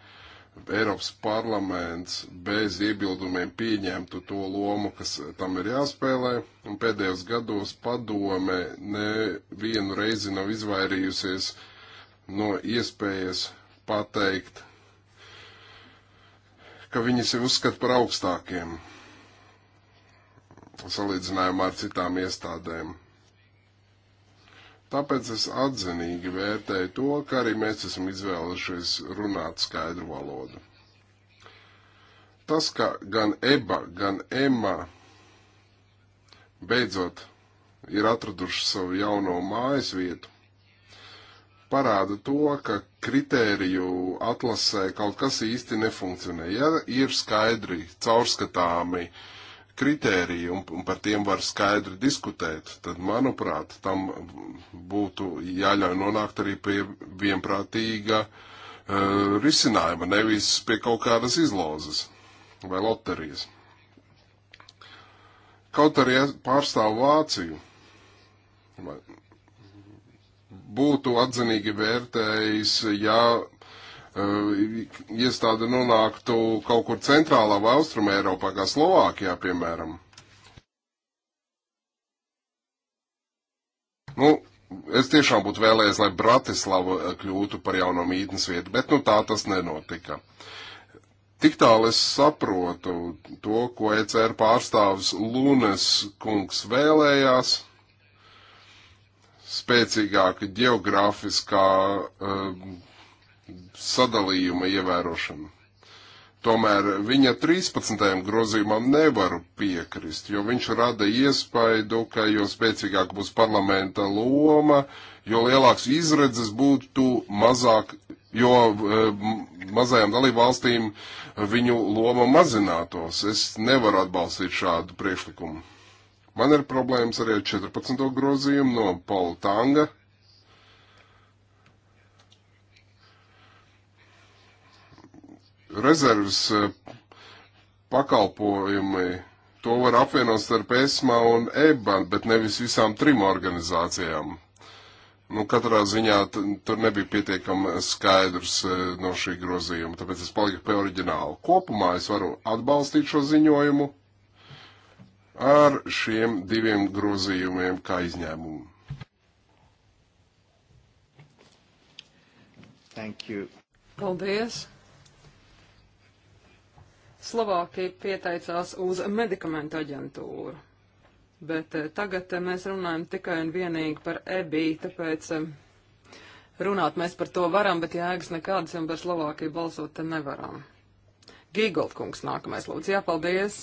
Eiropas parlaments bez iebildumiem pieņemtu to lomu, kas tam ir jāspēlē, un pēdējos gados padome nevienu reizi nav izvairījusies no iespējas pateikt, ka viņi sevi uzskata par augstākiem salīdzinājumā ar citām iestādēm. Tāpēc es atzinīgi vērtēju to, ka arī mēs esam izvēlušies runāt skaidru valodu. Tas, ka gan Eba, gan Emma beidzot ir atraduši savu jauno mājas vietu, parāda to, ka kritēriju atlasē kaut kas īsti nefunkcionē. Ja ir skaidri, caurskatāmi uh, kritēriji un, un par tiem var skaidri diskutēt, tad, manuprāt, tam būtu jāļauj nonākt arī pie vienprātīga uh, risinājuma, nevis pie kaut kādas izlozes vai loterijas. Kaut arī pārstāv Vāciju, būtu atzinīgi vērtējis, ja Uh, iestāde nonāktu kaut kur centrālā vai austruma Eiropā, kā Slovākijā, piemēram. Nu, es tiešām būtu vēlējies, lai Bratislava kļūtu par jauno mītnes vietu, bet nu tā tas nenotika. Tik tālu es saprotu to, ko ECR pārstāvis Lunes kungs vēlējās spēcīgāka geogrāfiskā um, sadalījuma ievērošanu. Tomēr viņa 13. grozījumam nevaru piekrist, jo viņš rada iespaidu, ka jo spēcīgāka būs parlamenta loma, jo lielāks izredzes būtu mazāk, jo eh, mazajām dalībvalstīm viņu loma mazinātos. Es nevaru atbalstīt šādu priekšlikumu. Man ir problēmas arī ar 14. grozījumu no Paula Tanga. rezerves eh, pakalpojumi, to var apvienot starp ESMA un EBA, bet nevis visām trim organizācijām. Nu, katrā ziņā tur nebija pietiekami skaidrs eh, no šī grozījuma, tāpēc es paliku pie oriģināla. Kopumā es varu atbalstīt šo ziņojumu ar šiem diviem grozījumiem kā izņēmumu. Thank you. Paldies. Slovākija pieteicās uz medikamentu aģentūru. Bet eh, tagad eh, mēs runājam tikai un vienīgi par EBI, tāpēc eh, runāt mēs par to varam, bet jēgas nekādas, un par Slovākiju balsot te nevaram. Gīgoldkungs nākamais lūdzu. Jā, paldies!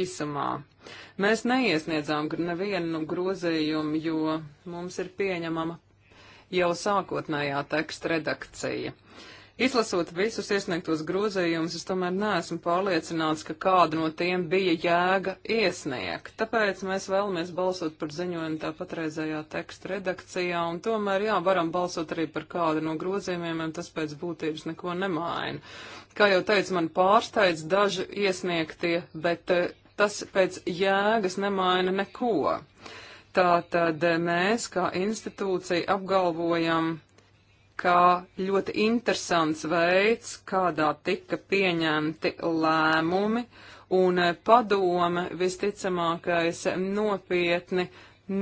Īsumā. Mēs neiesniedzām nevienu grozījumu, jo mums ir pieņemama jau sākotnējā teksta redakcija. Uh, Izlasot visus iesniegtos grozījumus, es tomēr neesmu pārliecināts, ka kādu no tiem bija jēga iesniegt. Tāpēc mēs vēlamies balsot par ziņojumu tā patreizējā teksta redakcijā, un tomēr, jā, varam balsot arī par kādu no grozījumiem, un tas pēc būtības neko nemaina. Kā jau teicu, man pārsteidz daži iesniegtie, bet eh, tas pēc jēgas nemaina neko. Tātad eh, mēs, kā institūcija, apgalvojam, kā ļoti interesants veids, kādā tika pieņemti lēmumi, un padome visticamākais nopietni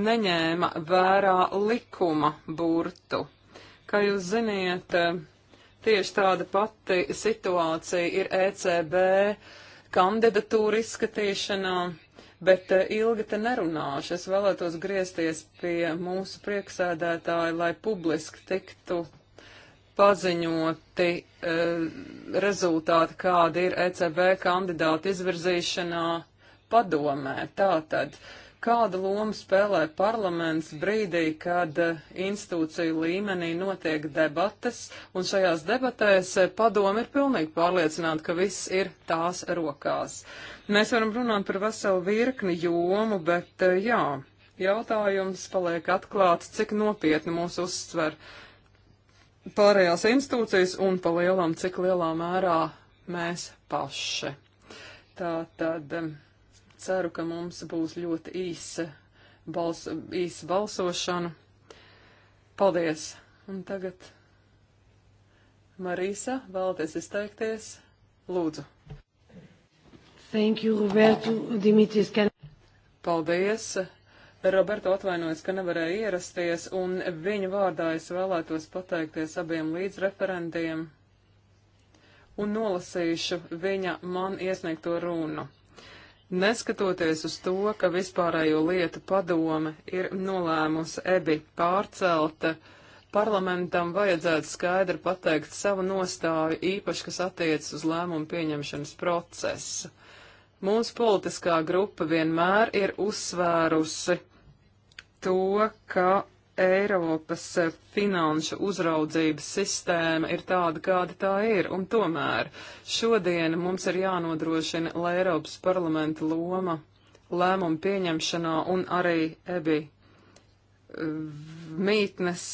neņēma vērā likuma burtu. Kā jūs ziniet, tieši tāda pati situācija ir ECB kandidatūra izskatīšanā, bet eh, ilgi te nerunāšu. Es vēlētos griezties pie mūsu prieksēdētāja, lai publiski tiktu paziņoti eh, e, rezultāti, kāda ir ECB kandidāta izvirzīšanā padomē. Tātad, kāda loma spēlē parlaments brīdī, kad eh, institūciju līmenī notiek debates, un šajās debatēs eh, padomi ir pilnīgi pārliecināti, ka viss ir tās rokās. Mēs varam runāt par veselu virkni jomu, bet jā, jautājums paliek atklāts, cik nopietni mūs uztver pārējās institūcijas un pa lielam, cik lielā mērā mēs paši. Tā tad ceru, ka mums būs ļoti īsa, bals, īsa balsošana. Paldies! Un tagad Marīsa, vēlaties izteikties? Lūdzu! Thank you, Roberto Dimitris. Can... Paldies! Roberto atvainojas, ka nevarēja ierasties, un viņa vārdā es vēlētos pateikties abiem līdzreferentiem un nolasīšu viņa man iesniegto runu. Neskatoties uz to, ka vispārējo lietu padome ir nolēmusi ebi pārcelt, parlamentam vajadzētu skaidri pateikt savu nostāju, īpaši, kas attiecas uz lēmumu pieņemšanas procesu. Mūsu politiskā grupa vienmēr ir uzsvērusi to, ka Eiropas finanšu uzraudzības sistēma ir tāda, kāda tā ir, un tomēr šodien mums ir jānodrošina, lai Eiropas parlamenta loma lēmumu pieņemšanā un arī ebi eh, mītnes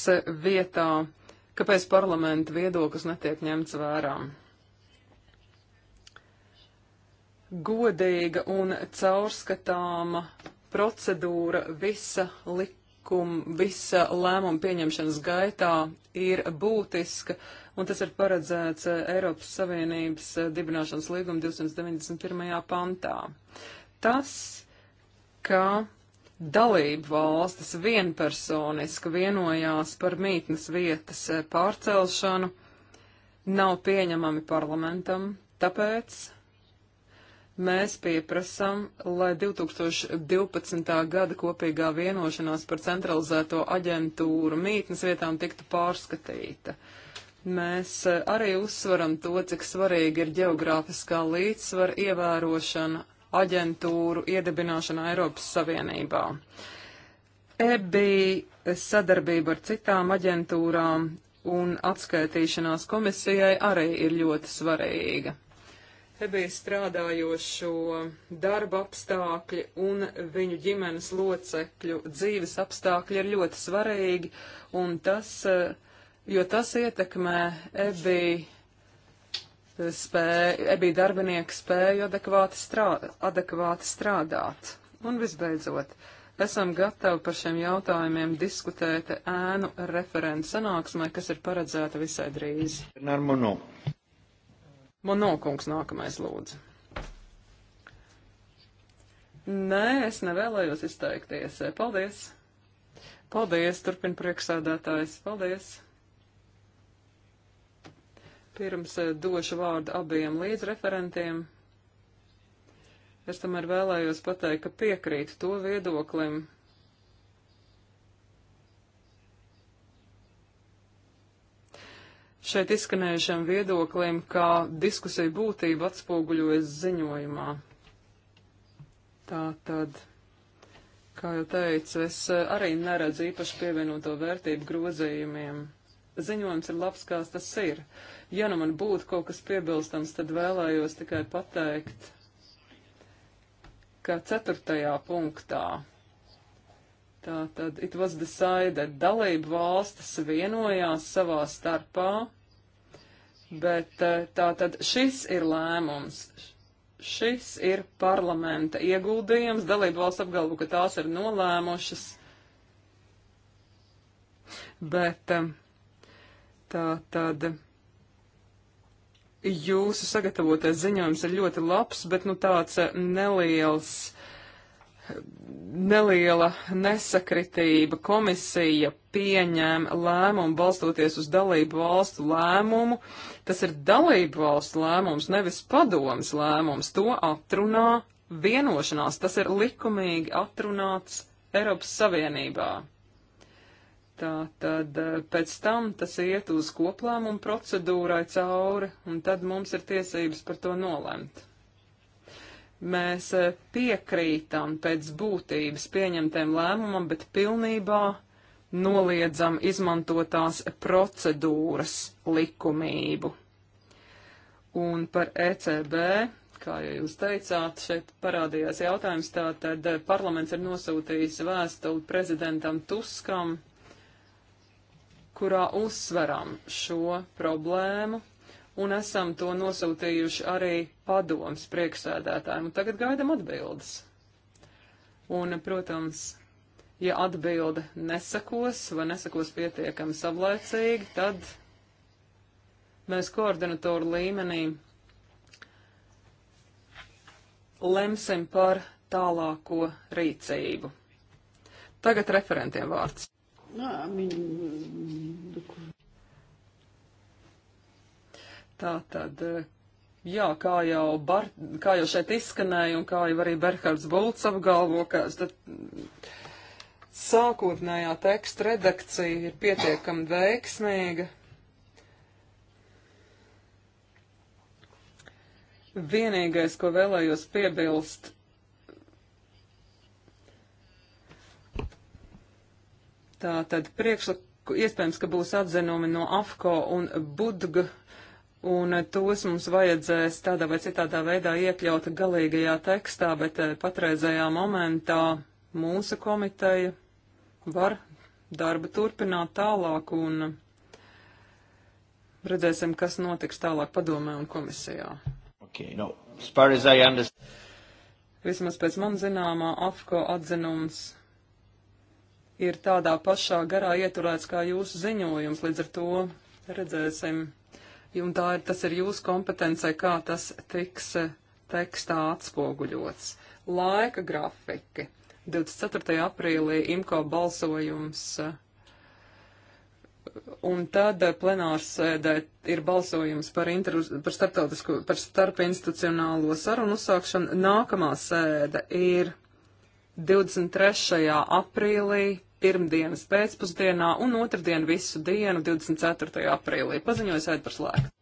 vietā, kāpēc parlamenta viedoklis netiek ņemts vērā. Godīga un caurskatāma procedūra visa likuma, visa lēmuma pieņemšanas gaitā ir būtiska, un tas ir paredzēts Eiropas Savienības dibināšanas līguma 291. pantā. Tas, ka dalību valstis vienpersoniski vienojās par mītnes vietas pārcelšanu, nav pieņemami parlamentam, tāpēc mēs pieprasam, lai 2012. gada kopīgā vienošanās par centralizēto aģentūru mītnes vietām tiktu pārskatīta. Mēs eh, arī uzsveram to, cik svarīgi ir geogrāfiskā līdzsvara ievērošana aģentūru iedibināšana Eiropas Savienībā. EBI sadarbība ar citām aģentūrām un atskaitīšanās komisijai arī ir ļoti svarīga te bija strādājošo darba apstākļi un viņu ģimenes locekļu dzīves apstākļi ir ļoti svarīgi, un tas, eh, jo tas ietekmē ebī eh, spēju, ebī darbinieku spēju adekvāti, strā, adekvāti strādāt. Un visbeidzot, esam gatavi par šiem jautājumiem diskutēt ēnu referentu sanāksmē, kas ir paredzēta visai drīz. Nārmonu. No. Man nav kungs nākamais lūdzu. Nē, es nevēlējos izteikties. Paldies! Paldies, turpina priekšsēdētājs. Paldies! Pirms eh, došu vārdu abiem līdzreferentiem. Es tomēr vēlējos pateikt, ka piekrītu to viedoklim, šeit izskanējušiem viedoklim, ka diskusija būtība atspoguļojas ziņojumā. Tā tad, kā jau teicu, es arī neredzu īpaši pievienoto vērtību grozījumiem. Ziņojums ir labs, kāds tas ir. Ja nu man būtu kaut kas piebilstams, tad vēlējos tikai pateikt, ka ceturtajā punktā Tā tad it was decided dalību valstis vienojās savā starpā, bet eh, tā tad šis ir lēmums. Šis ir parlamenta ieguldījums. Dalību valsts apgalvo, ka tās ir nolēmušas. Bet eh, tā tad jūsu sagatavotais ziņojums ir ļoti labs, bet nu tāds eh, neliels neliela nesakritība. Komisija pieņem lēmumu balstoties uz dalību valstu lēmumu. Tas ir dalību valstu lēmums, nevis padomas lēmums. To atrunā vienošanās. Tas ir likumīgi atrunāts Eiropas Savienībā. Tā tad eh, pēc tam tas iet uz koplēmumu procedūrai cauri, un tad mums ir tiesības par to nolemt. Mēs eh, piekrītam pēc būtības pieņemtiem lēmumam, bet pilnībā noliedzam izmantotās procedūras likumību. Un par ECB, kā jau jūs teicāt, šeit parādījās jautājums, tātad parlaments ir nosūtījis vēstuli prezidentam Tuskam, kurā uzsveram šo problēmu un esam to nosūtījuši arī padoms priekšsēdētājiem, un tagad gaidam atbildes. Un, protams, ja atbilde nesakos vai nesakos pietiekami savlaicīgi, tad mēs koordinatoru līmenī lemsim par tālāko rīcību. Tagad referentiem vārds. No, I mean, the Tā tad, eh, jā, kā jau, bar, kā jau šeit izskanēja un kā jau arī Berhards Bults apgalvo, ka tad, mm, sākotnējā teksta redakcija ir pietiekami veiksmīga, Vienīgais, ko vēlējos piebilst, tā tad priekšlik, iespējams, ka būs atzinumi no AFCO un Budga un tos mums vajadzēs tādā vai citādā veidā iekļaut galīgajā tekstā, bet eh, patreizējā momentā mūsu komiteja var darbu turpināt tālāk un redzēsim, kas notiks tālāk padomē un komisijā. Okay, no. as far as I understand. Vismaz pēc man zināmā AFCO atzinums ir tādā pašā garā ieturēts kā jūsu ziņojums, līdz ar to redzēsim un tā ir, tas ir jūsu kompetencē, kā tas tiks eh, tekstā atspoguļots. Laika grafiki. 24. aprīlī IMCO balsojums eh, un tad plenārs sēdē ir balsojums par, interu, par starptautisko, par starpinstitucionālo sarunu uzsākšanu. Nākamā sēde ir 23. aprīlī pirmdienas pēcpusdienā un otrdien visu dienu 24. aprīlī. Paziņoju sēdi par slēgtu.